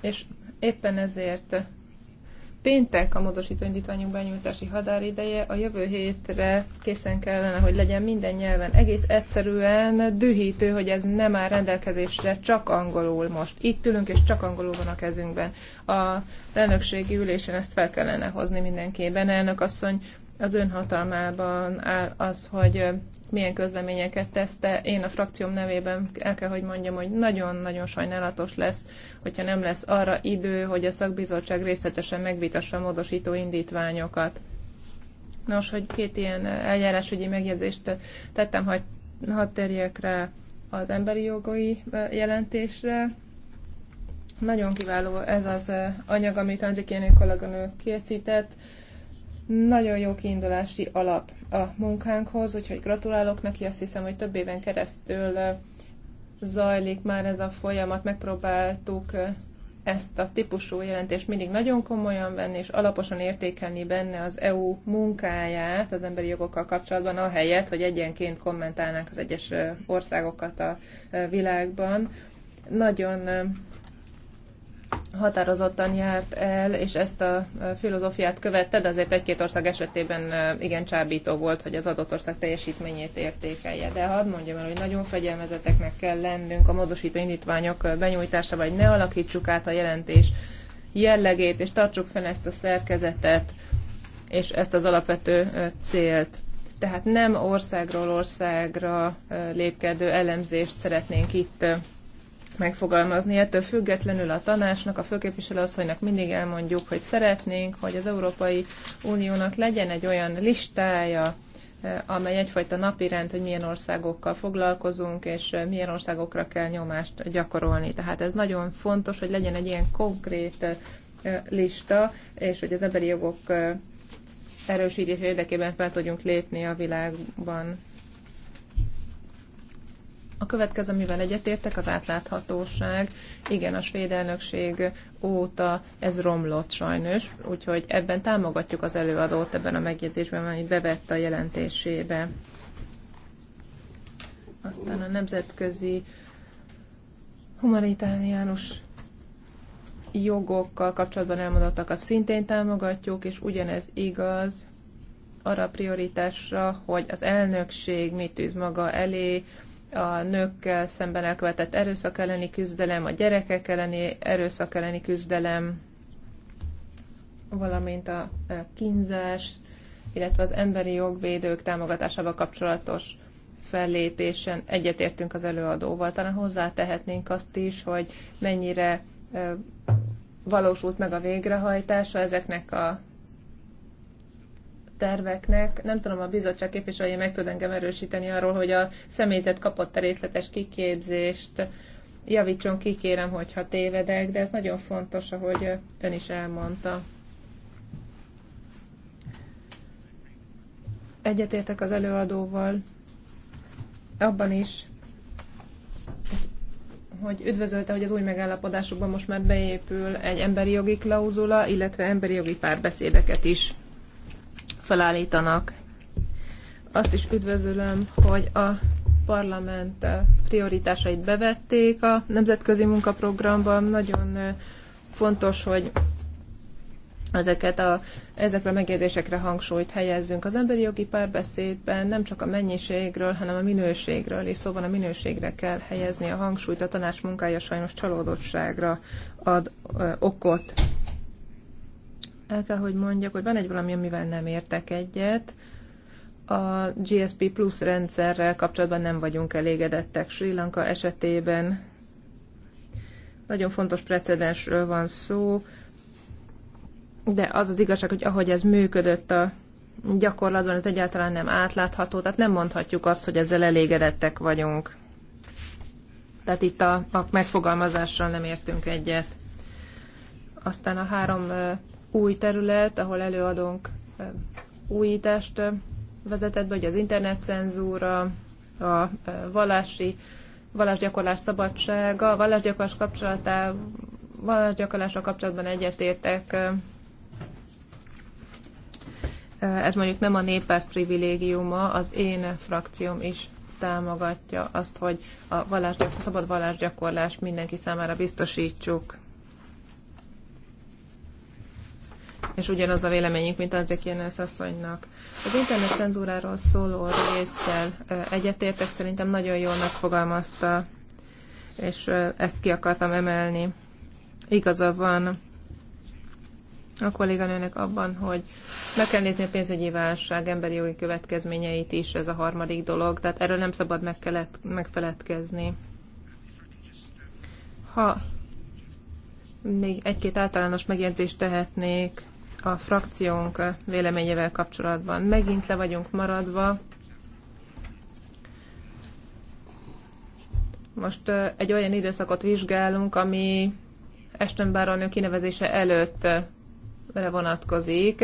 És éppen ezért péntek a módosító indítványunk benyújtási határideje, a jövő hétre készen kellene, hogy legyen minden nyelven. Egész egyszerűen dühítő, hogy ez nem áll rendelkezésre, csak angolul most. Itt ülünk, és csak angolul van a kezünkben. A elnökségi ülésen ezt fel kellene hozni mindenképpen. Elnök asszony az hatalmában áll az, hogy milyen közleményeket tesz, de én a frakcióm nevében el kell, hogy mondjam, hogy nagyon-nagyon sajnálatos lesz, hogyha nem lesz arra idő, hogy a szakbizottság részletesen megvitassa a módosító indítványokat. Nos, hogy két ilyen eljárásügyi megjegyzést tettem, hogy hadd térjek rá az emberi jogai jelentésre. Nagyon kiváló ez az anyag, amit Andrikénő kolléganő készített nagyon jó kiindulási alap a munkánkhoz, úgyhogy gratulálok neki, azt hiszem, hogy több éven keresztül zajlik már ez a folyamat, megpróbáltuk ezt a típusú jelentést mindig nagyon komolyan venni, és alaposan értékelni benne az EU munkáját az emberi jogokkal kapcsolatban, ahelyett, hogy egyenként kommentálnánk az egyes országokat a világban. Nagyon határozottan járt el, és ezt a filozófiát követte, de azért egy-két ország esetében igen csábító volt, hogy az adott ország teljesítményét értékelje. De hadd mondjam el, hogy nagyon fegyelmezeteknek kell lennünk a módosító indítványok benyújtása, vagy ne alakítsuk át a jelentés jellegét, és tartsuk fenn ezt a szerkezetet, és ezt az alapvető célt. Tehát nem országról országra lépkedő elemzést szeretnénk itt megfogalmazni. Ettől függetlenül a tanácsnak, a főképviselőasszonynak mindig elmondjuk, hogy szeretnénk, hogy az Európai Uniónak legyen egy olyan listája, eh, amely egyfajta napirend, hogy milyen országokkal foglalkozunk, és eh, milyen országokra kell nyomást gyakorolni. Tehát ez nagyon fontos, hogy legyen egy ilyen konkrét eh, lista, és hogy az emberi jogok erősítés érdekében fel tudjunk lépni a világban. A következő, amivel egyetértek, az átláthatóság. Igen, a svéd elnökség óta ez romlott sajnos, úgyhogy ebben támogatjuk az előadót ebben a megjegyzésben, amit bevett a jelentésébe. Aztán a nemzetközi humanitáriánus jogokkal kapcsolatban elmondottakat szintén támogatjuk, és ugyanez igaz arra a prioritásra, hogy az elnökség mit tűz maga elé, a nőkkel szemben elkövetett erőszak elleni küzdelem, a gyerekek elleni erőszak elleni küzdelem, valamint a e, kínzás, illetve az emberi jogvédők támogatásával kapcsolatos fellépésen egyetértünk az előadóval. Talán hozzátehetnénk azt is, hogy mennyire e, valósult meg a végrehajtása ezeknek a terveknek. Nem tudom, a bizottság képviselője meg tud engem erősíteni arról, hogy a személyzet kapott a részletes kiképzést, javítson ki, kérem, hogyha tévedek, de ez nagyon fontos, ahogy ön is elmondta. Egyetértek az előadóval abban is, hogy üdvözölte, hogy az új megállapodásokban most már beépül egy emberi jogi klauzula, illetve emberi jogi párbeszédeket is felállítanak. Azt is üdvözölöm, hogy a parlament prioritásait bevették a nemzetközi munkaprogramban. Nagyon fontos, hogy ezeket a, ezekre a megjegyzésekre hangsúlyt helyezzünk. Az emberi jogi párbeszédben nem csak a mennyiségről, hanem a minőségről, és szóval a minőségre kell helyezni a hangsúlyt, a tanács munkája sajnos csalódottságra ad ö, okot el kell, hogy mondjak, hogy van egy valami, amivel nem értek egyet. A GSP Plus rendszerrel kapcsolatban nem vagyunk elégedettek Sri Lanka esetében. Nagyon fontos precedensről van szó, de az az igazság, hogy ahogy ez működött a gyakorlatban, ez egyáltalán nem átlátható, tehát nem mondhatjuk azt, hogy ezzel elégedettek vagyunk. Tehát itt a, a megfogalmazással nem értünk egyet. Aztán a három új terület, ahol előadónk újítást vezetett be, hogy az internetcenzúra, a vallási, vallásgyakorlás szabadsága, a vallásgyakorlás kapcsolatá, vallásgyakorlással kapcsolatban egyetértek. Ez mondjuk nem a néppárt privilégiuma, az én frakcióm is támogatja azt, hogy a vallásgyakor, szabad vallásgyakorlás mindenki számára biztosítsuk. és ugyanaz a véleményünk, mint Andrik Jénász asszonynak. Az internet cenzúráról szóló résszel egyetértek, szerintem nagyon jól megfogalmazta, és ezt ki akartam emelni. Igaza van a kolléganőnek abban, hogy meg kell nézni a pénzügyi válság emberi jogi következményeit is, ez a harmadik dolog, tehát erről nem szabad kellett, megfeledkezni. Ha még egy-két általános megjegyzést tehetnék a frakciónk véleményével kapcsolatban. Megint le vagyunk maradva. Most egy olyan időszakot vizsgálunk, ami Ashton Baron kinevezése előttre vonatkozik.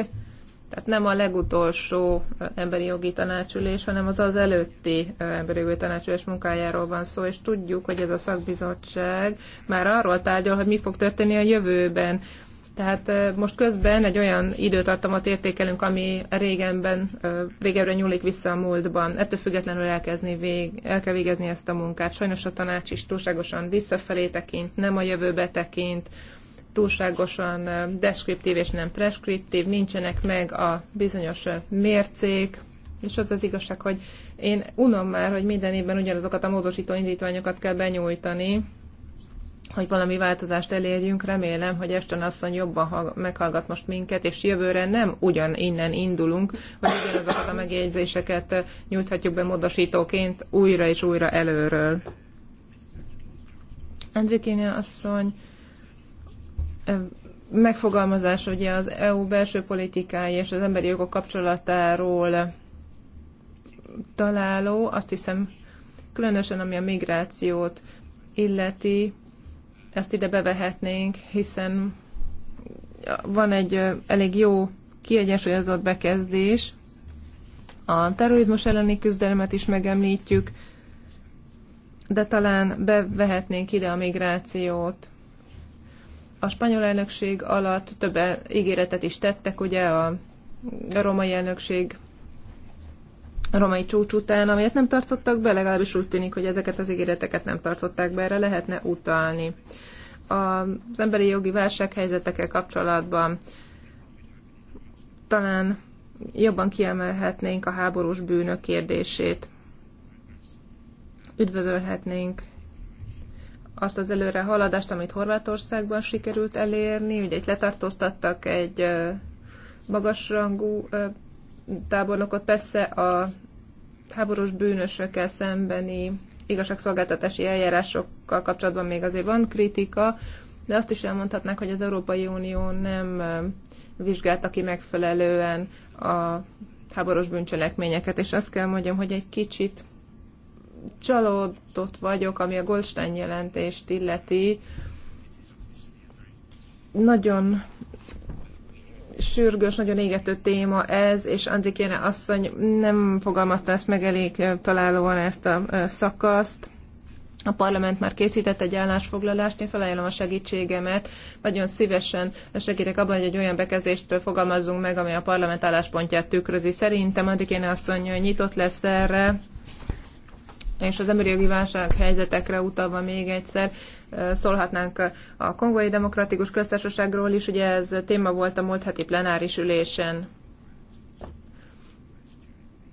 Tehát nem a legutolsó emberi jogi tanácsülés, hanem az az előtti emberi jogi tanácsülés munkájáról van szó, és tudjuk, hogy ez a szakbizottság már arról tárgyal, hogy mi fog történni a jövőben. Tehát most közben egy olyan időtartamot értékelünk, ami régenben, régebbre nyúlik vissza a múltban. Ettől függetlenül elkezni, vég, el kell végezni ezt a munkát. Sajnos a tanács is túlságosan visszafelé tekint, nem a jövőbe tekint, túlságosan deskriptív és nem preskriptív, nincsenek meg a bizonyos mércék, és az az igazság, hogy én unom már, hogy minden évben ugyanazokat a módosító indítványokat kell benyújtani, hogy valami változást elérjünk. Remélem, hogy Esten asszony jobban hallg- meghallgat most minket, és jövőre nem ugyan innen indulunk, vagy ugyanazokat a megjegyzéseket nyújthatjuk be módosítóként újra és újra előről. Andrikénia asszony megfogalmazás ugye az EU belső politikái és az emberi jogok kapcsolatáról találó, azt hiszem különösen ami a migrációt illeti, ezt ide bevehetnénk, hiszen van egy elég jó kiegyensúlyozott bekezdés, a terrorizmus elleni küzdelmet is megemlítjük, de talán bevehetnénk ide a migrációt. A spanyol elnökség alatt több ígéretet is tettek, ugye a, a romai elnökség a romai csúcs után, amelyet nem tartottak be, legalábbis úgy tűnik, hogy ezeket az ígéreteket nem tartották be, erre lehetne utalni. Az emberi jogi válsághelyzetekkel kapcsolatban talán jobban kiemelhetnénk a háborús bűnök kérdését. Üdvözölhetnénk azt az előre haladást, amit Horvátországban sikerült elérni. Ugye itt letartóztattak egy magasrangú tábornokot, persze a háborús bűnösökkel szembeni igazságszolgáltatási eljárásokkal kapcsolatban még azért van kritika, de azt is elmondhatnák, hogy az Európai Unió nem vizsgálta ki megfelelően a háborús bűncselekményeket, és azt kell mondjam, hogy egy kicsit csalódott vagyok, ami a Goldstein jelentést illeti. Nagyon sürgős, nagyon égető téma ez, és Andrikéne asszony nem fogalmazta ezt meg elég találóan ezt a szakaszt. A parlament már készített egy állásfoglalást, én felajánlom a segítségemet. Nagyon szívesen segítek abban, hogy egy olyan bekezdést fogalmazzunk meg, amely a parlament álláspontját tükrözi. Szerintem Andrikéne asszony nyitott lesz erre, és az emberi jogi válság helyzetekre utalva még egyszer szólhatnánk a Kongói Demokratikus Köztársaságról is, ugye ez téma volt a múlt heti plenáris ülésen.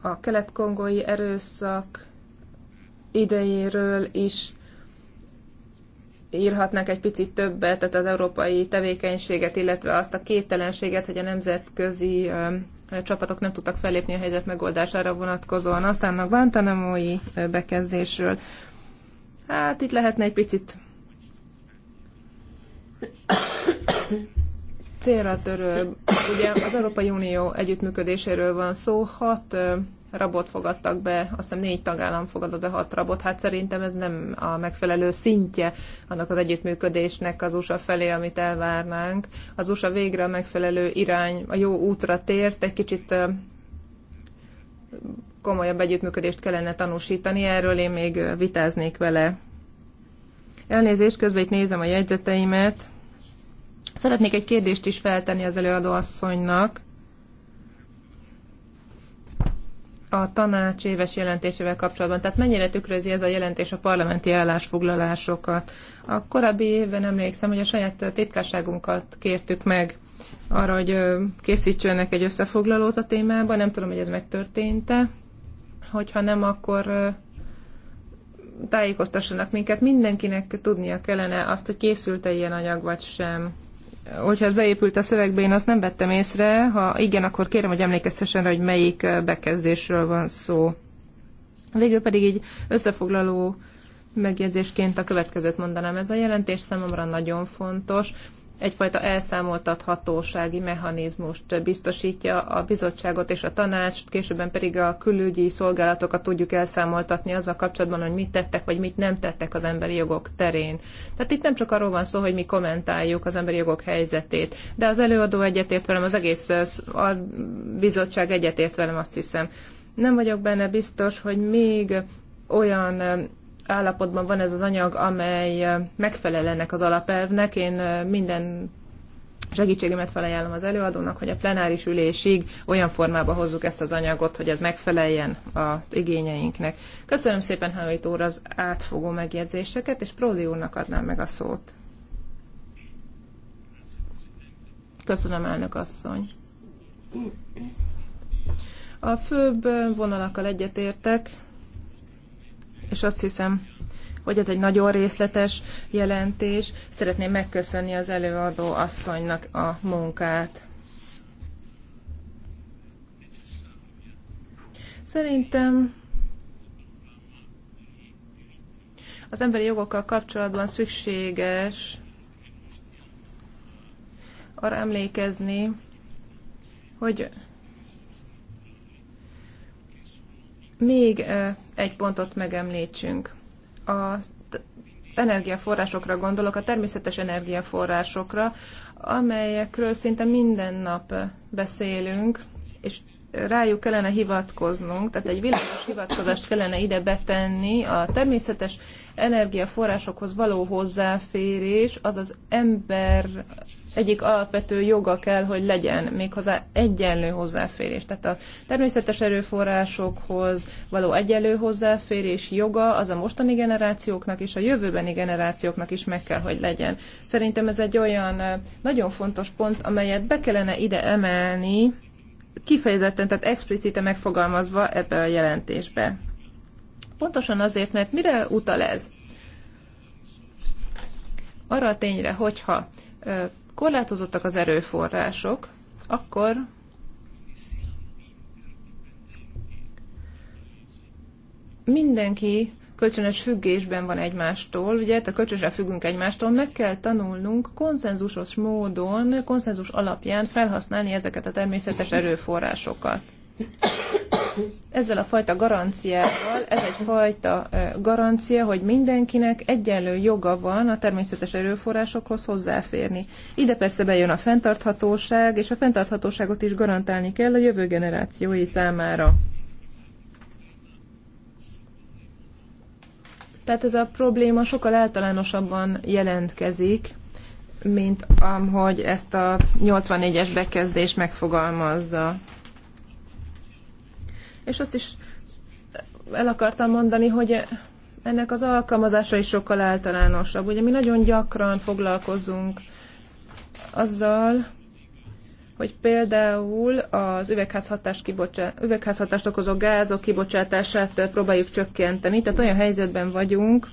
A kelet-kongói erőszak idejéről is írhatnánk egy picit többet, tehát az európai tevékenységet, illetve azt a képtelenséget, hogy a nemzetközi csapatok nem tudtak fellépni a helyzet megoldására vonatkozóan. Aztán a Guantanamo-i bekezdésről. Hát itt lehetne egy picit célra törő. Ugye az Európai Unió együttműködéséről van szó, hat rabot fogadtak be, azt hiszem négy tagállam fogadott be hat rabot. Hát szerintem ez nem a megfelelő szintje annak az együttműködésnek az USA felé, amit elvárnánk. Az USA végre a megfelelő irány, a jó útra tért, egy kicsit komolyabb együttműködést kellene tanúsítani, erről én még vitáznék vele. Elnézést, közben itt nézem a jegyzeteimet. Szeretnék egy kérdést is feltenni az előadó asszonynak. a tanács éves jelentésével kapcsolatban, tehát mennyire tükrözi ez a jelentés a parlamenti állásfoglalásokat. A korábbi évben emlékszem, hogy a saját titkárságunkat kértük meg arra, hogy készítsenek egy összefoglalót a témában, nem tudom, hogy ez megtörtént-e. Hogyha nem, akkor tájékoztassanak minket. Mindenkinek tudnia kellene azt, hogy készült-e ilyen anyag, vagy sem hogyha ez beépült a szövegbe, én azt nem vettem észre. Ha igen, akkor kérem, hogy emlékeztessen rá, hogy melyik bekezdésről van szó. Végül pedig így összefoglaló megjegyzésként a következőt mondanám. Ez a jelentés számomra nagyon fontos egyfajta elszámoltathatósági mechanizmust biztosítja a bizottságot és a tanácst, későbben pedig a külügyi szolgálatokat tudjuk elszámoltatni azzal kapcsolatban, hogy mit tettek vagy mit nem tettek az emberi jogok terén. Tehát itt nem csak arról van szó, hogy mi kommentáljuk az emberi jogok helyzetét, de az előadó egyetért velem, az egész a bizottság egyetért velem, azt hiszem. Nem vagyok benne biztos, hogy még olyan állapotban van ez az anyag, amely megfelel ennek az alapelvnek. Én minden segítségemet felajánlom az előadónak, hogy a plenáris ülésig olyan formába hozzuk ezt az anyagot, hogy ez megfeleljen az igényeinknek. Köszönöm szépen, Hanoit úr, az átfogó megjegyzéseket, és Pródi úrnak adnám meg a szót. Köszönöm, elnök asszony. A főbb vonalakkal egyetértek, és azt hiszem, hogy ez egy nagyon részletes jelentés. Szeretném megköszönni az előadó asszonynak a munkát. Szerintem az emberi jogokkal kapcsolatban szükséges arra emlékezni, hogy Még egy pontot megemlítsünk. a energiaforrásokra gondolok, a természetes energiaforrásokra, amelyekről szinte minden nap beszélünk, és rájuk kellene hivatkoznunk, tehát egy világos hivatkozást kellene ide betenni a természetes energiaforrásokhoz való hozzáférés az az ember egyik alapvető joga kell, hogy legyen méghozzá egyenlő hozzáférés. Tehát a természetes erőforrásokhoz való egyenlő hozzáférés joga az a mostani generációknak és a jövőbeni generációknak is meg kell, hogy legyen. Szerintem ez egy olyan nagyon fontos pont, amelyet be kellene ide emelni, kifejezetten, tehát explicite megfogalmazva ebbe a jelentésbe. Pontosan azért, mert mire utal ez? Arra a tényre, hogyha korlátozottak az erőforrások, akkor mindenki kölcsönös függésben van egymástól, ugye, tehát kölcsönösen függünk egymástól, meg kell tanulnunk konszenzusos módon, konszenzus alapján felhasználni ezeket a természetes erőforrásokat ezzel a fajta garanciával, ez egy fajta garancia, hogy mindenkinek egyenlő joga van a természetes erőforrásokhoz hozzáférni. Ide persze bejön a fenntarthatóság, és a fenntarthatóságot is garantálni kell a jövő generációi számára. Tehát ez a probléma sokkal általánosabban jelentkezik, mint ahogy ezt a 84-es bekezdés megfogalmazza és azt is el akartam mondani, hogy ennek az alkalmazása is sokkal általánosabb. Ugye mi nagyon gyakran foglalkozunk azzal, hogy például az üvegházhatást, kibocsát, üvegházhatást okozó gázok kibocsátását próbáljuk csökkenteni, tehát olyan helyzetben vagyunk,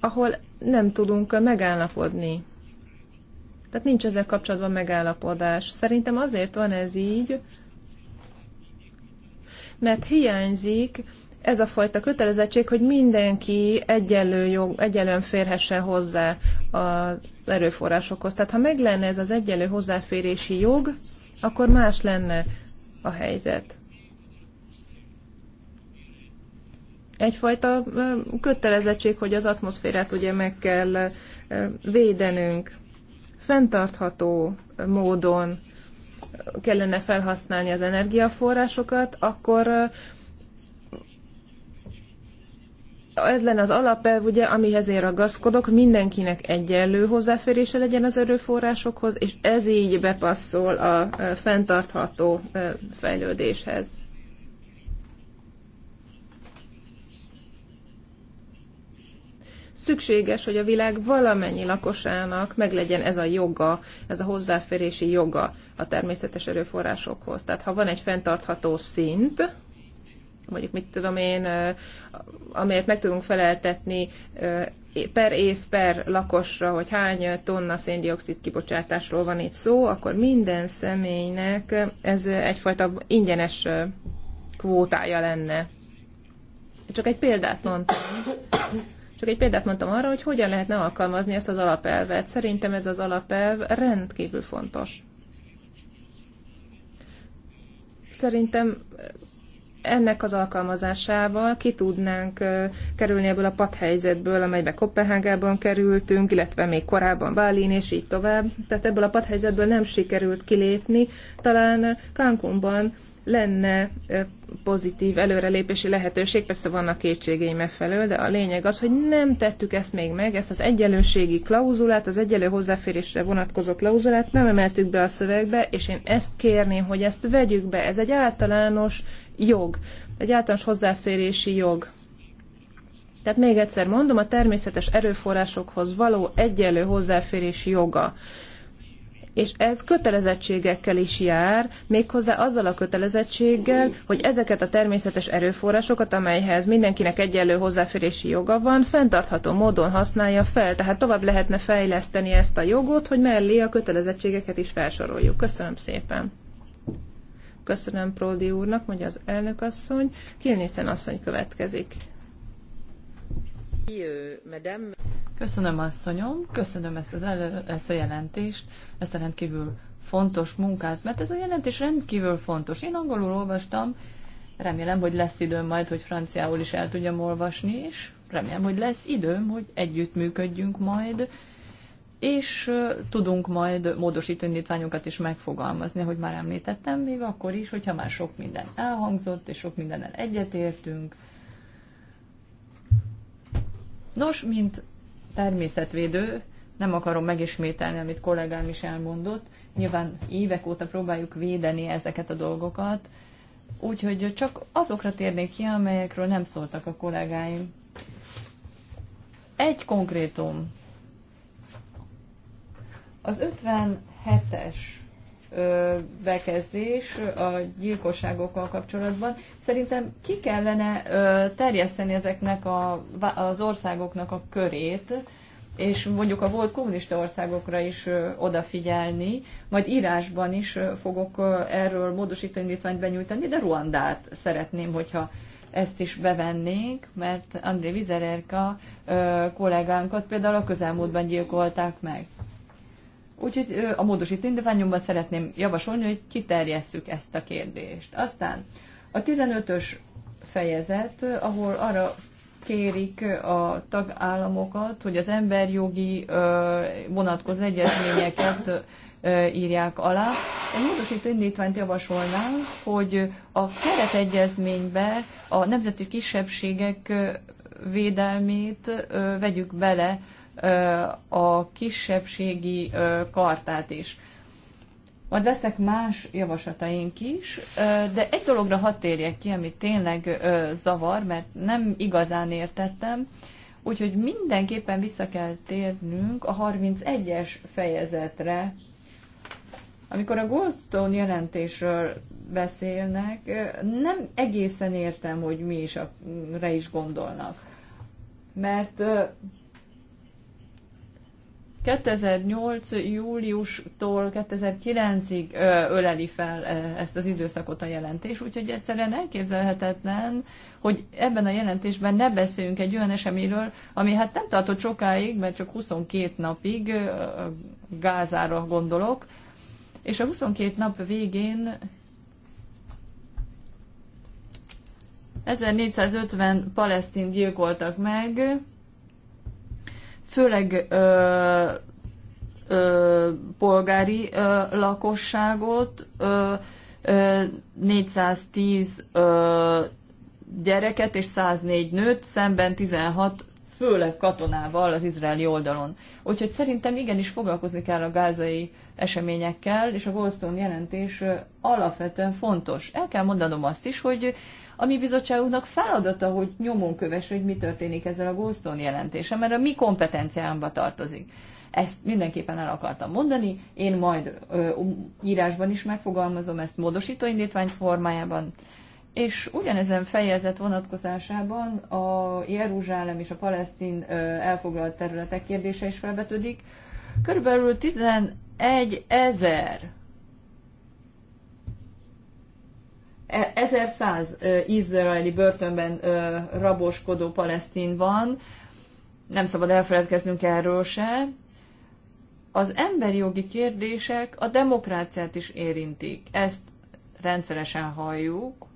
ahol nem tudunk megállapodni. Tehát nincs ezzel kapcsolatban megállapodás. Szerintem azért van ez így, mert hiányzik ez a fajta kötelezettség, hogy mindenki egyenlő jog, egyenlően férhessen hozzá az erőforrásokhoz. Tehát ha meg lenne ez az egyenlő hozzáférési jog, akkor más lenne a helyzet. Egyfajta kötelezettség, hogy az atmoszférát ugye meg kell védenünk fenntartható módon kellene felhasználni az energiaforrásokat, akkor ez lenne az alapelv, ugye, amihez én ragaszkodok, mindenkinek egyenlő hozzáférése legyen az erőforrásokhoz, és ez így bepasszol a fenntartható fejlődéshez. Szükséges, hogy a világ valamennyi lakosának meglegyen ez a joga, ez a hozzáférési joga a természetes erőforrásokhoz. Tehát ha van egy fenntartható szint, mondjuk mit tudom én, amelyet meg tudunk feleltetni per év, per lakosra, hogy hány tonna széndiokszid kibocsátásról van itt szó, akkor minden személynek ez egyfajta ingyenes kvótája lenne. Csak egy példát mondtam csak egy példát mondtam arra, hogy hogyan lehetne alkalmazni ezt az alapelvet. Szerintem ez az alapelv rendkívül fontos. Szerintem ennek az alkalmazásával ki tudnánk kerülni ebből a padhelyzetből, amelybe Kopenhágában kerültünk, illetve még korábban Bálin és így tovább. Tehát ebből a padhelyzetből nem sikerült kilépni. Talán Cancunban lenne pozitív előrelépési lehetőség, persze vannak kétségeim e felől, de a lényeg az, hogy nem tettük ezt még meg, ezt az egyenlőségi klauzulát, az egyenlő hozzáférésre vonatkozó klauzulát nem emeltük be a szövegbe, és én ezt kérném, hogy ezt vegyük be. Ez egy általános jog, egy általános hozzáférési jog. Tehát még egyszer mondom, a természetes erőforrásokhoz való egyenlő hozzáférés joga és ez kötelezettségekkel is jár, méghozzá azzal a kötelezettséggel, hogy ezeket a természetes erőforrásokat, amelyhez mindenkinek egyenlő hozzáférési joga van, fenntartható módon használja fel. Tehát tovább lehetne fejleszteni ezt a jogot, hogy mellé a kötelezettségeket is felsoroljuk. Köszönöm szépen. Köszönöm Pródi úrnak, mondja az elnök asszony. Kilnészen asszony következik. Köszönöm, asszonyom, köszönöm ezt, az elő, ezt a jelentést, ezt a rendkívül fontos munkát, mert ez a jelentés rendkívül fontos. Én angolul olvastam, remélem, hogy lesz időm majd, hogy franciául is el tudjam olvasni, és remélem, hogy lesz időm, hogy együttműködjünk majd, és tudunk majd módosító indítványokat is megfogalmazni, hogy már említettem, még akkor is, hogyha már sok minden elhangzott, és sok mindennel egyetértünk, Nos, mint természetvédő, nem akarom megismételni, amit kollégám is elmondott. Nyilván évek óta próbáljuk védeni ezeket a dolgokat, úgyhogy csak azokra térnék ki, amelyekről nem szóltak a kollégáim. Egy konkrétum. Az 57-es bekezdés a gyilkosságokkal kapcsolatban. Szerintem ki kellene terjeszteni ezeknek a, az országoknak a körét, és mondjuk a volt kommunista országokra is odafigyelni, majd írásban is fogok erről módosító indítványt benyújtani, de Ruandát szeretném, hogyha ezt is bevennénk, mert André Vizererka kollégánkat például a közelmúltban gyilkolták meg. Úgyhogy a módosító indítványomban szeretném javasolni, hogy kiterjesszük ezt a kérdést. Aztán a 15-ös fejezet, ahol arra kérik a tagállamokat, hogy az emberjogi vonatkozó egyezményeket írják alá. Egy módosító indítványt javasolnám, hogy a keretegyezménybe a nemzeti kisebbségek védelmét vegyük bele a kisebbségi kartát is. Majd lesznek más javaslataink is, de egy dologra hadd térjek ki, ami tényleg zavar, mert nem igazán értettem, úgyhogy mindenképpen vissza kell térnünk a 31-es fejezetre. Amikor a Goldstone jelentésről beszélnek, nem egészen értem, hogy mi is a, re is gondolnak. Mert 2008. júliustól 2009-ig öleli fel ezt az időszakot a jelentés, úgyhogy egyszerűen elképzelhetetlen, hogy ebben a jelentésben ne beszéljünk egy olyan eseményről, ami hát nem tartott sokáig, mert csak 22 napig, Gázára gondolok, és a 22 nap végén 1450 palesztin gyilkoltak meg, főleg ö, ö, polgári ö, lakosságot, ö, ö, 410 ö, gyereket és 104 nőt, szemben 16 főleg katonával az izraeli oldalon. Úgyhogy szerintem igenis foglalkozni kell a gázai eseményekkel, és a Goldstone jelentés alapvetően fontos. El kell mondanom azt is, hogy a mi bizottságunknak feladata, hogy nyomon kövesse, hogy mi történik ezzel a Goldstone jelentése, mert a mi kompetenciámba tartozik. Ezt mindenképpen el akartam mondani, én majd ö, um, írásban is megfogalmazom ezt módosító indítvány formájában, és ugyanezen fejezet vonatkozásában a Jeruzsálem és a palesztin ö, elfoglalt területek kérdése is felvetődik. Körülbelül 11 ezer 1100 izraeli börtönben raboskodó palesztin van, nem szabad elfeledkeznünk erről se. Az emberi jogi kérdések a demokráciát is érintik. Ezt rendszeresen halljuk,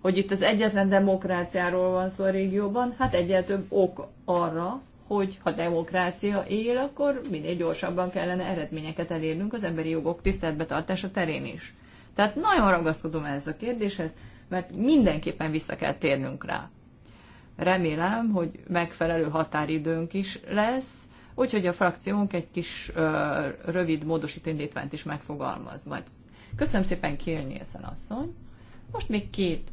hogy itt az egyetlen demokráciáról van szó a régióban, hát egyel több ok arra, hogy ha demokrácia él, akkor minél gyorsabban kellene eredményeket elérnünk az emberi jogok tiszteletbetartása terén is. Tehát nagyon ragaszkodom ehhez a kérdéshez, mert mindenképpen vissza kell térnünk rá. Remélem, hogy megfelelő határidőnk is lesz, úgyhogy a frakciónk egy kis ö, rövid módosító indítványt is megfogalmaz majd. Köszönöm szépen, Kill Nielsen asszony. Most még két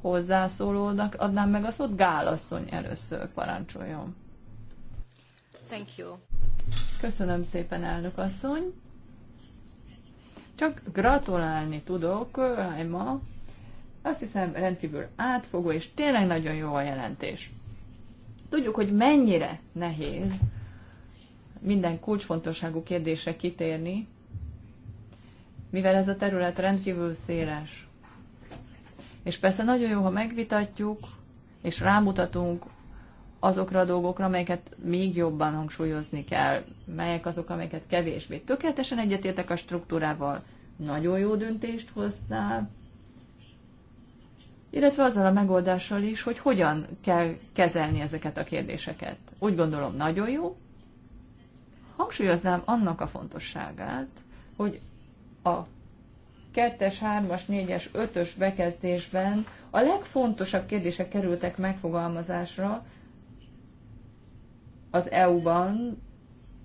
hozzászólónak adnám meg a szót. Gál asszony először parancsoljon. Thank you. Köszönöm szépen, elnök asszony. Csak gratulálni tudok, Emma. Azt hiszem rendkívül átfogó, és tényleg nagyon jó a jelentés. Tudjuk, hogy mennyire nehéz minden kulcsfontosságú kérdésre kitérni, mivel ez a terület rendkívül széles. És persze nagyon jó, ha megvitatjuk, és rámutatunk azokra a dolgokra, amelyeket még jobban hangsúlyozni kell, melyek azok, amelyeket kevésbé. Tökéletesen egyetértek a struktúrával, nagyon jó döntést hoztál, illetve azzal a megoldással is, hogy hogyan kell kezelni ezeket a kérdéseket. Úgy gondolom, nagyon jó. Hangsúlyoznám annak a fontosságát, hogy a kettes, hármas, négyes, ötös bekezdésben a legfontosabb kérdések kerültek megfogalmazásra, az EU-ban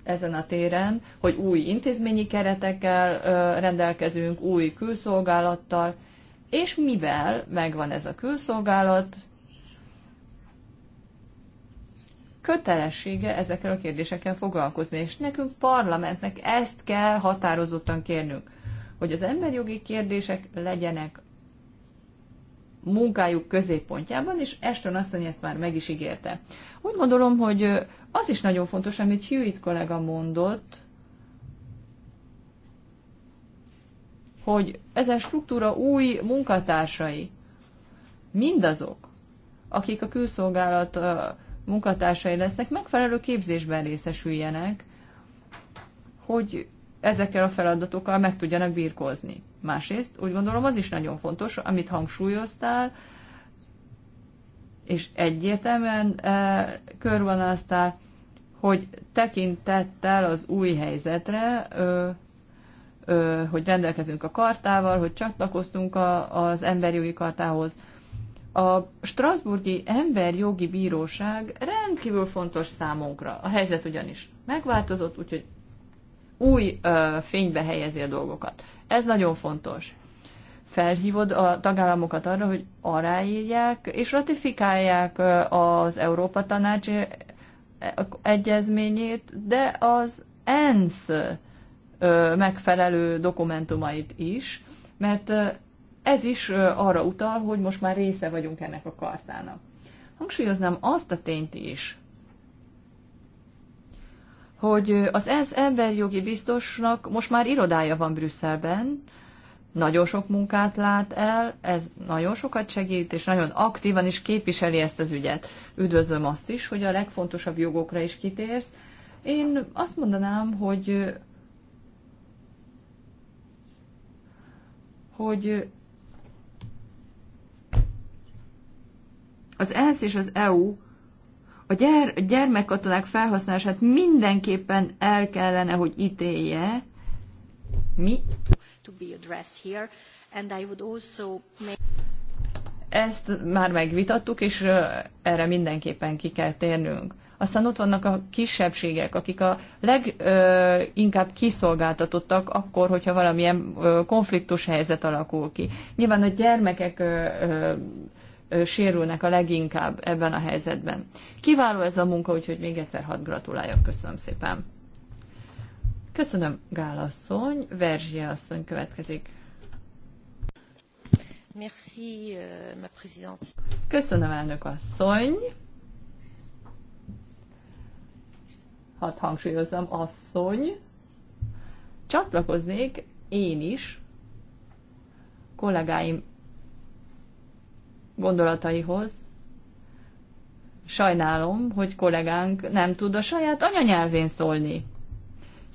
ezen a téren, hogy új intézményi keretekkel rendelkezünk, új külszolgálattal, és mivel megvan ez a külszolgálat, kötelessége ezekkel a kérdésekkel foglalkozni, és nekünk parlamentnek ezt kell határozottan kérnünk, hogy az emberjogi kérdések legyenek munkájuk középpontjában, és Eston asszony ezt már meg is ígérte. Úgy gondolom, hogy az is nagyon fontos, amit Hewitt kollega mondott, hogy a struktúra új munkatársai, mindazok, akik a külszolgálat munkatársai lesznek, megfelelő képzésben részesüljenek, hogy ezekkel a feladatokkal meg tudjanak birkózni. Másrészt úgy gondolom az is nagyon fontos, amit hangsúlyoztál, és egyértelműen e, körvonalazták, hogy tekintettel az új helyzetre, ö, ö, hogy rendelkezünk a kartával, hogy csatlakoztunk a, az emberjogi kartához. A Strasburgi Emberjogi Bíróság rendkívül fontos számunkra. A helyzet ugyanis megváltozott, úgyhogy új ö, fénybe helyezi a dolgokat. Ez nagyon fontos felhívod a tagállamokat arra, hogy aláírják és ratifikálják az Európa Tanács egyezményét, de az ENSZ megfelelő dokumentumait is, mert ez is arra utal, hogy most már része vagyunk ennek a kartának. Hangsúlyoznám azt a tényt is, hogy az ENSZ emberjogi biztosnak most már irodája van Brüsszelben, nagyon sok munkát lát el, ez nagyon sokat segít, és nagyon aktívan is képviseli ezt az ügyet. Üdvözlöm azt is, hogy a legfontosabb jogokra is kitérsz. Én azt mondanám, hogy hogy az ENSZ és az EU a gyер- gyermekkatonák felhasználását mindenképpen el kellene, hogy ítélje. Mi? to be addressed here. And I would also make ezt már megvitattuk, és erre mindenképpen ki kell térnünk. Aztán ott vannak a kisebbségek, akik a leginkább kiszolgáltatottak akkor, hogyha valamilyen konfliktus helyzet alakul ki. Nyilván a gyermekek sérülnek a leginkább ebben a helyzetben. Kiváló ez a munka, úgyhogy még egyszer hadd gratuláljak. Köszönöm szépen. Köszönöm, Gál asszony. Verzsia asszony következik. Merci, euh, ma présidente. Köszönöm, elnök asszony. Hadd hangsúlyozom, asszony. Csatlakoznék én is kollégáim gondolataihoz. Sajnálom, hogy kollégánk nem tud a saját anyanyelvén szólni.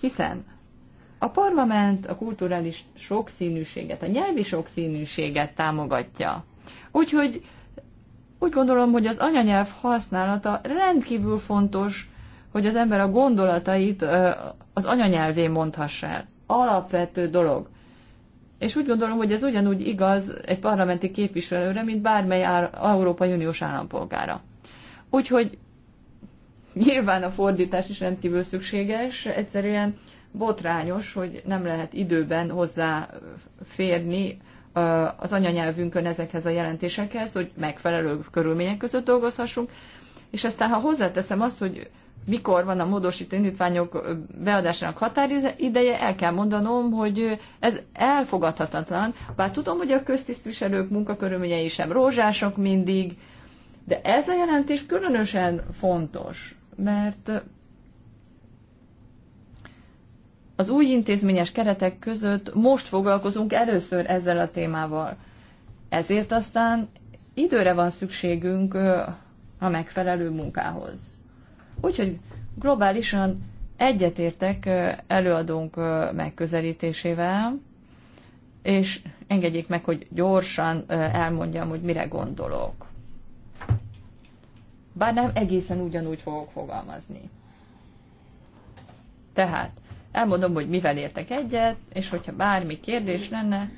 Hiszen a parlament a kulturális sokszínűséget, a nyelvi sokszínűséget támogatja. Úgyhogy úgy gondolom, hogy az anyanyelv használata rendkívül fontos, hogy az ember a gondolatait az anyanyelvén mondhassa el. Alapvető dolog. És úgy gondolom, hogy ez ugyanúgy igaz egy parlamenti képviselőre, mint bármely Európai Uniós állampolgára. Úgyhogy Nyilván a fordítás is rendkívül szükséges, egyszerűen botrányos, hogy nem lehet időben hozzáférni az anyanyelvünkön ezekhez a jelentésekhez, hogy megfelelő körülmények között dolgozhassunk, és aztán ha hozzáteszem azt, hogy mikor van a módosító indítványok beadásának határideje, el kell mondanom, hogy ez elfogadhatatlan, bár tudom, hogy a köztisztviselők munkakörülményei sem rózsások mindig, de ez a jelentés különösen fontos mert az új intézményes keretek között most foglalkozunk először ezzel a témával. Ezért aztán időre van szükségünk a megfelelő munkához. Úgyhogy globálisan egyetértek előadónk megközelítésével, és engedjék meg, hogy gyorsan elmondjam, hogy mire gondolok bár nem egészen ugyanúgy fogok fogalmazni. Tehát elmondom, hogy mivel értek egyet, és hogyha bármi kérdés lenne,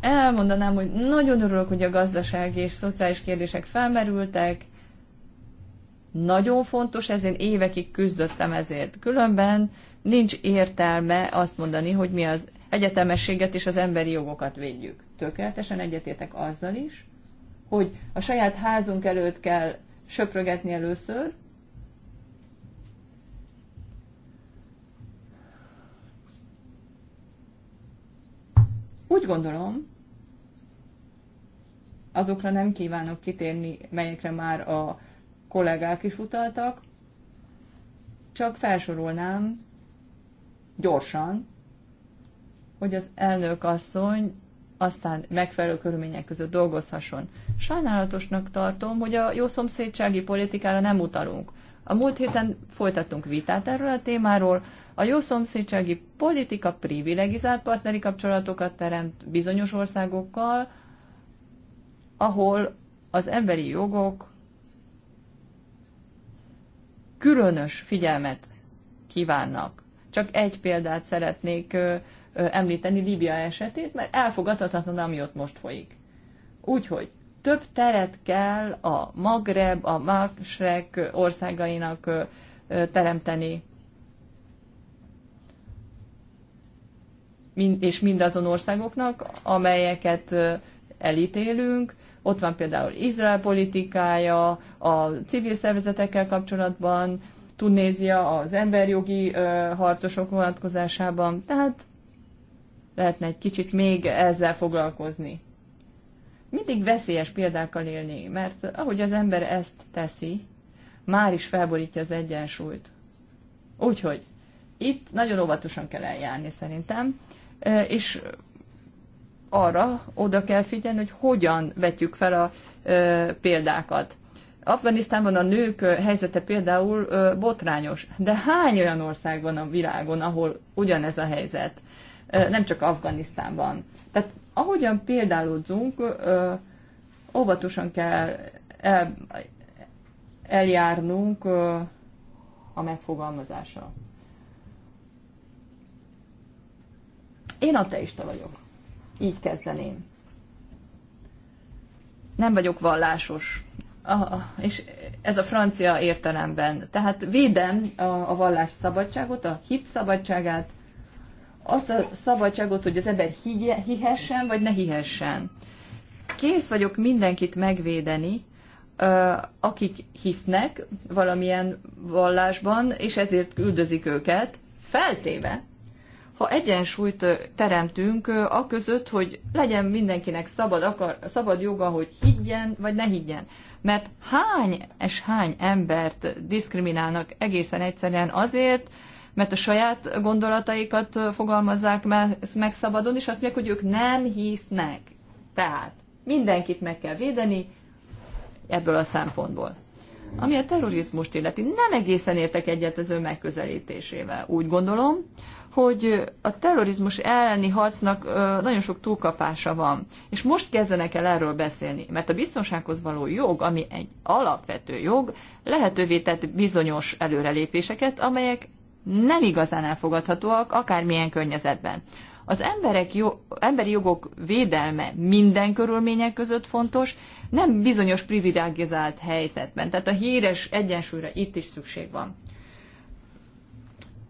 elmondanám, hogy nagyon örülök, hogy a gazdasági és szociális kérdések felmerültek, nagyon fontos, ezért évekig küzdöttem ezért. Különben nincs értelme azt mondani, hogy mi az egyetemességet és az emberi jogokat védjük. Tökéletesen egyetértek azzal is, hogy a saját házunk előtt kell söprögetni először, Úgy gondolom, azokra nem kívánok kitérni, melyekre már a kollégák is utaltak, csak felsorolnám gyorsan, hogy az elnök asszony aztán megfelelő körülmények között dolgozhasson. Sajnálatosnak tartom, hogy a jó szomszédsági politikára nem utalunk. A múlt héten folytattunk vitát erről a témáról, a jó szomszédsági politika privilegizált partneri kapcsolatokat teremt bizonyos országokkal, ahol az emberi jogok különös figyelmet kívánnak. Csak egy példát szeretnék említeni Líbia esetét, mert elfogadhatatlan, ami ott most folyik. Úgyhogy több teret kell a Magreb, a Magsrek országainak teremteni, és mindazon országoknak, amelyeket elítélünk. Ott van például Izrael politikája, a civil szervezetekkel kapcsolatban, Tunézia az emberjogi harcosok vonatkozásában. Tehát lehetne egy kicsit még ezzel foglalkozni. Mindig veszélyes példákkal élni, mert ahogy az ember ezt teszi, már is felborítja az egyensúlyt. Úgyhogy itt nagyon óvatosan kell eljárni szerintem, és arra oda kell figyelni, hogy hogyan vetjük fel a példákat. Afganisztánban a nők helyzete például botrányos, de hány olyan ország van a világon, ahol ugyanez a helyzet? nem csak Afganisztánban. Tehát ahogyan példálódzunk, óvatosan kell el, eljárnunk a megfogalmazása. Én ateista vagyok. Így kezdeném. Nem vagyok vallásos. Aha, és ez a francia értelemben. Tehát védem a, a vallás szabadságot, a hit szabadságát, azt a szabadságot, hogy az ember higye, hihessen, vagy ne hihessen. Kész vagyok mindenkit megvédeni, akik hisznek valamilyen vallásban, és ezért üldözik őket, feltéve, ha egyensúlyt teremtünk a között, hogy legyen mindenkinek szabad, akar, szabad joga, hogy higgyen vagy ne higgyen. Mert hány és hány embert diszkriminálnak egészen egyszerűen azért, mert a saját gondolataikat fogalmazzák meg szabadon, és azt mondják, hogy ők nem hisznek. Tehát mindenkit meg kell védeni ebből a szempontból. Ami a terrorizmust illeti, nem egészen értek egyet az ön megközelítésével. Úgy gondolom, hogy a terrorizmus elleni harcnak nagyon sok túlkapása van. És most kezdenek el erről beszélni, mert a biztonsághoz való jog, ami egy alapvető jog, lehetővé tett bizonyos előrelépéseket, amelyek nem igazán elfogadhatóak, akármilyen környezetben. Az emberek jó, emberi jogok védelme minden körülmények között fontos, nem bizonyos privilegizált helyzetben. Tehát a híres egyensúlyra itt is szükség van.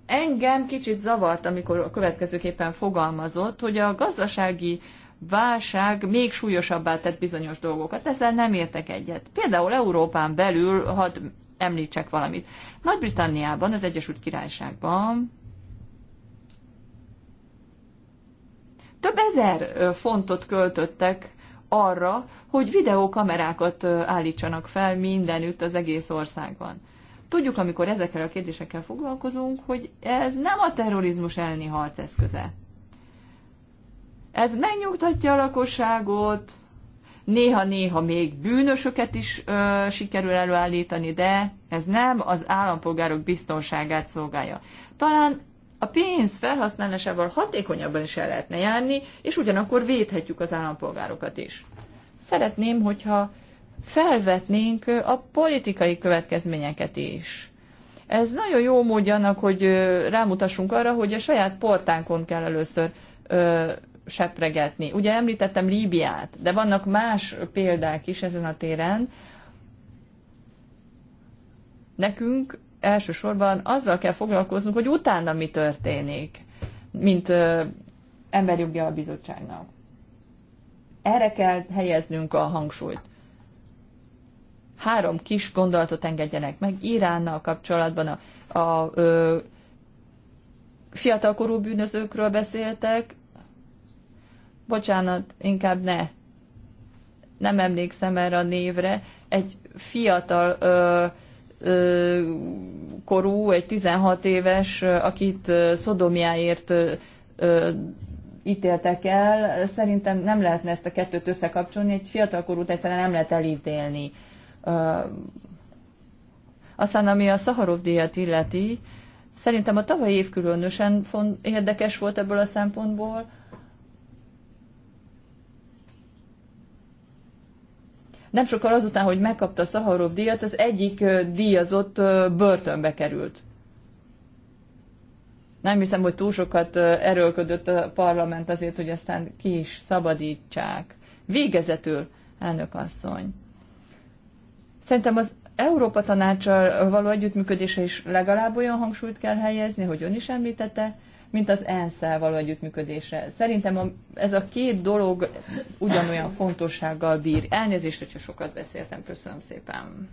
Engem kicsit zavart, amikor a következőképpen fogalmazott, hogy a gazdasági válság még súlyosabbá tett bizonyos dolgokat. Ezzel nem értek egyet. Például Európán belül hat említsek valamit. Nagy-Britanniában, az Egyesült Királyságban több ezer fontot költöttek arra, hogy videókamerákat állítsanak fel mindenütt az egész országban. Tudjuk, amikor ezekkel a kérdésekkel foglalkozunk, hogy ez nem a terrorizmus elleni harc eszköze. Ez megnyugtatja a lakosságot, néha-néha még bűnösöket is ö, sikerül előállítani, de ez nem az állampolgárok biztonságát szolgálja. Talán a pénz felhasználásával hatékonyabban is el lehetne járni, és ugyanakkor védhetjük az állampolgárokat is. Szeretném, hogyha felvetnénk a politikai következményeket is. Ez nagyon jó módja annak, hogy rámutassunk arra, hogy a saját portánkon kell először sepregetni. Ugye említettem Líbiát, de vannak más példák is ezen a téren. Nekünk elsősorban azzal kell foglalkoznunk, hogy utána mi történik, mint ö, emberjogi a bizottságnak. Erre kell helyeznünk a hangsúlyt. Három kis gondolatot engedjenek meg Iránnal kapcsolatban a, a ö, fiatalkorú bűnözőkről beszéltek, bocsánat, inkább ne, nem emlékszem erre a névre, egy fiatal ö, ö, korú, egy 16 éves, akit szodomiáért ö, ítéltek el, szerintem nem lehetne ezt a kettőt összekapcsolni, egy fiatal korút egyszerűen nem lehet elítélni. Ö, aztán ami a Szaharov díjat illeti, szerintem a tavalyi év különösen érdekes volt ebből a szempontból, Nem sokkal azután, hogy megkapta a Szaharov díjat, az egyik díjazott börtönbe került. Nem hiszem, hogy túl sokat erőlködött a parlament azért, hogy aztán ki is szabadítsák. Végezetül, elnök asszony. Szerintem az Európa tanácsal való együttműködése is legalább olyan hangsúlyt kell helyezni, hogy ön is említette, mint az ENSZ-szel való együttműködésre. Szerintem a, ez a két dolog ugyanolyan fontossággal bír. Elnézést, hogyha sokat beszéltem, köszönöm szépen.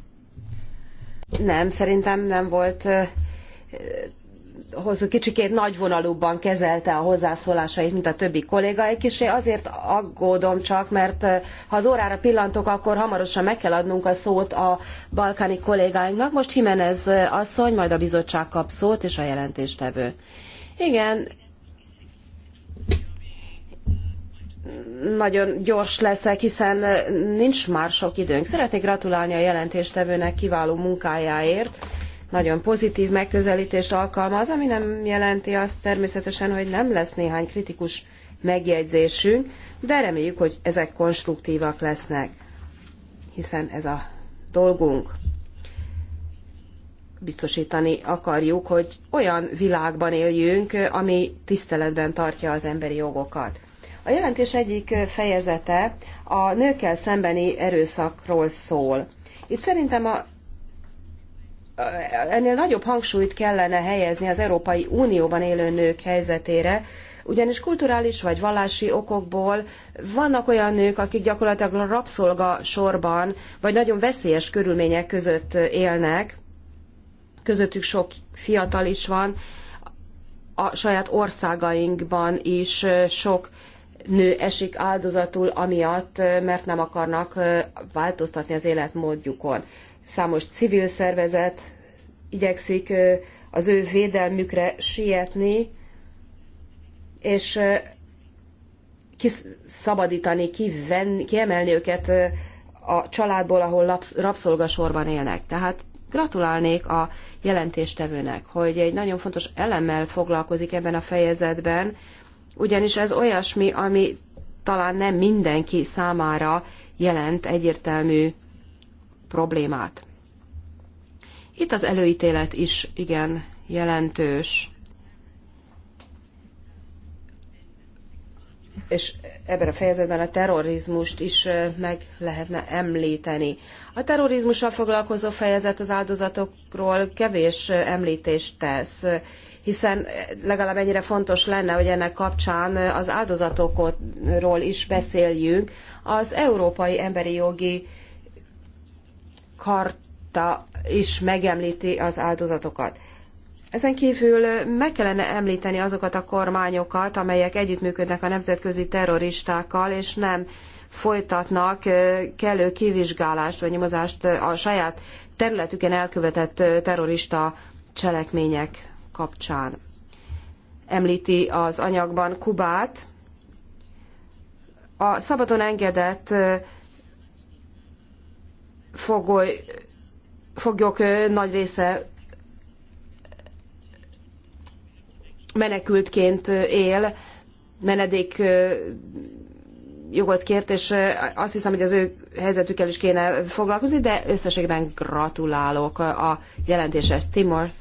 Nem, szerintem nem volt hosszú kicsikét nagyvonalúbban kezelte a hozzászólásait, mint a többi kolléga. Egy kicsi azért aggódom csak, mert ha az órára pillantok, akkor hamarosan meg kell adnunk a szót a balkáni kollégáinknak. Most Jimenez asszony, majd a bizottság kap szót, és a jelentéstevő. Igen, nagyon gyors leszek, hiszen nincs már sok időnk. Szeretnék gratulálni a jelentéstevőnek kiváló munkájáért. Nagyon pozitív megközelítést alkalmaz, ami nem jelenti azt természetesen, hogy nem lesz néhány kritikus megjegyzésünk, de reméljük, hogy ezek konstruktívak lesznek, hiszen ez a dolgunk biztosítani akarjuk, hogy olyan világban éljünk, ami tiszteletben tartja az emberi jogokat. A jelentés egyik fejezete a nőkkel szembeni erőszakról szól. Itt szerintem a, ennél nagyobb hangsúlyt kellene helyezni az Európai Unióban élő nők helyzetére, ugyanis kulturális vagy vallási okokból vannak olyan nők, akik gyakorlatilag rabszolga sorban, vagy nagyon veszélyes körülmények között élnek, közöttük sok fiatal is van, a saját országainkban is sok nő esik áldozatul amiatt, mert nem akarnak változtatni az életmódjukon. Számos civil szervezet igyekszik az ő védelmükre sietni, és kiszabadítani, kivenni, kiemelni őket a családból, ahol rabszolgasorban élnek. Tehát gratulálnék a jelentéstevőnek, hogy egy nagyon fontos elemmel foglalkozik ebben a fejezetben, ugyanis ez olyasmi, ami talán nem mindenki számára jelent egyértelmű problémát. Itt az előítélet is igen jelentős. És ebben a fejezetben a terrorizmust is meg lehetne említeni. A terrorizmussal foglalkozó fejezet az áldozatokról kevés említést tesz, hiszen legalább ennyire fontos lenne, hogy ennek kapcsán az áldozatokról is beszéljünk. Az Európai Emberi Jogi Karta is megemlíti az áldozatokat. Ezen kívül meg kellene említeni azokat a kormányokat, amelyek együttműködnek a nemzetközi terroristákkal, és nem folytatnak kellő kivizsgálást vagy nyomozást a saját területüken elkövetett terrorista cselekmények kapcsán. Említi az anyagban Kubát. A szabadon engedett fogoly, foglyok nagy része menekültként él, menedék jogot kért, és azt hiszem, hogy az ő helyzetükkel is kéne foglalkozni, de összességben gratulálok a jelentéshez. Timorth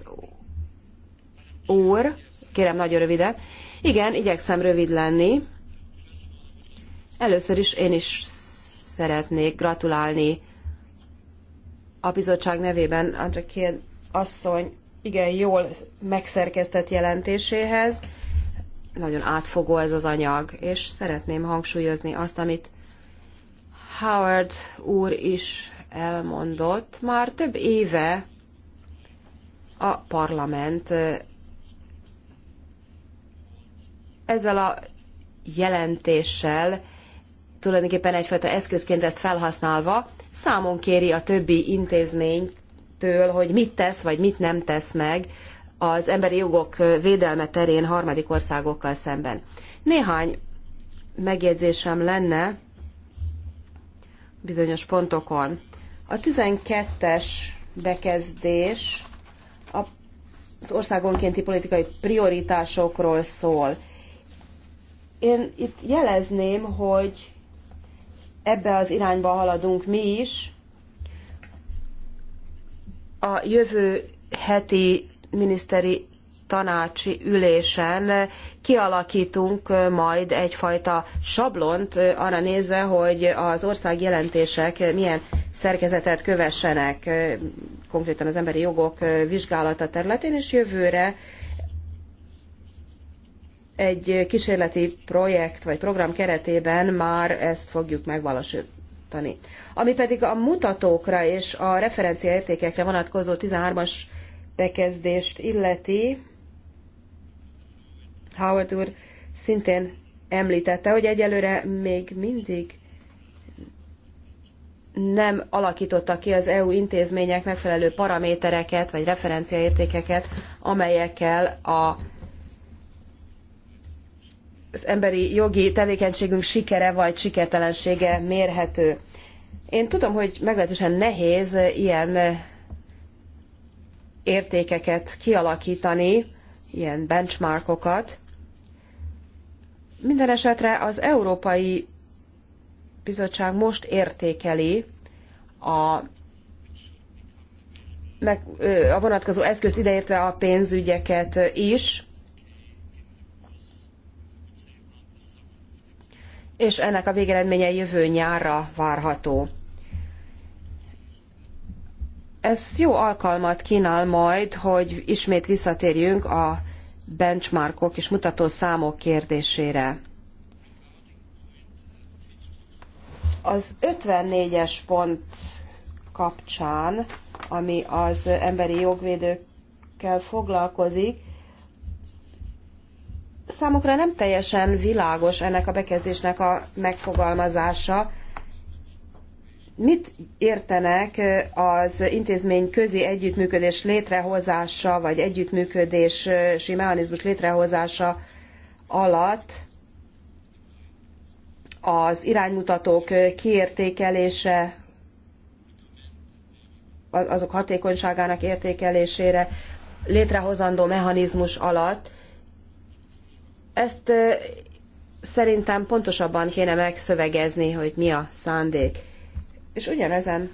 úr, kérem nagyon röviden. Igen, igyekszem rövid lenni. Először is én is szeretnék gratulálni a bizottság nevében Andra asszony igen jól megszerkesztett jelentéséhez. Nagyon átfogó ez az anyag, és szeretném hangsúlyozni azt, amit Howard úr is elmondott. Már több éve a parlament ezzel a jelentéssel tulajdonképpen egyfajta eszközként ezt felhasználva számon kéri a többi intézményt től, hogy mit tesz, vagy mit nem tesz meg az emberi jogok védelme terén harmadik országokkal szemben. Néhány megjegyzésem lenne bizonyos pontokon. A 12-es bekezdés az országonkénti politikai prioritásokról szól. Én itt jelezném, hogy ebbe az irányba haladunk mi is, a jövő heti miniszteri tanácsi ülésen kialakítunk majd egyfajta sablont arra nézve, hogy az ország jelentések milyen szerkezetet kövessenek konkrétan az emberi jogok vizsgálata területén, és jövőre egy kísérleti projekt vagy program keretében már ezt fogjuk megvalósítani tartani. Ami pedig a mutatókra és a referenciaértékekre vonatkozó 13-as bekezdést illeti, Howard úr szintén említette, hogy egyelőre még mindig nem alakította ki az EU intézmények megfelelő paramétereket vagy referenciaértékeket, amelyekkel a az emberi jogi tevékenységünk sikere vagy sikertelensége mérhető. Én tudom, hogy meglehetősen nehéz ilyen értékeket kialakítani, ilyen benchmarkokat. Minden esetre az Európai Bizottság most értékeli a, meg, a vonatkozó eszközt ideértve a pénzügyeket is, és ennek a végeredménye jövő nyárra várható. Ez jó alkalmat kínál majd, hogy ismét visszatérjünk a benchmarkok és mutatószámok kérdésére. Az 54-es pont kapcsán, ami az emberi jogvédőkkel foglalkozik, számukra nem teljesen világos ennek a bekezdésnek a megfogalmazása. Mit értenek az intézmény közi együttműködés létrehozása, vagy együttműködési mechanizmus létrehozása alatt az iránymutatók kiértékelése, azok hatékonyságának értékelésére létrehozandó mechanizmus alatt, ezt szerintem pontosabban kéne megszövegezni, hogy mi a szándék. És ugyanezen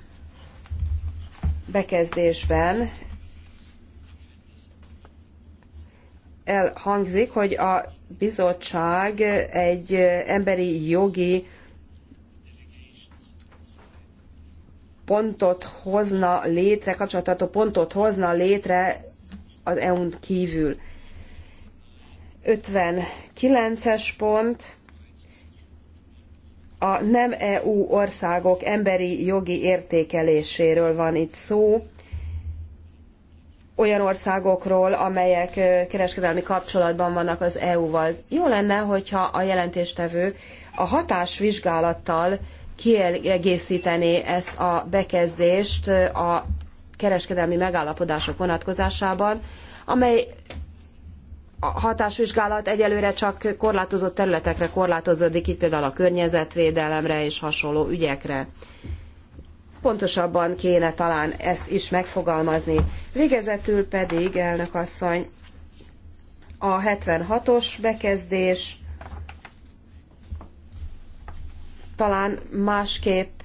bekezdésben elhangzik, hogy a bizottság egy emberi jogi pontot hozna létre, kapcsolatot pontot hozna létre az EU-n kívül. 59-es pont a nem EU országok emberi jogi értékeléséről van itt szó, olyan országokról, amelyek kereskedelmi kapcsolatban vannak az EU-val. Jó lenne, hogyha a jelentéstevő a hatásvizsgálattal kiegészítené ezt a bekezdést a kereskedelmi megállapodások vonatkozásában, amely a hatásvizsgálat egyelőre csak korlátozott területekre korlátozódik, így például a környezetvédelemre és hasonló ügyekre. Pontosabban kéne talán ezt is megfogalmazni. Végezetül pedig, elnök asszony, a 76-os bekezdés talán másképp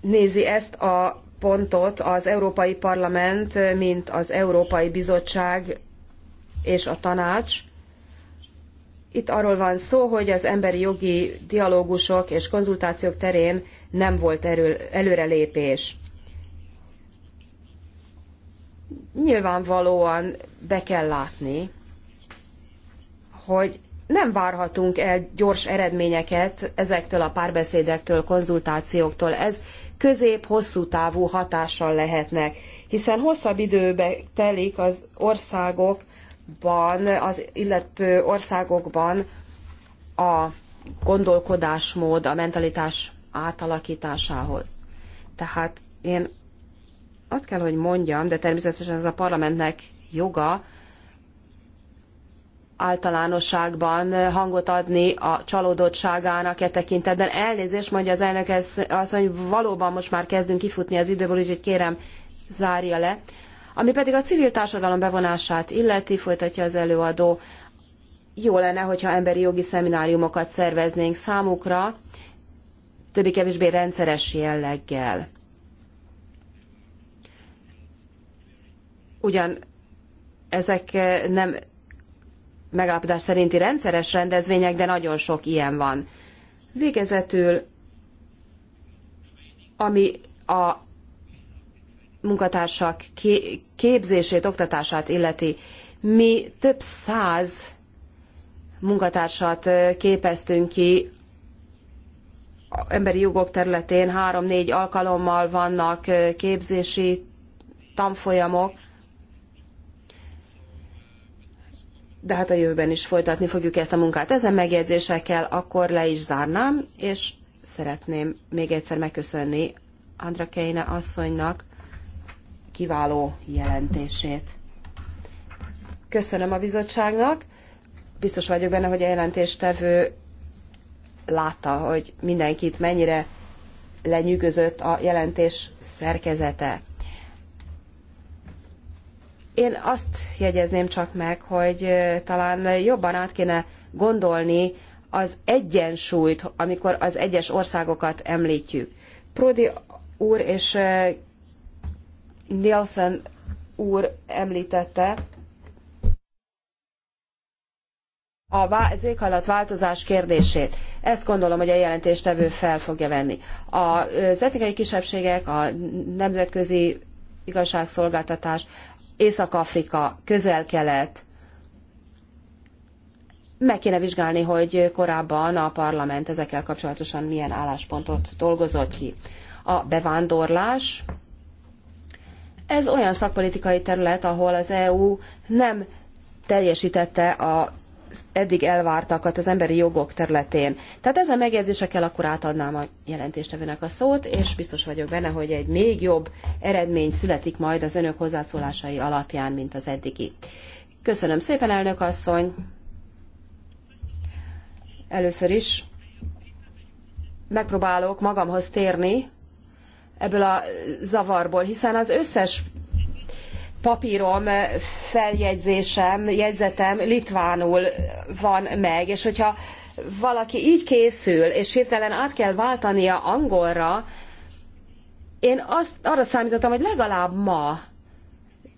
nézi ezt a pontot az Európai Parlament, mint az Európai Bizottság és a Tanács. Itt arról van szó, hogy az emberi jogi dialógusok és konzultációk terén nem volt erő, előrelépés. Nyilvánvalóan be kell látni, hogy nem várhatunk el gyors eredményeket ezektől a párbeszédektől, konzultációktól. Ez közép-hosszú távú hatással lehetnek, hiszen hosszabb időbe telik az országokban, az illető országokban a gondolkodásmód, a mentalitás átalakításához. Tehát én azt kell, hogy mondjam, de természetesen ez a parlamentnek joga, általánosságban hangot adni a csalódottságának e tekintetben. Elnézést mondja az elnök asszony, valóban most már kezdünk kifutni az időből, úgyhogy kérem zárja le. Ami pedig a civil társadalom bevonását illeti, folytatja az előadó, jó lenne, hogyha emberi jogi szemináriumokat szerveznénk számukra, többé-kevésbé rendszeres jelleggel. Ugyan ezek nem megállapodás szerinti rendszeres rendezvények, de nagyon sok ilyen van. Végezetül, ami a munkatársak képzését, oktatását illeti, mi több száz munkatársat képeztünk ki emberi jogok területén, három-négy alkalommal vannak képzési tanfolyamok, de hát a jövőben is folytatni fogjuk ezt a munkát. Ezen megjegyzésekkel akkor le is zárnám, és szeretném még egyszer megköszönni Andra Keine asszonynak kiváló jelentését. Köszönöm a bizottságnak. Biztos vagyok benne, hogy a jelentéstevő látta, hogy mindenkit mennyire lenyűgözött a jelentés szerkezete. Én azt jegyezném csak meg, hogy talán jobban át kéne gondolni az egyensúlyt, amikor az egyes országokat említjük. Prodi úr és Nielsen úr említette, az éghajlatváltozás kérdését. Ezt gondolom, hogy a jelentéstevő fel fogja venni. Az etnikai kisebbségek, a nemzetközi igazságszolgáltatás, Észak-Afrika, közel-kelet. Meg kéne vizsgálni, hogy korábban a parlament ezekkel kapcsolatosan milyen álláspontot dolgozott ki. A bevándorlás, ez olyan szakpolitikai terület, ahol az EU nem teljesítette a eddig elvártakat az emberi jogok területén. Tehát ezen megjegyzésekkel akkor átadnám a jelentéstevőnek a szót, és biztos vagyok benne, hogy egy még jobb eredmény születik majd az önök hozzászólásai alapján, mint az eddigi. Köszönöm szépen, elnök asszony! Először is megpróbálok magamhoz térni ebből a zavarból, hiszen az összes papírom, feljegyzésem, jegyzetem litvánul van meg, és hogyha valaki így készül, és hirtelen át kell váltania angolra, én azt, arra számítottam, hogy legalább ma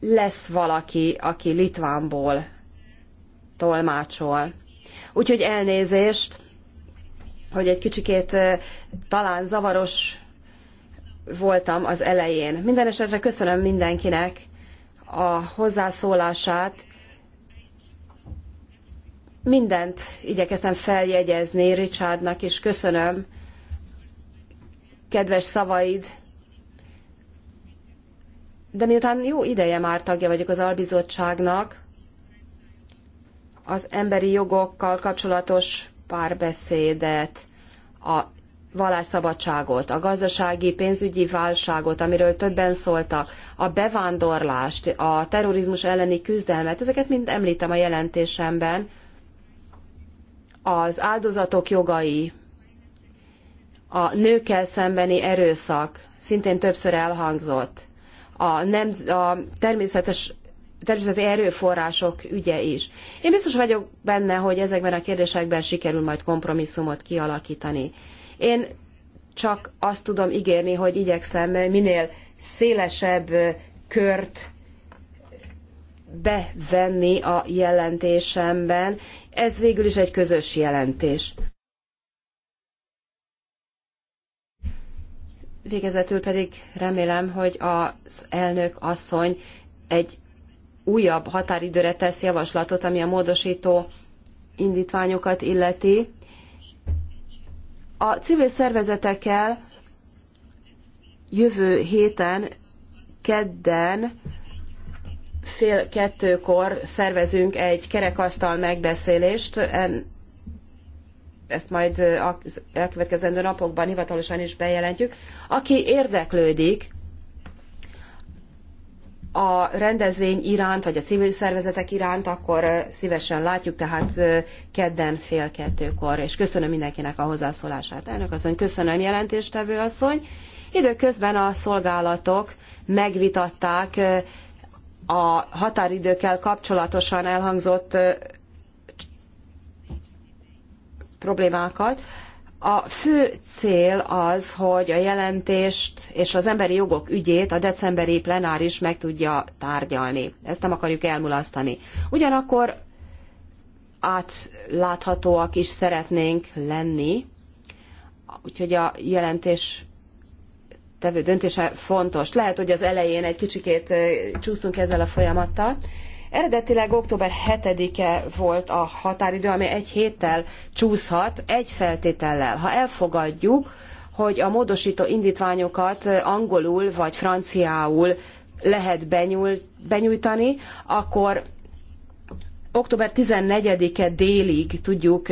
lesz valaki, aki litvánból tolmácsol. Úgyhogy elnézést, hogy egy kicsikét talán zavaros voltam az elején. Minden esetre köszönöm mindenkinek, a hozzászólását. Mindent igyekeztem feljegyezni Richardnak, és köszönöm kedves szavaid. De miután jó ideje már tagja vagyok az albizottságnak, az emberi jogokkal kapcsolatos párbeszédet, a vallásszabadságot, a gazdasági, pénzügyi válságot, amiről többen szóltak, a bevándorlást, a terrorizmus elleni küzdelmet, ezeket mind említem a jelentésemben, az áldozatok jogai, a nőkkel szembeni erőszak, szintén többször elhangzott, a, nem, a természetes természeti erőforrások ügye is. Én biztos vagyok benne, hogy ezekben a kérdésekben sikerül majd kompromisszumot kialakítani. Én csak azt tudom ígérni, hogy igyekszem minél szélesebb kört bevenni a jelentésemben. Ez végül is egy közös jelentés. Végezetül pedig remélem, hogy az elnök asszony egy újabb határidőre tesz javaslatot, ami a módosító indítványokat illeti. A civil szervezetekkel jövő héten, kedden, fél kettőkor szervezünk egy kerekasztal megbeszélést. Ezt majd az elkövetkezendő napokban hivatalosan is bejelentjük. Aki érdeklődik, a rendezvény iránt, vagy a civil szervezetek iránt, akkor szívesen látjuk, tehát kedden fél kettőkor. És köszönöm mindenkinek a hozzászólását. Elnök asszony, köszönöm jelentéstevő asszony. Időközben a szolgálatok megvitatták a határidőkkel kapcsolatosan elhangzott problémákat. A fő cél az, hogy a jelentést és az emberi jogok ügyét a decemberi plenáris meg tudja tárgyalni. Ezt nem akarjuk elmulasztani. Ugyanakkor átláthatóak is szeretnénk lenni, úgyhogy a jelentés tevő döntése fontos. Lehet, hogy az elején egy kicsikét eh, csúsztunk ezzel a folyamattal. Eredetileg október 7-e volt a határidő, ami egy héttel csúszhat, egy feltétellel. Ha elfogadjuk, hogy a módosító indítványokat angolul vagy franciául lehet benyújtani, akkor október 14-e délig tudjuk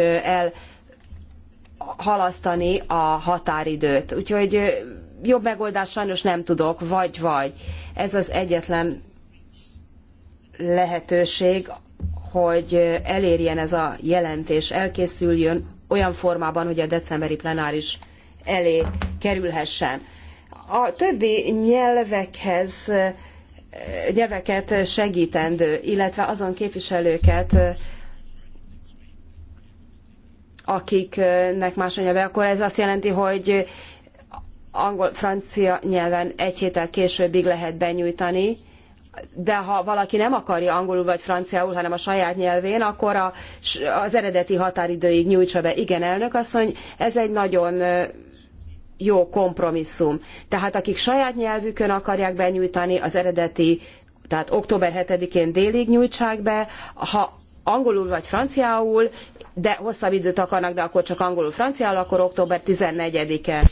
elhalasztani a határidőt. Úgyhogy jobb megoldást sajnos nem tudok, vagy-vagy. Ez az egyetlen lehetőség, hogy elérjen ez a jelentés, elkészüljön olyan formában, hogy a decemberi plenáris elé kerülhessen. A többi nyelvekhez nyelveket segítendő, illetve azon képviselőket, akiknek más a nyelve, akkor ez azt jelenti, hogy angol-francia nyelven egy héttel későbbig lehet benyújtani, de ha valaki nem akarja angolul vagy franciául, hanem a saját nyelvén, akkor a, az eredeti határidőig nyújtsa be. Igen, elnök asszony, ez egy nagyon jó kompromisszum. Tehát akik saját nyelvükön akarják benyújtani az eredeti, tehát október 7-én délig nyújtsák be, ha angolul vagy franciául, de hosszabb időt akarnak, de akkor csak angolul franciául, akkor október 14-e.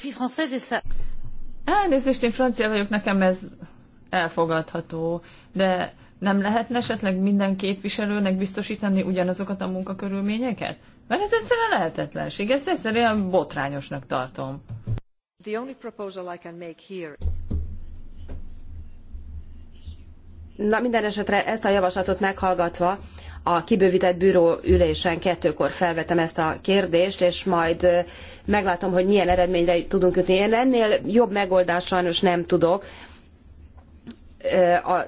Elnézést, én francia vagyok, nekem ez elfogadható de nem lehetne esetleg minden képviselőnek biztosítani ugyanazokat a munkakörülményeket? Mert ez egyszerűen lehetetlenség, ezt egyszerűen botrányosnak tartom. The only proposal I can make here... Na minden esetre ezt a javaslatot meghallgatva a kibővített bűró ülésen kettőkor felvetem ezt a kérdést, és majd meglátom, hogy milyen eredményre tudunk jutni. Én ennél jobb megoldás sajnos nem tudok. A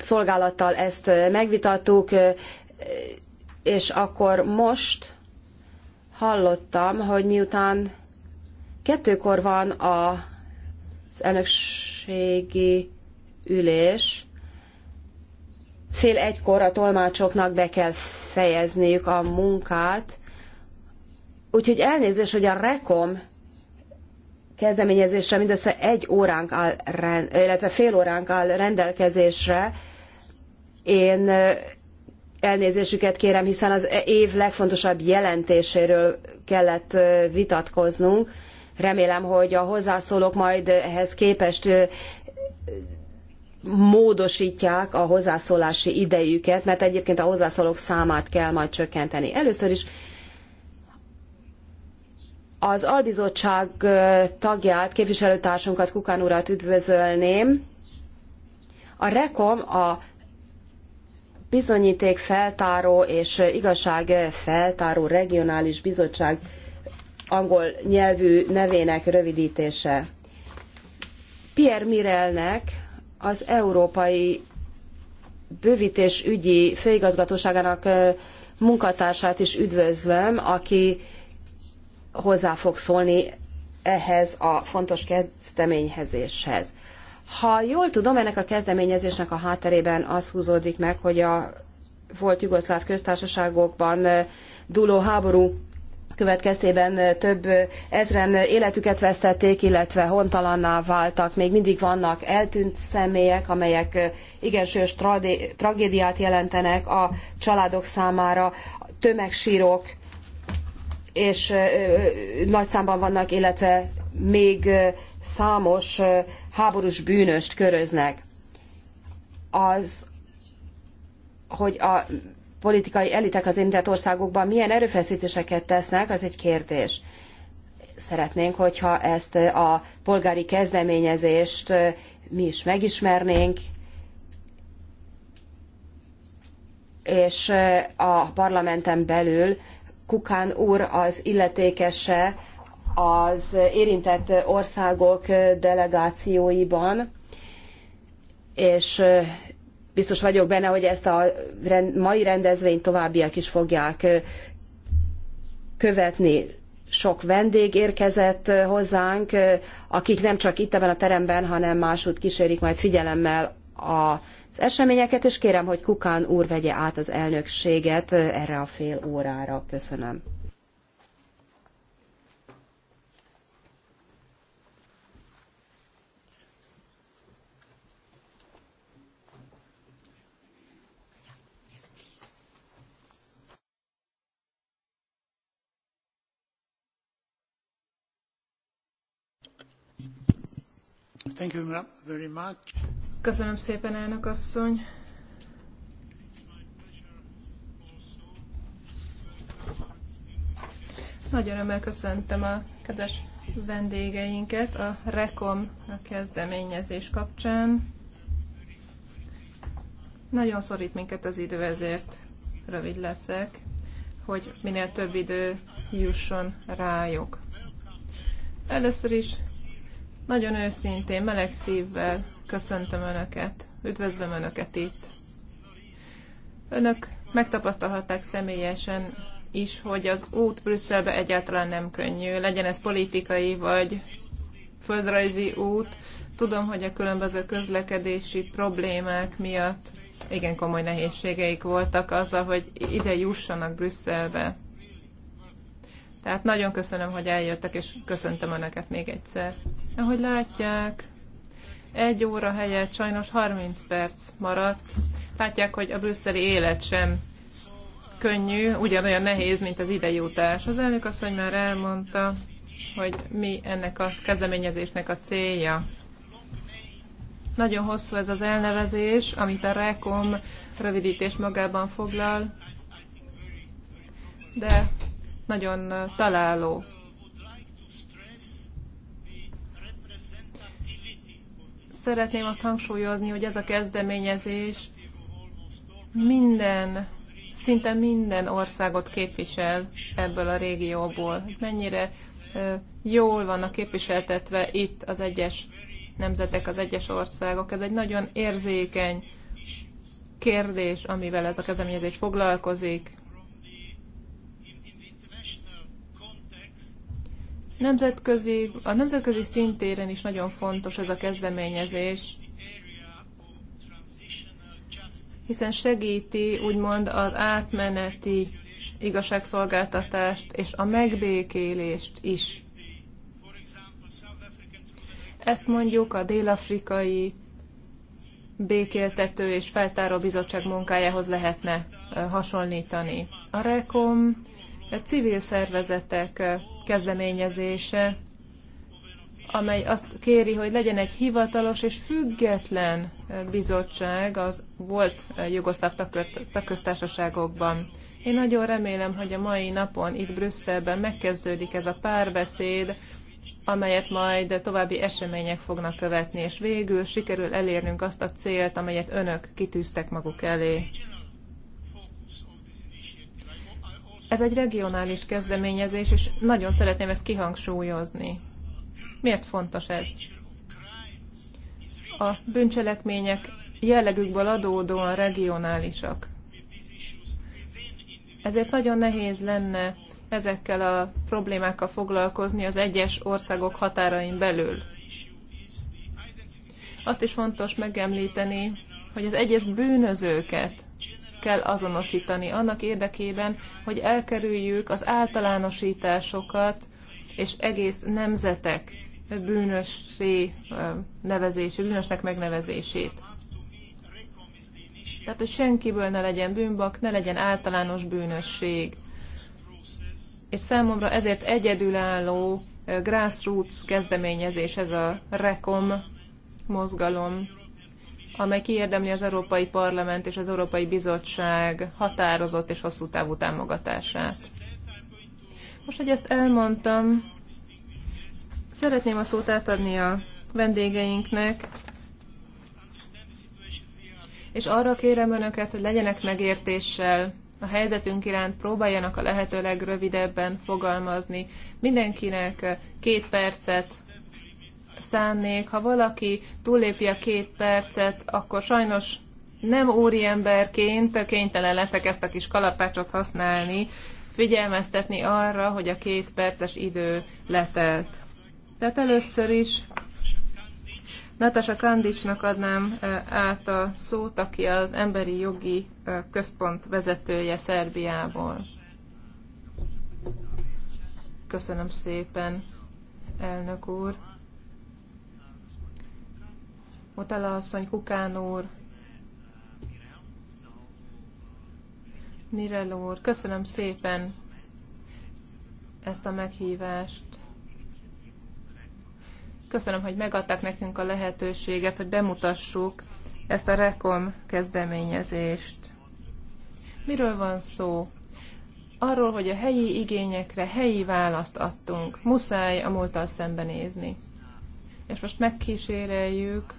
szolgálattal ezt megvitattuk, és akkor most hallottam, hogy miután kettőkor van az elnökségi ülés, fél egykor a tolmácsoknak be kell fejezniük a munkát, úgyhogy elnézést, hogy a rekom kezdeményezésre mindössze egy óránk áll, illetve fél óránk áll rendelkezésre. Én elnézésüket kérem, hiszen az e- év legfontosabb jelentéséről kellett vitatkoznunk. Remélem, hogy a hozzászólók majd ehhez képest módosítják a hozzászólási idejüket, mert egyébként a hozzászólók számát kell majd csökkenteni. Először is az albizottság tagját, képviselőtársunkat, Kukán urat üdvözölném. A REKOM a bizonyíték feltáró és igazság feltáró regionális bizottság angol nyelvű nevének rövidítése. Pierre Mirelnek, az Európai Bővítés ügyi főigazgatóságának munkatársát is üdvözlöm, aki hozzá fog szólni ehhez a fontos kezdeményezéshez. Ha jól tudom, ennek a kezdeményezésnek a hátterében az húzódik meg, hogy a volt jugoszláv köztársaságokban dúló háború következtében több ezren életüket vesztették, illetve hontalanná váltak. Még mindig vannak eltűnt személyek, amelyek igen sős tragédiát jelentenek a családok számára. Tömegsírok és nagy számban vannak, illetve még számos háborús bűnöst köröznek. Az, hogy a politikai elitek az érintett országokban milyen erőfeszítéseket tesznek, az egy kérdés. Szeretnénk, hogyha ezt a polgári kezdeményezést mi is megismernénk, és a parlamenten belül Kukán úr az illetékese az érintett országok delegációiban, és biztos vagyok benne, hogy ezt a mai rendezvényt továbbiak is fogják követni. Sok vendég érkezett hozzánk, akik nem csak itt ebben a teremben, hanem másút kísérik majd figyelemmel a eseményeket, és kérem, hogy Kukán úr vegye át az elnökséget erre a fél órára. Köszönöm. Thank you very much. Köszönöm szépen, elnök asszony. Nagy örömmel köszöntöm a kedves vendégeinket a REKOM kezdeményezés kapcsán. Nagyon szorít minket az idő, ezért rövid leszek, hogy minél több idő jusson rájuk. Először is nagyon őszintén, meleg szívvel Köszöntöm Önöket, üdvözlöm Önöket itt. Önök megtapasztalhatták személyesen is, hogy az út Brüsszelbe egyáltalán nem könnyű, legyen ez politikai vagy földrajzi út. Tudom, hogy a különböző közlekedési problémák miatt igen komoly nehézségeik voltak azzal, hogy ide jussanak Brüsszelbe. Tehát nagyon köszönöm, hogy eljöttek, és köszöntöm Önöket még egyszer. Ahogy látják, egy óra helyett sajnos 30 perc maradt. Látják, hogy a brüsszeli élet sem könnyű, ugyanolyan nehéz, mint az idejutás. Az elnök asszony már elmondta, hogy mi ennek a kezdeményezésnek a célja. Nagyon hosszú ez az elnevezés, amit a Rekom rövidítés magában foglal, de nagyon találó szeretném azt hangsúlyozni, hogy ez a kezdeményezés minden, szinte minden országot képvisel ebből a régióból. Mennyire jól vannak képviseltetve itt az egyes nemzetek, az egyes országok. Ez egy nagyon érzékeny kérdés, amivel ez a kezdeményezés foglalkozik. Nemzetközi, a nemzetközi szintéren is nagyon fontos ez a kezdeményezés, hiszen segíti úgymond az átmeneti igazságszolgáltatást és a megbékélést is. Ezt mondjuk a dél-afrikai békéltető és feltáró bizottság munkájához lehetne hasonlítani. A REKOM civil szervezetek kezdeményezése, amely azt kéri, hogy legyen egy hivatalos és független bizottság az volt jugoszláv tagköztársaságokban. Én nagyon remélem, hogy a mai napon itt Brüsszelben megkezdődik ez a párbeszéd, amelyet majd további események fognak követni, és végül sikerül elérnünk azt a célt, amelyet önök kitűztek maguk elé. Ez egy regionális kezdeményezés, és nagyon szeretném ezt kihangsúlyozni. Miért fontos ez? A bűncselekmények jellegükből adódóan regionálisak. Ezért nagyon nehéz lenne ezekkel a problémákkal foglalkozni az egyes országok határain belül. Azt is fontos megemlíteni, hogy az egyes bűnözőket kell azonosítani annak érdekében, hogy elkerüljük az általánosításokat és egész nemzetek bűnössé nevezését, bűnösnek megnevezését. Tehát, hogy senkiből ne legyen bűnbak, ne legyen általános bűnösség. És számomra ezért egyedülálló grassroots kezdeményezés ez a Rekom mozgalom amely kiérdemli az Európai Parlament és az Európai Bizottság határozott és hosszú távú támogatását. Most, hogy ezt elmondtam, szeretném a szót átadni a vendégeinknek, és arra kérem Önöket, hogy legyenek megértéssel a helyzetünk iránt, próbáljanak a lehető legrövidebben fogalmazni. Mindenkinek két percet szánnék. Ha valaki túllépi a két percet, akkor sajnos nem úriemberként kénytelen leszek ezt a kis kalapácsot használni, figyelmeztetni arra, hogy a két perces idő letelt. Tehát először is Natasha Kandicsnak adnám át a szót, aki az Emberi Jogi Központ vezetője Szerbiából. Köszönöm szépen, elnök úr. Mutala asszony, Kukán úr, Nirel úr, köszönöm szépen ezt a meghívást. Köszönöm, hogy megadták nekünk a lehetőséget, hogy bemutassuk ezt a REKOM kezdeményezést. Miről van szó? Arról, hogy a helyi igényekre helyi választ adtunk. Muszáj a múlttal szembenézni. És most megkíséreljük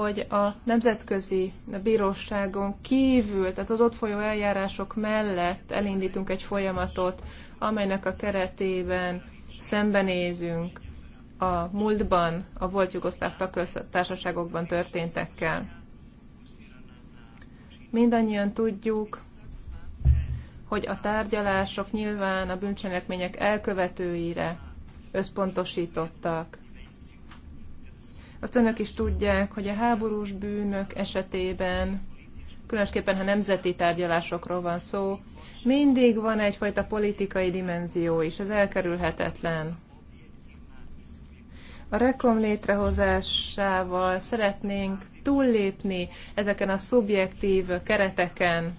hogy a nemzetközi bíróságon kívül, tehát az ott folyó eljárások mellett elindítunk egy folyamatot, amelynek a keretében szembenézünk a múltban, a volt jugoszláv társaságokban történtekkel. Mindannyian tudjuk, hogy a tárgyalások nyilván a bűncselekmények elkövetőire összpontosítottak, azt önök is tudják, hogy a háborús bűnök esetében, különösképpen ha nemzeti tárgyalásokról van szó, mindig van egyfajta politikai dimenzió is, ez elkerülhetetlen. A rekom létrehozásával szeretnénk túllépni ezeken a szubjektív kereteken,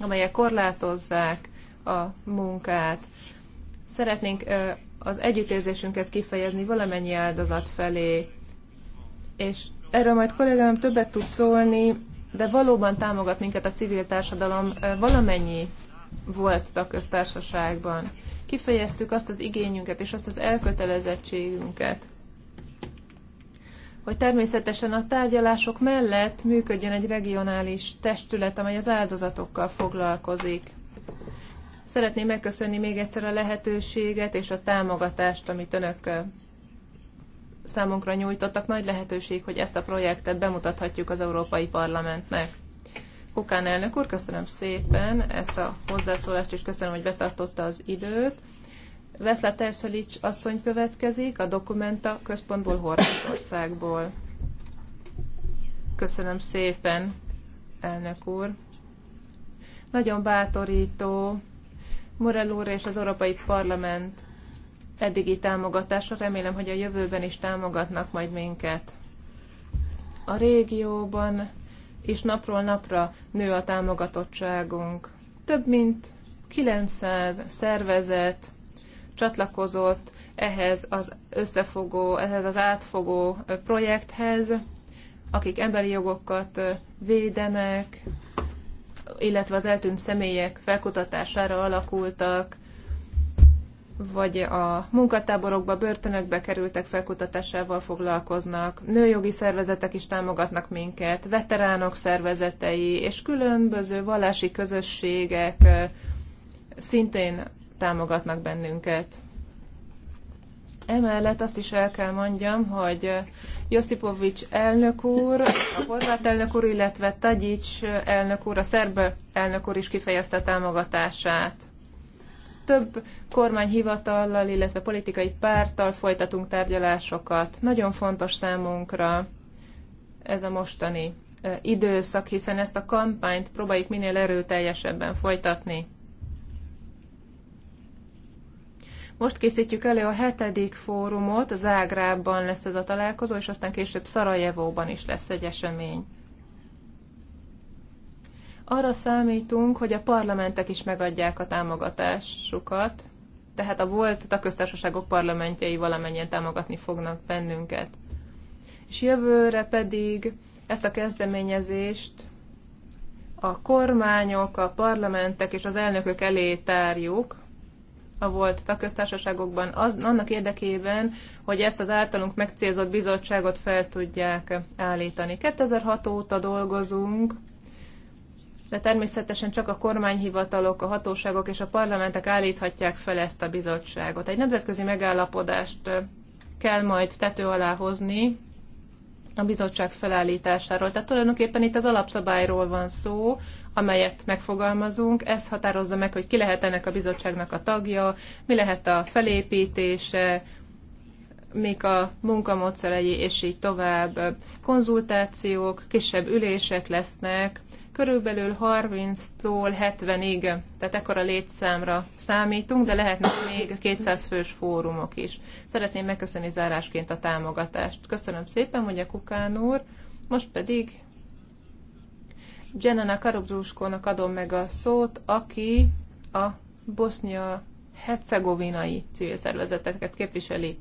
amelyek korlátozzák a munkát. Szeretnénk az együttérzésünket kifejezni valamennyi áldozat felé, és erről majd kollégám többet tud szólni, de valóban támogat minket a civil társadalom valamennyi volt a köztársaságban. Kifejeztük azt az igényünket és azt az elkötelezettségünket, hogy természetesen a tárgyalások mellett működjön egy regionális testület, amely az áldozatokkal foglalkozik. Szeretném megköszönni még egyszer a lehetőséget és a támogatást, amit önök számunkra nyújtottak, nagy lehetőség, hogy ezt a projektet bemutathatjuk az Európai Parlamentnek. Kukán elnök úr, köszönöm szépen ezt a hozzászólást, és köszönöm, hogy betartotta az időt. Veszla Terszelics asszony következik a Dokumenta Központból Horvátországból. Köszönöm szépen, elnök úr. Nagyon bátorító Morel úr és az Európai Parlament eddigi támogatásra. Remélem, hogy a jövőben is támogatnak majd minket. A régióban is napról napra nő a támogatottságunk. Több mint 900 szervezet csatlakozott ehhez az összefogó, ehhez az átfogó projekthez, akik emberi jogokat védenek, illetve az eltűnt személyek felkutatására alakultak, vagy a munkatáborokba, börtönökbe kerültek felkutatásával foglalkoznak, nőjogi szervezetek is támogatnak minket, veteránok szervezetei és különböző vallási közösségek szintén támogatnak bennünket. Emellett azt is el kell mondjam, hogy Josipovics elnök úr, a horvát elnök úr, illetve Tagyics elnök úr, a szerb elnök úr is kifejezte támogatását több kormányhivatallal, illetve politikai párttal folytatunk tárgyalásokat. Nagyon fontos számunkra ez a mostani időszak, hiszen ezt a kampányt próbáljuk minél erőteljesebben folytatni. Most készítjük elő a hetedik fórumot, Zágrában lesz ez a találkozó, és aztán később Szarajevóban is lesz egy esemény. Arra számítunk, hogy a parlamentek is megadják a támogatásukat, tehát a volt tagköztársaságok parlamentjei valamennyien támogatni fognak bennünket. És jövőre pedig ezt a kezdeményezést a kormányok, a parlamentek és az elnökök elé tárjuk, a volt tagköztársaságokban, az, annak érdekében, hogy ezt az általunk megcélzott bizottságot fel tudják állítani. 2006 óta dolgozunk de természetesen csak a kormányhivatalok, a hatóságok és a parlamentek állíthatják fel ezt a bizottságot. Egy nemzetközi megállapodást kell majd tető alá hozni a bizottság felállításáról. Tehát tulajdonképpen itt az alapszabályról van szó, amelyet megfogalmazunk. Ez határozza meg, hogy ki lehet ennek a bizottságnak a tagja, mi lehet a felépítése, mik a munkamódszerei, és így tovább. Konzultációk, kisebb ülések lesznek körülbelül 30-tól 70-ig, tehát ekkora létszámra számítunk, de lehetnek még 200 fős fórumok is. Szeretném megköszönni zárásként a támogatást. Köszönöm szépen, mondja Kukán úr. Most pedig Jenna Karobzsuskónak adom meg a szót, aki a bosznia hercegovinai civil szervezeteket képviseli.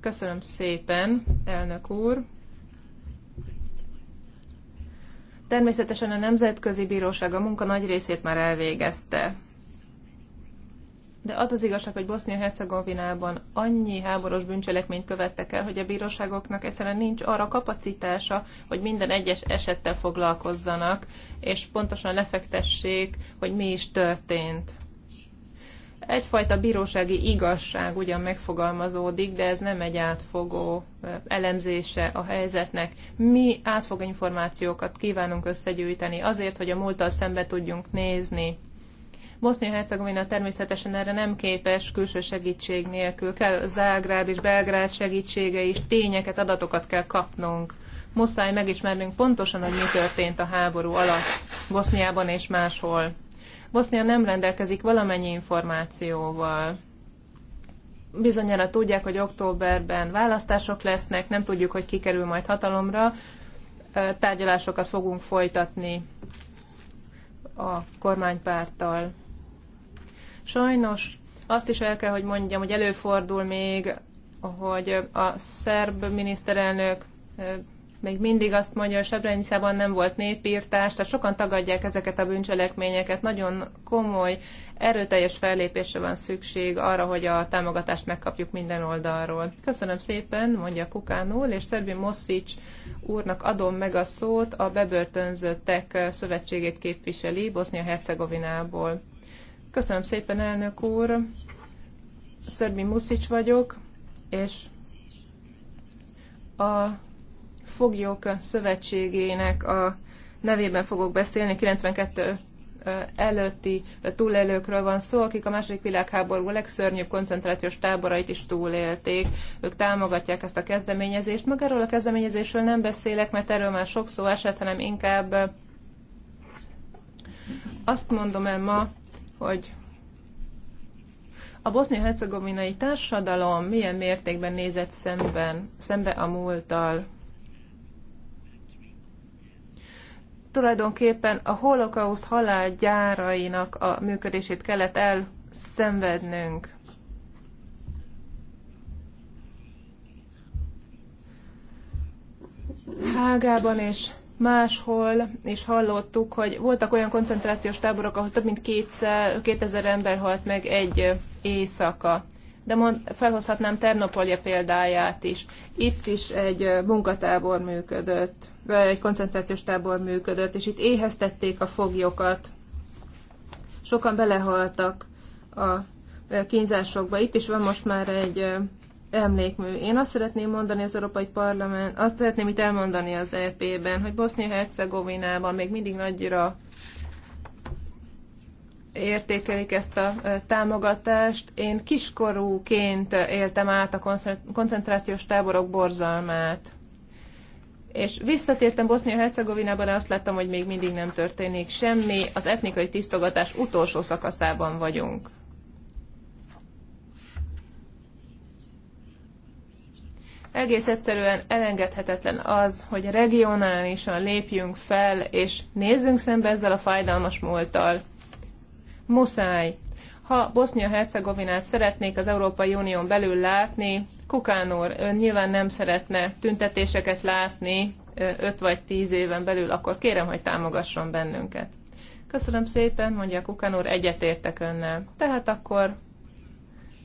Köszönöm szépen, elnök úr. Természetesen a Nemzetközi Bíróság a munka nagy részét már elvégezte. De az az igazság, hogy Bosznia-Hercegovinában annyi háborús bűncselekményt követtek el, hogy a bíróságoknak egyszerűen nincs arra kapacitása, hogy minden egyes esettel foglalkozzanak, és pontosan lefektessék, hogy mi is történt. Egyfajta bírósági igazság ugyan megfogalmazódik, de ez nem egy átfogó elemzése a helyzetnek. Mi átfogó információkat kívánunk összegyűjteni azért, hogy a múlttal szembe tudjunk nézni. Bosznia-Hercegovina természetesen erre nem képes külső segítség nélkül. Kell Zágráb és Belgrád segítsége is, tényeket, adatokat kell kapnunk. Muszáj megismernünk pontosan, hogy mi történt a háború alatt Boszniában és máshol. Bosznia nem rendelkezik valamennyi információval. Bizonyára tudják, hogy októberben választások lesznek, nem tudjuk, hogy kikerül majd hatalomra. Tárgyalásokat fogunk folytatni a kormánypárttal. Sajnos azt is el kell, hogy mondjam, hogy előfordul még, hogy a szerb miniszterelnök még mindig azt mondja, hogy Srebrenicában nem volt népírtás, tehát sokan tagadják ezeket a bűncselekményeket. Nagyon komoly, erőteljes fellépésre van szükség arra, hogy a támogatást megkapjuk minden oldalról. Köszönöm szépen, mondja Kukán úr, és Szerbi Moszics úrnak adom meg a szót, a bebörtönzöttek szövetségét képviseli Bosznia-Hercegovinából. Köszönöm szépen, elnök úr. Szerbi Muszics vagyok, és a Foglyok Szövetségének a nevében fogok beszélni, 92 előtti túlélőkről van szó, akik a második világháború legszörnyűbb koncentrációs táborait is túlélték. Ők támogatják ezt a kezdeményezést. Magáról a kezdeményezésről nem beszélek, mert erről már sok szó esett, hanem inkább azt mondom el ma, hogy a bosznia-hercegovinai társadalom milyen mértékben nézett szemben, szembe a múlttal. tulajdonképpen a holokauszt halálgyárainak a működését kellett elszenvednünk. Hágában és máshol is hallottuk, hogy voltak olyan koncentrációs táborok, ahol több mint 2000 ember halt meg egy éjszaka de mond, felhozhatnám Ternopolje példáját is. Itt is egy munkatábor működött, vagy egy koncentrációs tábor működött, és itt éheztették a foglyokat. Sokan belehaltak a kínzásokba. Itt is van most már egy emlékmű. Én azt szeretném mondani az Európai Parlament, azt szeretném itt elmondani az EP-ben, hogy Bosznia-Hercegovinában még mindig nagyra értékelik ezt a támogatást. Én kiskorúként éltem át a koncentrációs táborok borzalmát. És visszatértem Bosznia-Hercegovinába, de azt láttam, hogy még mindig nem történik semmi. Az etnikai tisztogatás utolsó szakaszában vagyunk. egész egyszerűen elengedhetetlen az, hogy regionálisan lépjünk fel, és nézzünk szembe ezzel a fájdalmas múlttal. Muszáj. Ha Bosznia-Hercegovinát szeretnék az Európai Unión belül látni, Kukán úr, ön nyilván nem szeretne tüntetéseket látni 5 vagy 10 éven belül, akkor kérem, hogy támogasson bennünket. Köszönöm szépen, mondja Kukán úr, egyetértek önnel. Tehát akkor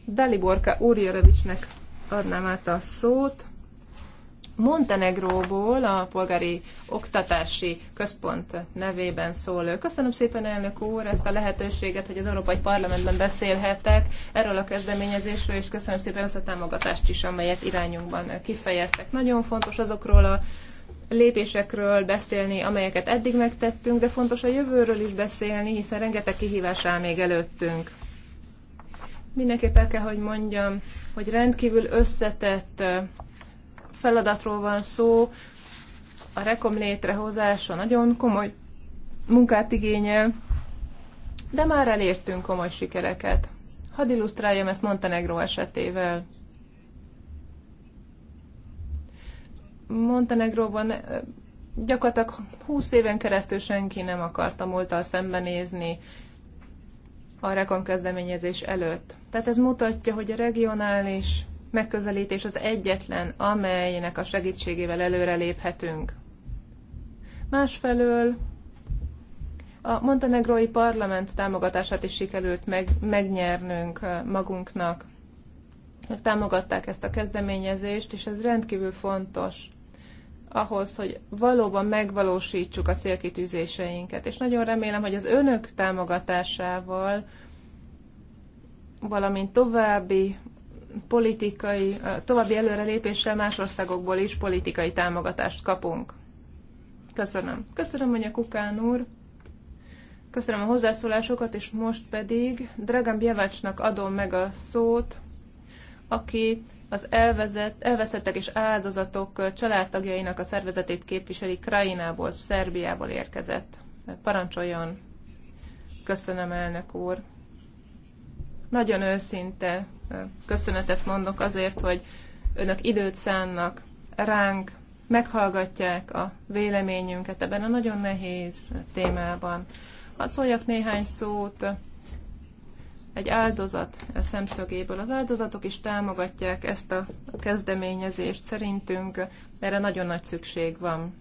Daliborka Úrjerevicsnek adnám át a szót. Montenegróból a Polgári Oktatási Központ nevében szól. Köszönöm szépen, elnök úr, ezt a lehetőséget, hogy az Európai Parlamentben beszélhetek erről a kezdeményezésről, és köszönöm szépen ezt a támogatást is, amelyet irányunkban kifejeztek. Nagyon fontos azokról a lépésekről beszélni, amelyeket eddig megtettünk, de fontos a jövőről is beszélni, hiszen rengeteg kihívás áll még előttünk. Mindenképp el kell, hogy mondjam, hogy rendkívül összetett feladatról van szó, a rekom létrehozása nagyon komoly munkát igényel, de már elértünk komoly sikereket. Hadd illusztráljam ezt Montenegro esetével. Montenegróban gyakorlatilag 20 éven keresztül senki nem akarta múltal szembenézni a kezdeményezés előtt. Tehát ez mutatja, hogy a regionális megközelítés az egyetlen, amelynek a segítségével előreléphetünk. Másfelől a montenegrói parlament támogatását is sikerült meg, megnyernünk magunknak. Ők támogatták ezt a kezdeményezést, és ez rendkívül fontos ahhoz, hogy valóban megvalósítsuk a célkitűzéseinket. És nagyon remélem, hogy az önök támogatásával, valamint további politikai, további előrelépésre más országokból is politikai támogatást kapunk. Köszönöm. Köszönöm, hogy a Kukán úr. Köszönöm a hozzászólásokat, és most pedig Dragan Bjevácsnak adom meg a szót, aki az elvezett, elveszettek és áldozatok családtagjainak a szervezetét képviseli Krajinából, Szerbiából érkezett. Parancsoljon! Köszönöm, elnök úr! Nagyon őszinte köszönetet mondok azért, hogy önök időt szánnak ránk, meghallgatják a véleményünket ebben a nagyon nehéz témában. Hadd szóljak néhány szót egy áldozat szemszögéből. Az áldozatok is támogatják ezt a kezdeményezést. Szerintünk erre nagyon nagy szükség van.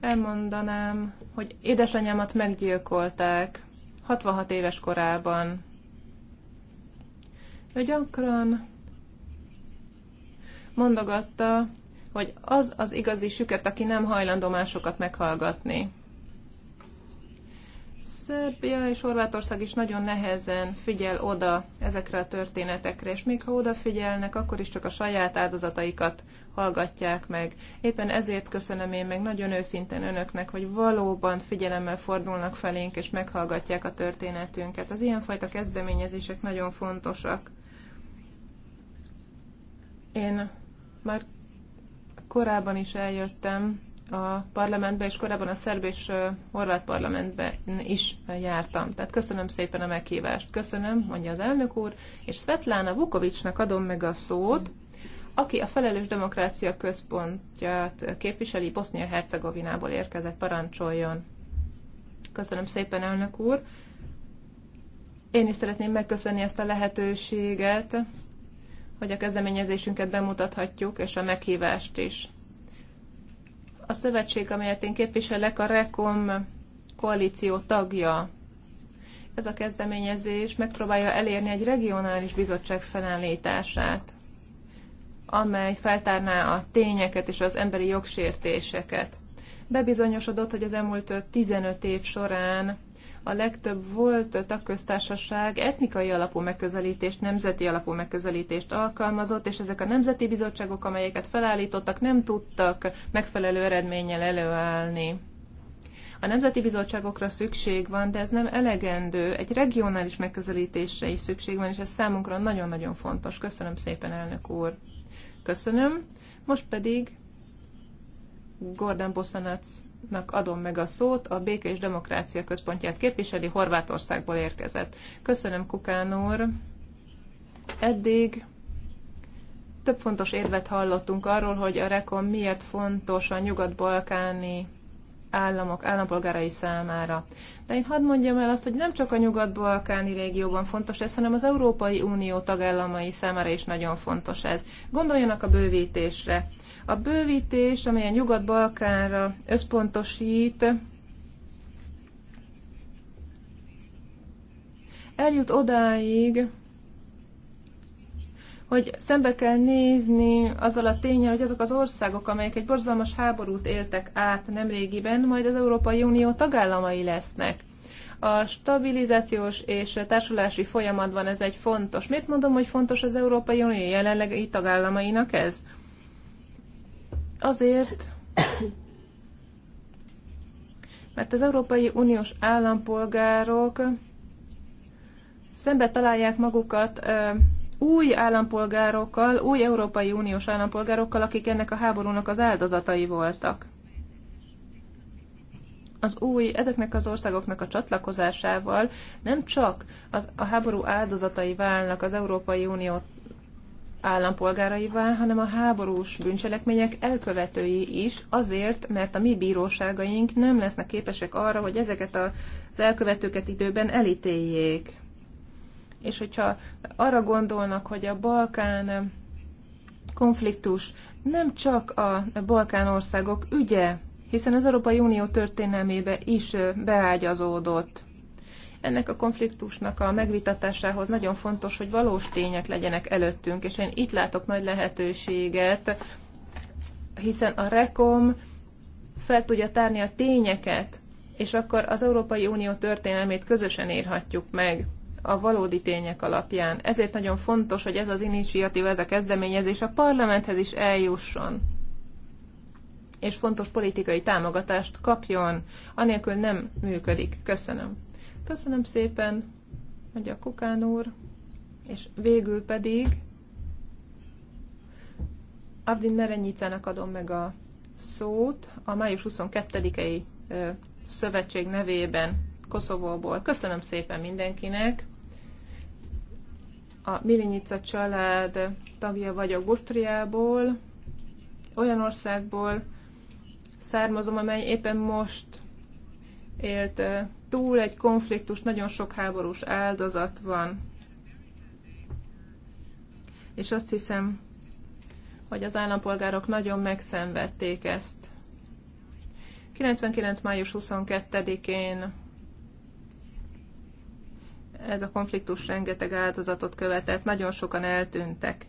Elmondanám, hogy édesanyámat meggyilkolták 66 éves korában. Ő gyakran mondogatta, hogy az az igazi süket, aki nem hajlandó másokat meghallgatni. Szerbia és Horvátország is nagyon nehezen figyel oda ezekre a történetekre, és még ha odafigyelnek, akkor is csak a saját áldozataikat hallgatják meg. Éppen ezért köszönöm én meg nagyon őszintén önöknek, hogy valóban figyelemmel fordulnak felénk, és meghallgatják a történetünket. Az ilyenfajta kezdeményezések nagyon fontosak. Én már korábban is eljöttem a parlamentbe, és korábban a szerb és horvát parlamentben is jártam. Tehát köszönöm szépen a meghívást. Köszönöm, mondja az elnök úr, és Svetlána Vukovicsnak adom meg a szót, aki a Felelős Demokrácia Központját képviseli Bosznia-Hercegovinából érkezett, parancsoljon. Köszönöm szépen, elnök úr. Én is szeretném megköszönni ezt a lehetőséget, hogy a kezdeményezésünket bemutathatjuk, és a meghívást is. A szövetség, amelyet én képviselek, a REKOM koalíció tagja. Ez a kezdeményezés megpróbálja elérni egy regionális bizottság felállítását, amely feltárná a tényeket és az emberi jogsértéseket. Bebizonyosodott, hogy az elmúlt 15 év során a legtöbb volt tagköztársaság etnikai alapú megközelítést, nemzeti alapú megközelítést alkalmazott, és ezek a nemzeti bizottságok, amelyeket felállítottak, nem tudtak megfelelő eredménnyel előállni. A nemzeti bizottságokra szükség van, de ez nem elegendő. Egy regionális megközelítésre is szükség van, és ez számunkra nagyon-nagyon fontos. Köszönöm szépen, elnök úr. Köszönöm. Most pedig Gordon Bosanac úrnak adom meg a szót, a Béke és Demokrácia Központját képviseli, Horvátországból érkezett. Köszönöm, Kukán úr. Eddig több fontos érvet hallottunk arról, hogy a Rekon miért fontos a nyugat-balkáni államok állampolgárai számára. De én hadd mondjam el azt, hogy nem csak a nyugat-balkáni régióban fontos ez, hanem az Európai Unió tagállamai számára is nagyon fontos ez. Gondoljanak a bővítésre. A bővítés, amely a nyugat-balkánra összpontosít, eljut odáig, hogy szembe kell nézni azzal a tényel, hogy azok az országok, amelyek egy borzalmas háborút éltek át nemrégiben, majd az Európai Unió tagállamai lesznek. A stabilizációs és társulási folyamatban ez egy fontos. Miért mondom, hogy fontos az Európai Unió jelenlegi tagállamainak ez? Azért, mert az Európai Uniós állampolgárok szembe találják magukat új állampolgárokkal, új Európai Uniós állampolgárokkal, akik ennek a háborúnak az áldozatai voltak. Az új, ezeknek az országoknak a csatlakozásával nem csak az, a háború áldozatai válnak az Európai Unió állampolgáraivá, hanem a háborús bűncselekmények elkövetői is, azért, mert a mi bíróságaink nem lesznek képesek arra, hogy ezeket az elkövetőket időben elítéljék és hogyha arra gondolnak, hogy a Balkán eh, konfliktus nem csak a Balkán országok ügye, hiszen az Európai Unió történelmébe is eh, beágyazódott. Ennek a konfliktusnak a megvitatásához nagyon fontos, hogy valós tények legyenek előttünk, és én itt látok nagy lehetőséget, hiszen a REKOM fel tudja tárni a tényeket, és akkor az Európai Unió történelmét közösen írhatjuk meg a valódi tények alapján. Ezért nagyon fontos, hogy ez az iniciatíva, ez a kezdeményezés a parlamenthez is eljusson és fontos politikai támogatást kapjon. Anélkül nem működik. Köszönöm. Köszönöm szépen, mondja Kukán úr, és végül pedig Abdin Merenyicának adom meg a szót a május 22-i szövetség nevében Koszovóból. Köszönöm szépen mindenkinek! a Milinica család tagja vagyok Bustriából, olyan országból származom, amely éppen most élt túl egy konfliktus, nagyon sok háborús áldozat van. És azt hiszem, hogy az állampolgárok nagyon megszenvedték ezt. 99. május 22-én ez a konfliktus rengeteg áldozatot követett, nagyon sokan eltűntek.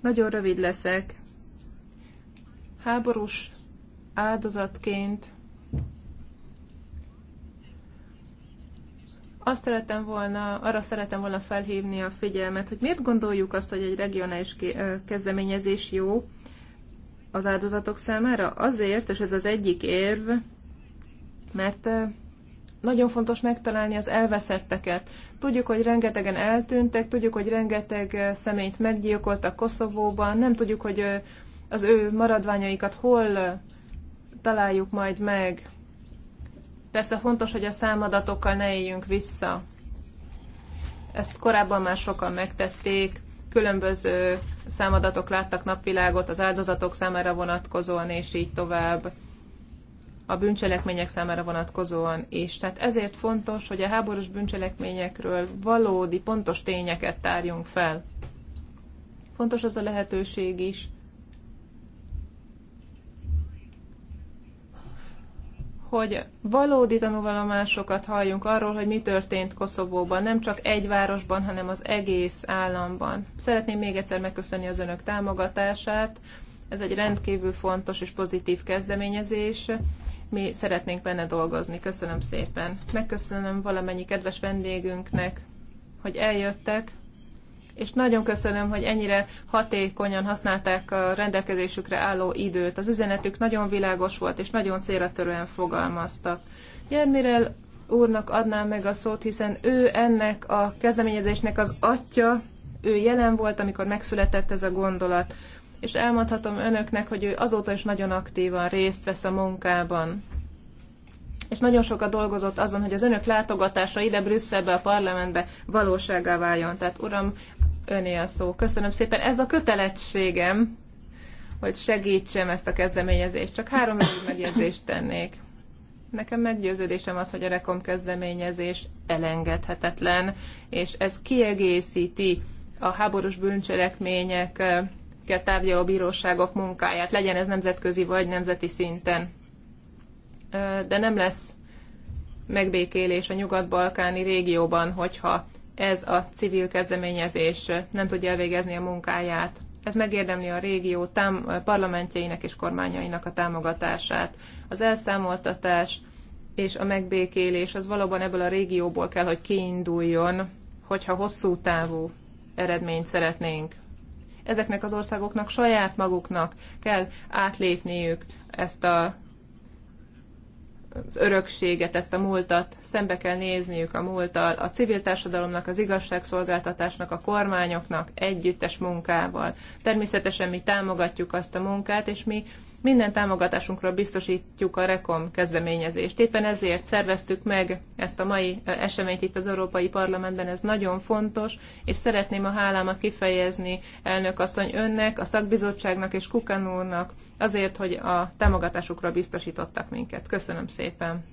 Nagyon rövid leszek. Háborús áldozatként azt szeretem volna, arra szeretem volna felhívni a figyelmet, hogy miért gondoljuk azt, hogy egy regionális kezdeményezés jó az áldozatok számára? Azért, és ez az egyik érv, mert nagyon fontos megtalálni az elveszetteket. Tudjuk, hogy rengetegen eltűntek, tudjuk, hogy rengeteg személyt meggyilkoltak Koszovóban, nem tudjuk, hogy az ő maradványaikat hol találjuk majd meg. Persze fontos, hogy a számadatokkal ne éljünk vissza. Ezt korábban már sokan megtették, különböző számadatok láttak napvilágot az áldozatok számára vonatkozóan, és így tovább a bűncselekmények számára vonatkozóan is. Tehát ezért fontos, hogy a háborús bűncselekményekről valódi, pontos tényeket tárjunk fel. Fontos az a lehetőség is, hogy valódi tanulvallomásokat halljunk arról, hogy mi történt Koszovóban, nem csak egy városban, hanem az egész államban. Szeretném még egyszer megköszönni az önök támogatását. Ez egy rendkívül fontos és pozitív kezdeményezés, mi szeretnénk benne dolgozni. Köszönöm szépen. Megköszönöm valamennyi kedves vendégünknek, hogy eljöttek, és nagyon köszönöm, hogy ennyire hatékonyan használták a rendelkezésükre álló időt. Az üzenetük nagyon világos volt, és nagyon célratörően fogalmaztak. Jelmirel úrnak adnám meg a szót, hiszen ő ennek a kezdeményezésnek az atya, ő jelen volt, amikor megszületett ez a gondolat és elmondhatom önöknek, hogy ő azóta is nagyon aktívan részt vesz a munkában. És nagyon sokat dolgozott azon, hogy az önök látogatása ide Brüsszelbe, a parlamentbe valóságá váljon. Tehát uram, öné a szó. Köszönöm szépen. Ez a kötelességem, hogy segítsem ezt a kezdeményezést. Csak három rövid megjegyzést tennék. Nekem meggyőződésem az, hogy a Rekom kezdeményezés elengedhetetlen, és ez kiegészíti a háborús bűncselekmények a tárgyaló bíróságok munkáját, legyen ez nemzetközi vagy nemzeti szinten. De nem lesz megbékélés a nyugat-balkáni régióban, hogyha ez a civil kezdeményezés nem tudja elvégezni a munkáját. Ez megérdemli a régió tám- parlamentjeinek és kormányainak a támogatását. Az elszámoltatás és a megbékélés az valóban ebből a régióból kell, hogy kiinduljon, hogyha hosszú távú eredményt szeretnénk ezeknek az országoknak saját maguknak kell átlépniük ezt a az örökséget, ezt a múltat, szembe kell nézniük a múltal. a civil társadalomnak, az igazságszolgáltatásnak, a kormányoknak együttes munkával. Természetesen mi támogatjuk azt a munkát, és mi minden támogatásunkról biztosítjuk a REKOM kezdeményezést. Éppen ezért szerveztük meg ezt a mai eseményt itt az Európai Parlamentben, ez nagyon fontos, és szeretném a hálámat kifejezni elnök asszony önnek, a szakbizottságnak és Kukan úrnak azért, hogy a támogatásukra biztosítottak minket. Köszönöm szépen.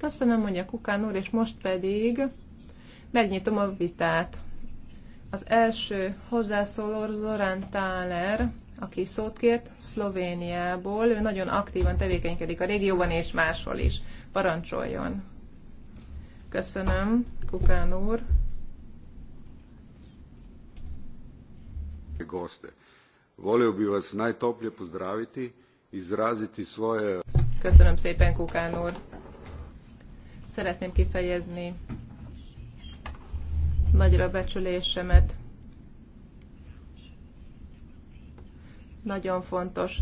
Köszönöm, mondja Kukán úr, és most pedig megnyitom a vitát. Az első hozzászóló Zorán Táler, aki szót kért, Szlovéniából. Ő nagyon aktívan tevékenykedik a régióban és máshol is. Parancsoljon! Köszönöm, Kukán úr! goste. Volio bi vas najtoplje pozdraviti, izraziti svoje... Köszönöm szépen, Kukán úr! Szeretném kifejezni nagyra becsülésemet nagyon fontos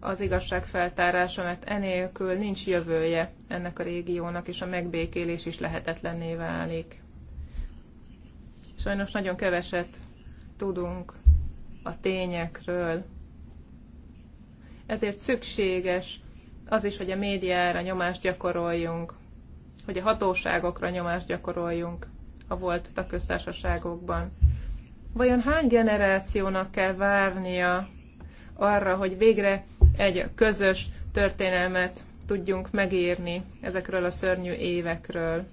az igazság feltárása, mert enélkül nincs jövője ennek a régiónak, és a megbékélés is lehetetlenné válik. Sajnos nagyon keveset tudunk a tényekről. Ezért szükséges az is, hogy a médiára nyomást gyakoroljunk, hogy a hatóságokra nyomást gyakoroljunk a volt a köztársaságokban. Vajon hány generációnak kell várnia arra, hogy végre egy közös történelmet tudjunk megírni ezekről a szörnyű évekről.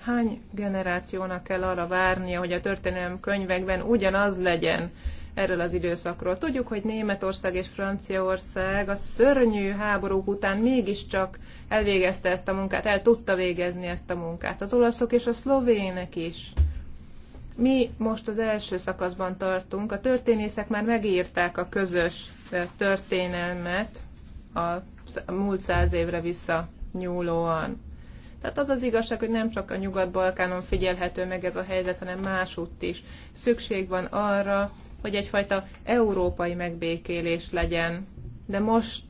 Hány generációnak kell arra várnia, hogy a történelem könyvekben ugyanaz legyen erről az időszakról? Tudjuk, hogy Németország és Franciaország a szörnyű háborúk után mégiscsak elvégezte ezt a munkát, el tudta végezni ezt a munkát. Az olaszok és a szlovének is mi most az első szakaszban tartunk. A történészek már megírták a közös történelmet a múlt száz évre vissza nyúlóan. Tehát az az igazság, hogy nem csak a Nyugat-Balkánon figyelhető meg ez a helyzet, hanem másutt is. Szükség van arra, hogy egyfajta európai megbékélés legyen. De most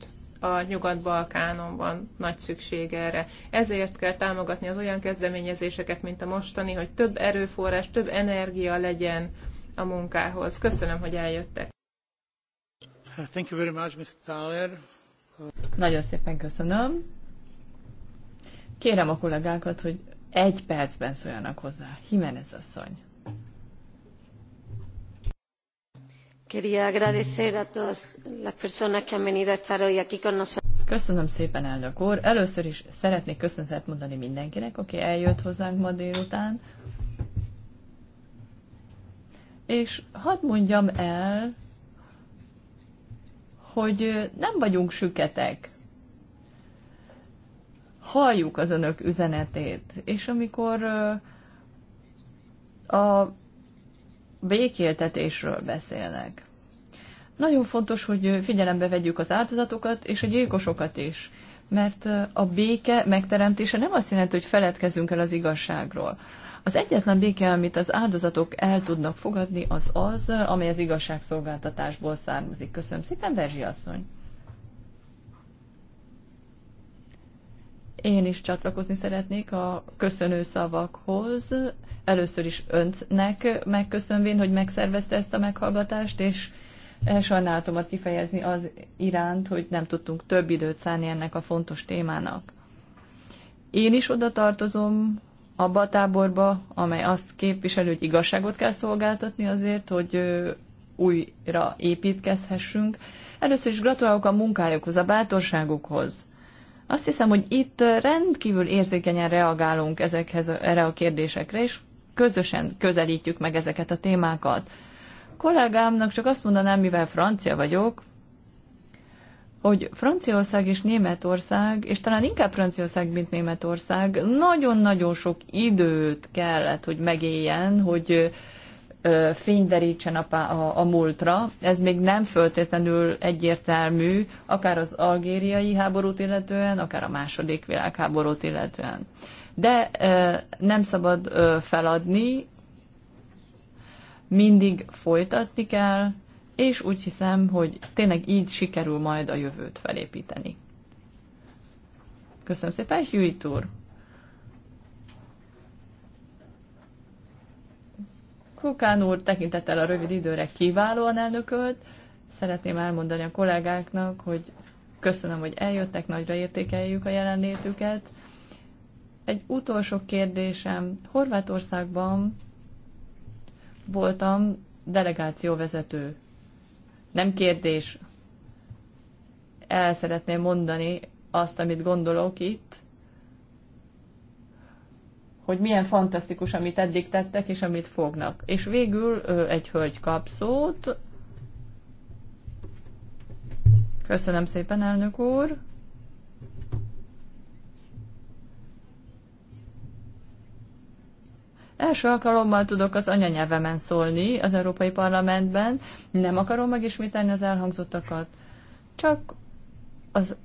a Nyugat-Balkánon van nagy szükség erre. Ezért kell támogatni az olyan kezdeményezéseket, mint a mostani, hogy több erőforrás, több energia legyen a munkához. Köszönöm, hogy eljöttek. Thank you very much, Mr. Thaler. Nagyon szépen köszönöm. Kérem a kollégákat, hogy egy percben szóljanak hozzá. Jimenez asszony. Quería agradecer a todas las personas que han venido a estar hoy aquí con nosotros. Köszönöm szépen, elnök úr. Először is szeretnék köszönetet mondani mindenkinek, aki eljött hozzánk ma délután. És hadd mondjam el, hogy nem vagyunk süketek. Halljuk az önök üzenetét, és amikor a békéltetésről beszélnek. Nagyon fontos, hogy figyelembe vegyük az áldozatokat és a gyilkosokat is, mert a béke megteremtése nem azt jelenti, hogy feledkezünk el az igazságról. Az egyetlen béke, amit az áldozatok el tudnak fogadni, az az, amely az igazságszolgáltatásból származik. Köszönöm szépen, Berzsi asszony! Én is csatlakozni szeretnék a köszönő szavakhoz. Először is öntnek megköszönvén, hogy megszervezte ezt a meghallgatást, és eh, sajnálatomat kifejezni az iránt, hogy nem tudtunk több időt szállni ennek a fontos témának. Én is oda tartozom abba a táborba, amely azt képviseli, hogy igazságot kell szolgáltatni azért, hogy újra építkezhessünk. Először is gratulálok a munkájukhoz, a bátorságukhoz, azt hiszem, hogy itt rendkívül érzékenyen reagálunk ezekhez, erre a kérdésekre, és közösen közelítjük meg ezeket a témákat. Kollégámnak csak azt mondanám, mivel francia vagyok, hogy Franciaország és Németország, és talán inkább Franciaország, mint Németország, nagyon-nagyon sok időt kellett, hogy megéljen, hogy fényderítsen a, a, a múltra. Ez még nem föltétlenül egyértelmű, akár az algériai háborút illetően, akár a második világháborút illetően. De nem szabad feladni, mindig folytatni kell, és úgy hiszem, hogy tényleg így sikerül majd a jövőt felépíteni. Köszönöm szépen, Hughie Kukán úr tekintettel a rövid időre kiválóan elnökölt. Szeretném elmondani a kollégáknak, hogy köszönöm, hogy eljöttek, nagyra értékeljük a jelenlétüket. Egy utolsó kérdésem. Horvátországban voltam delegációvezető. Nem kérdés. El szeretném mondani azt, amit gondolok itt, hogy milyen fantasztikus, amit eddig tettek, és amit fognak. És végül egy hölgy kap szót. Köszönöm szépen, elnök úr. Első alkalommal tudok az anyanyelvemen szólni az Európai Parlamentben. Nem akarom megismételni az elhangzottakat, csak az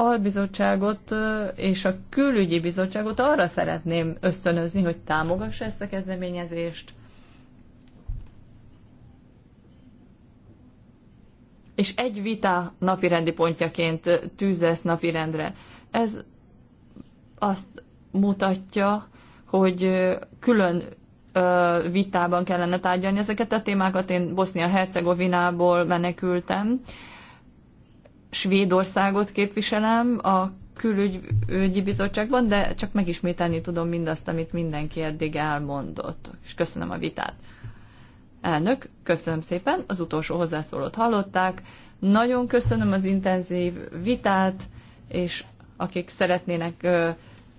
albizottságot és a külügyi bizottságot arra szeretném ösztönözni, hogy támogassa ezt a kezdeményezést, és egy vita napirendi pontjaként ezt napirendre. Ez azt mutatja, hogy külön vitában kellene tárgyalni ezeket a témákat. Én Bosznia-Hercegovinából menekültem, Svédországot képviselem a külügyi bizottságban, de csak megismételni tudom mindazt, amit mindenki eddig elmondott. És köszönöm a vitát. Elnök, köszönöm szépen, az utolsó hozzászólót hallották. Nagyon köszönöm az intenzív vitát, és akik szeretnének ö,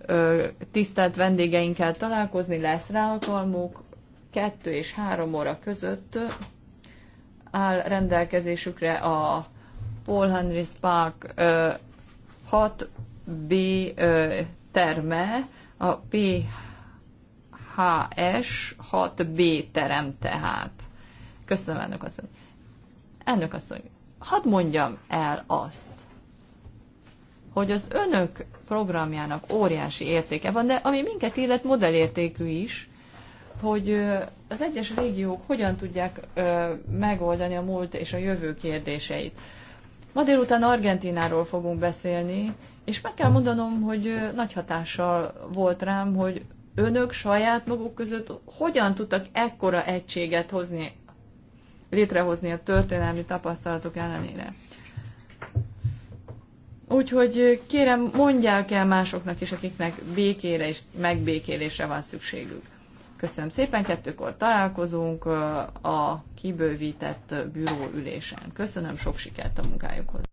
ö, tisztelt vendégeinkkel találkozni, lesz rá alkalmuk. Kettő és három óra között áll rendelkezésükre a Paul Henry Spark 6B terme, a PHS 6B terem tehát. Köszönöm, elnök asszony. Elnök asszony, hadd mondjam el azt, hogy az önök programjának óriási értéke van, de ami minket illet modellértékű is, hogy az egyes régiók hogyan tudják megoldani a múlt és a jövő kérdéseit. Ma délután Argentináról fogunk beszélni, és meg kell mondanom, hogy nagy hatással volt rám, hogy önök saját maguk között hogyan tudtak ekkora egységet hozni, létrehozni a történelmi tapasztalatok ellenére. Úgyhogy kérem, mondják el másoknak is, akiknek békére és megbékélésre van szükségük. Köszönöm szépen, kettőkor találkozunk a kibővített bűró ülésen. Köszönöm, sok sikert a munkájukhoz.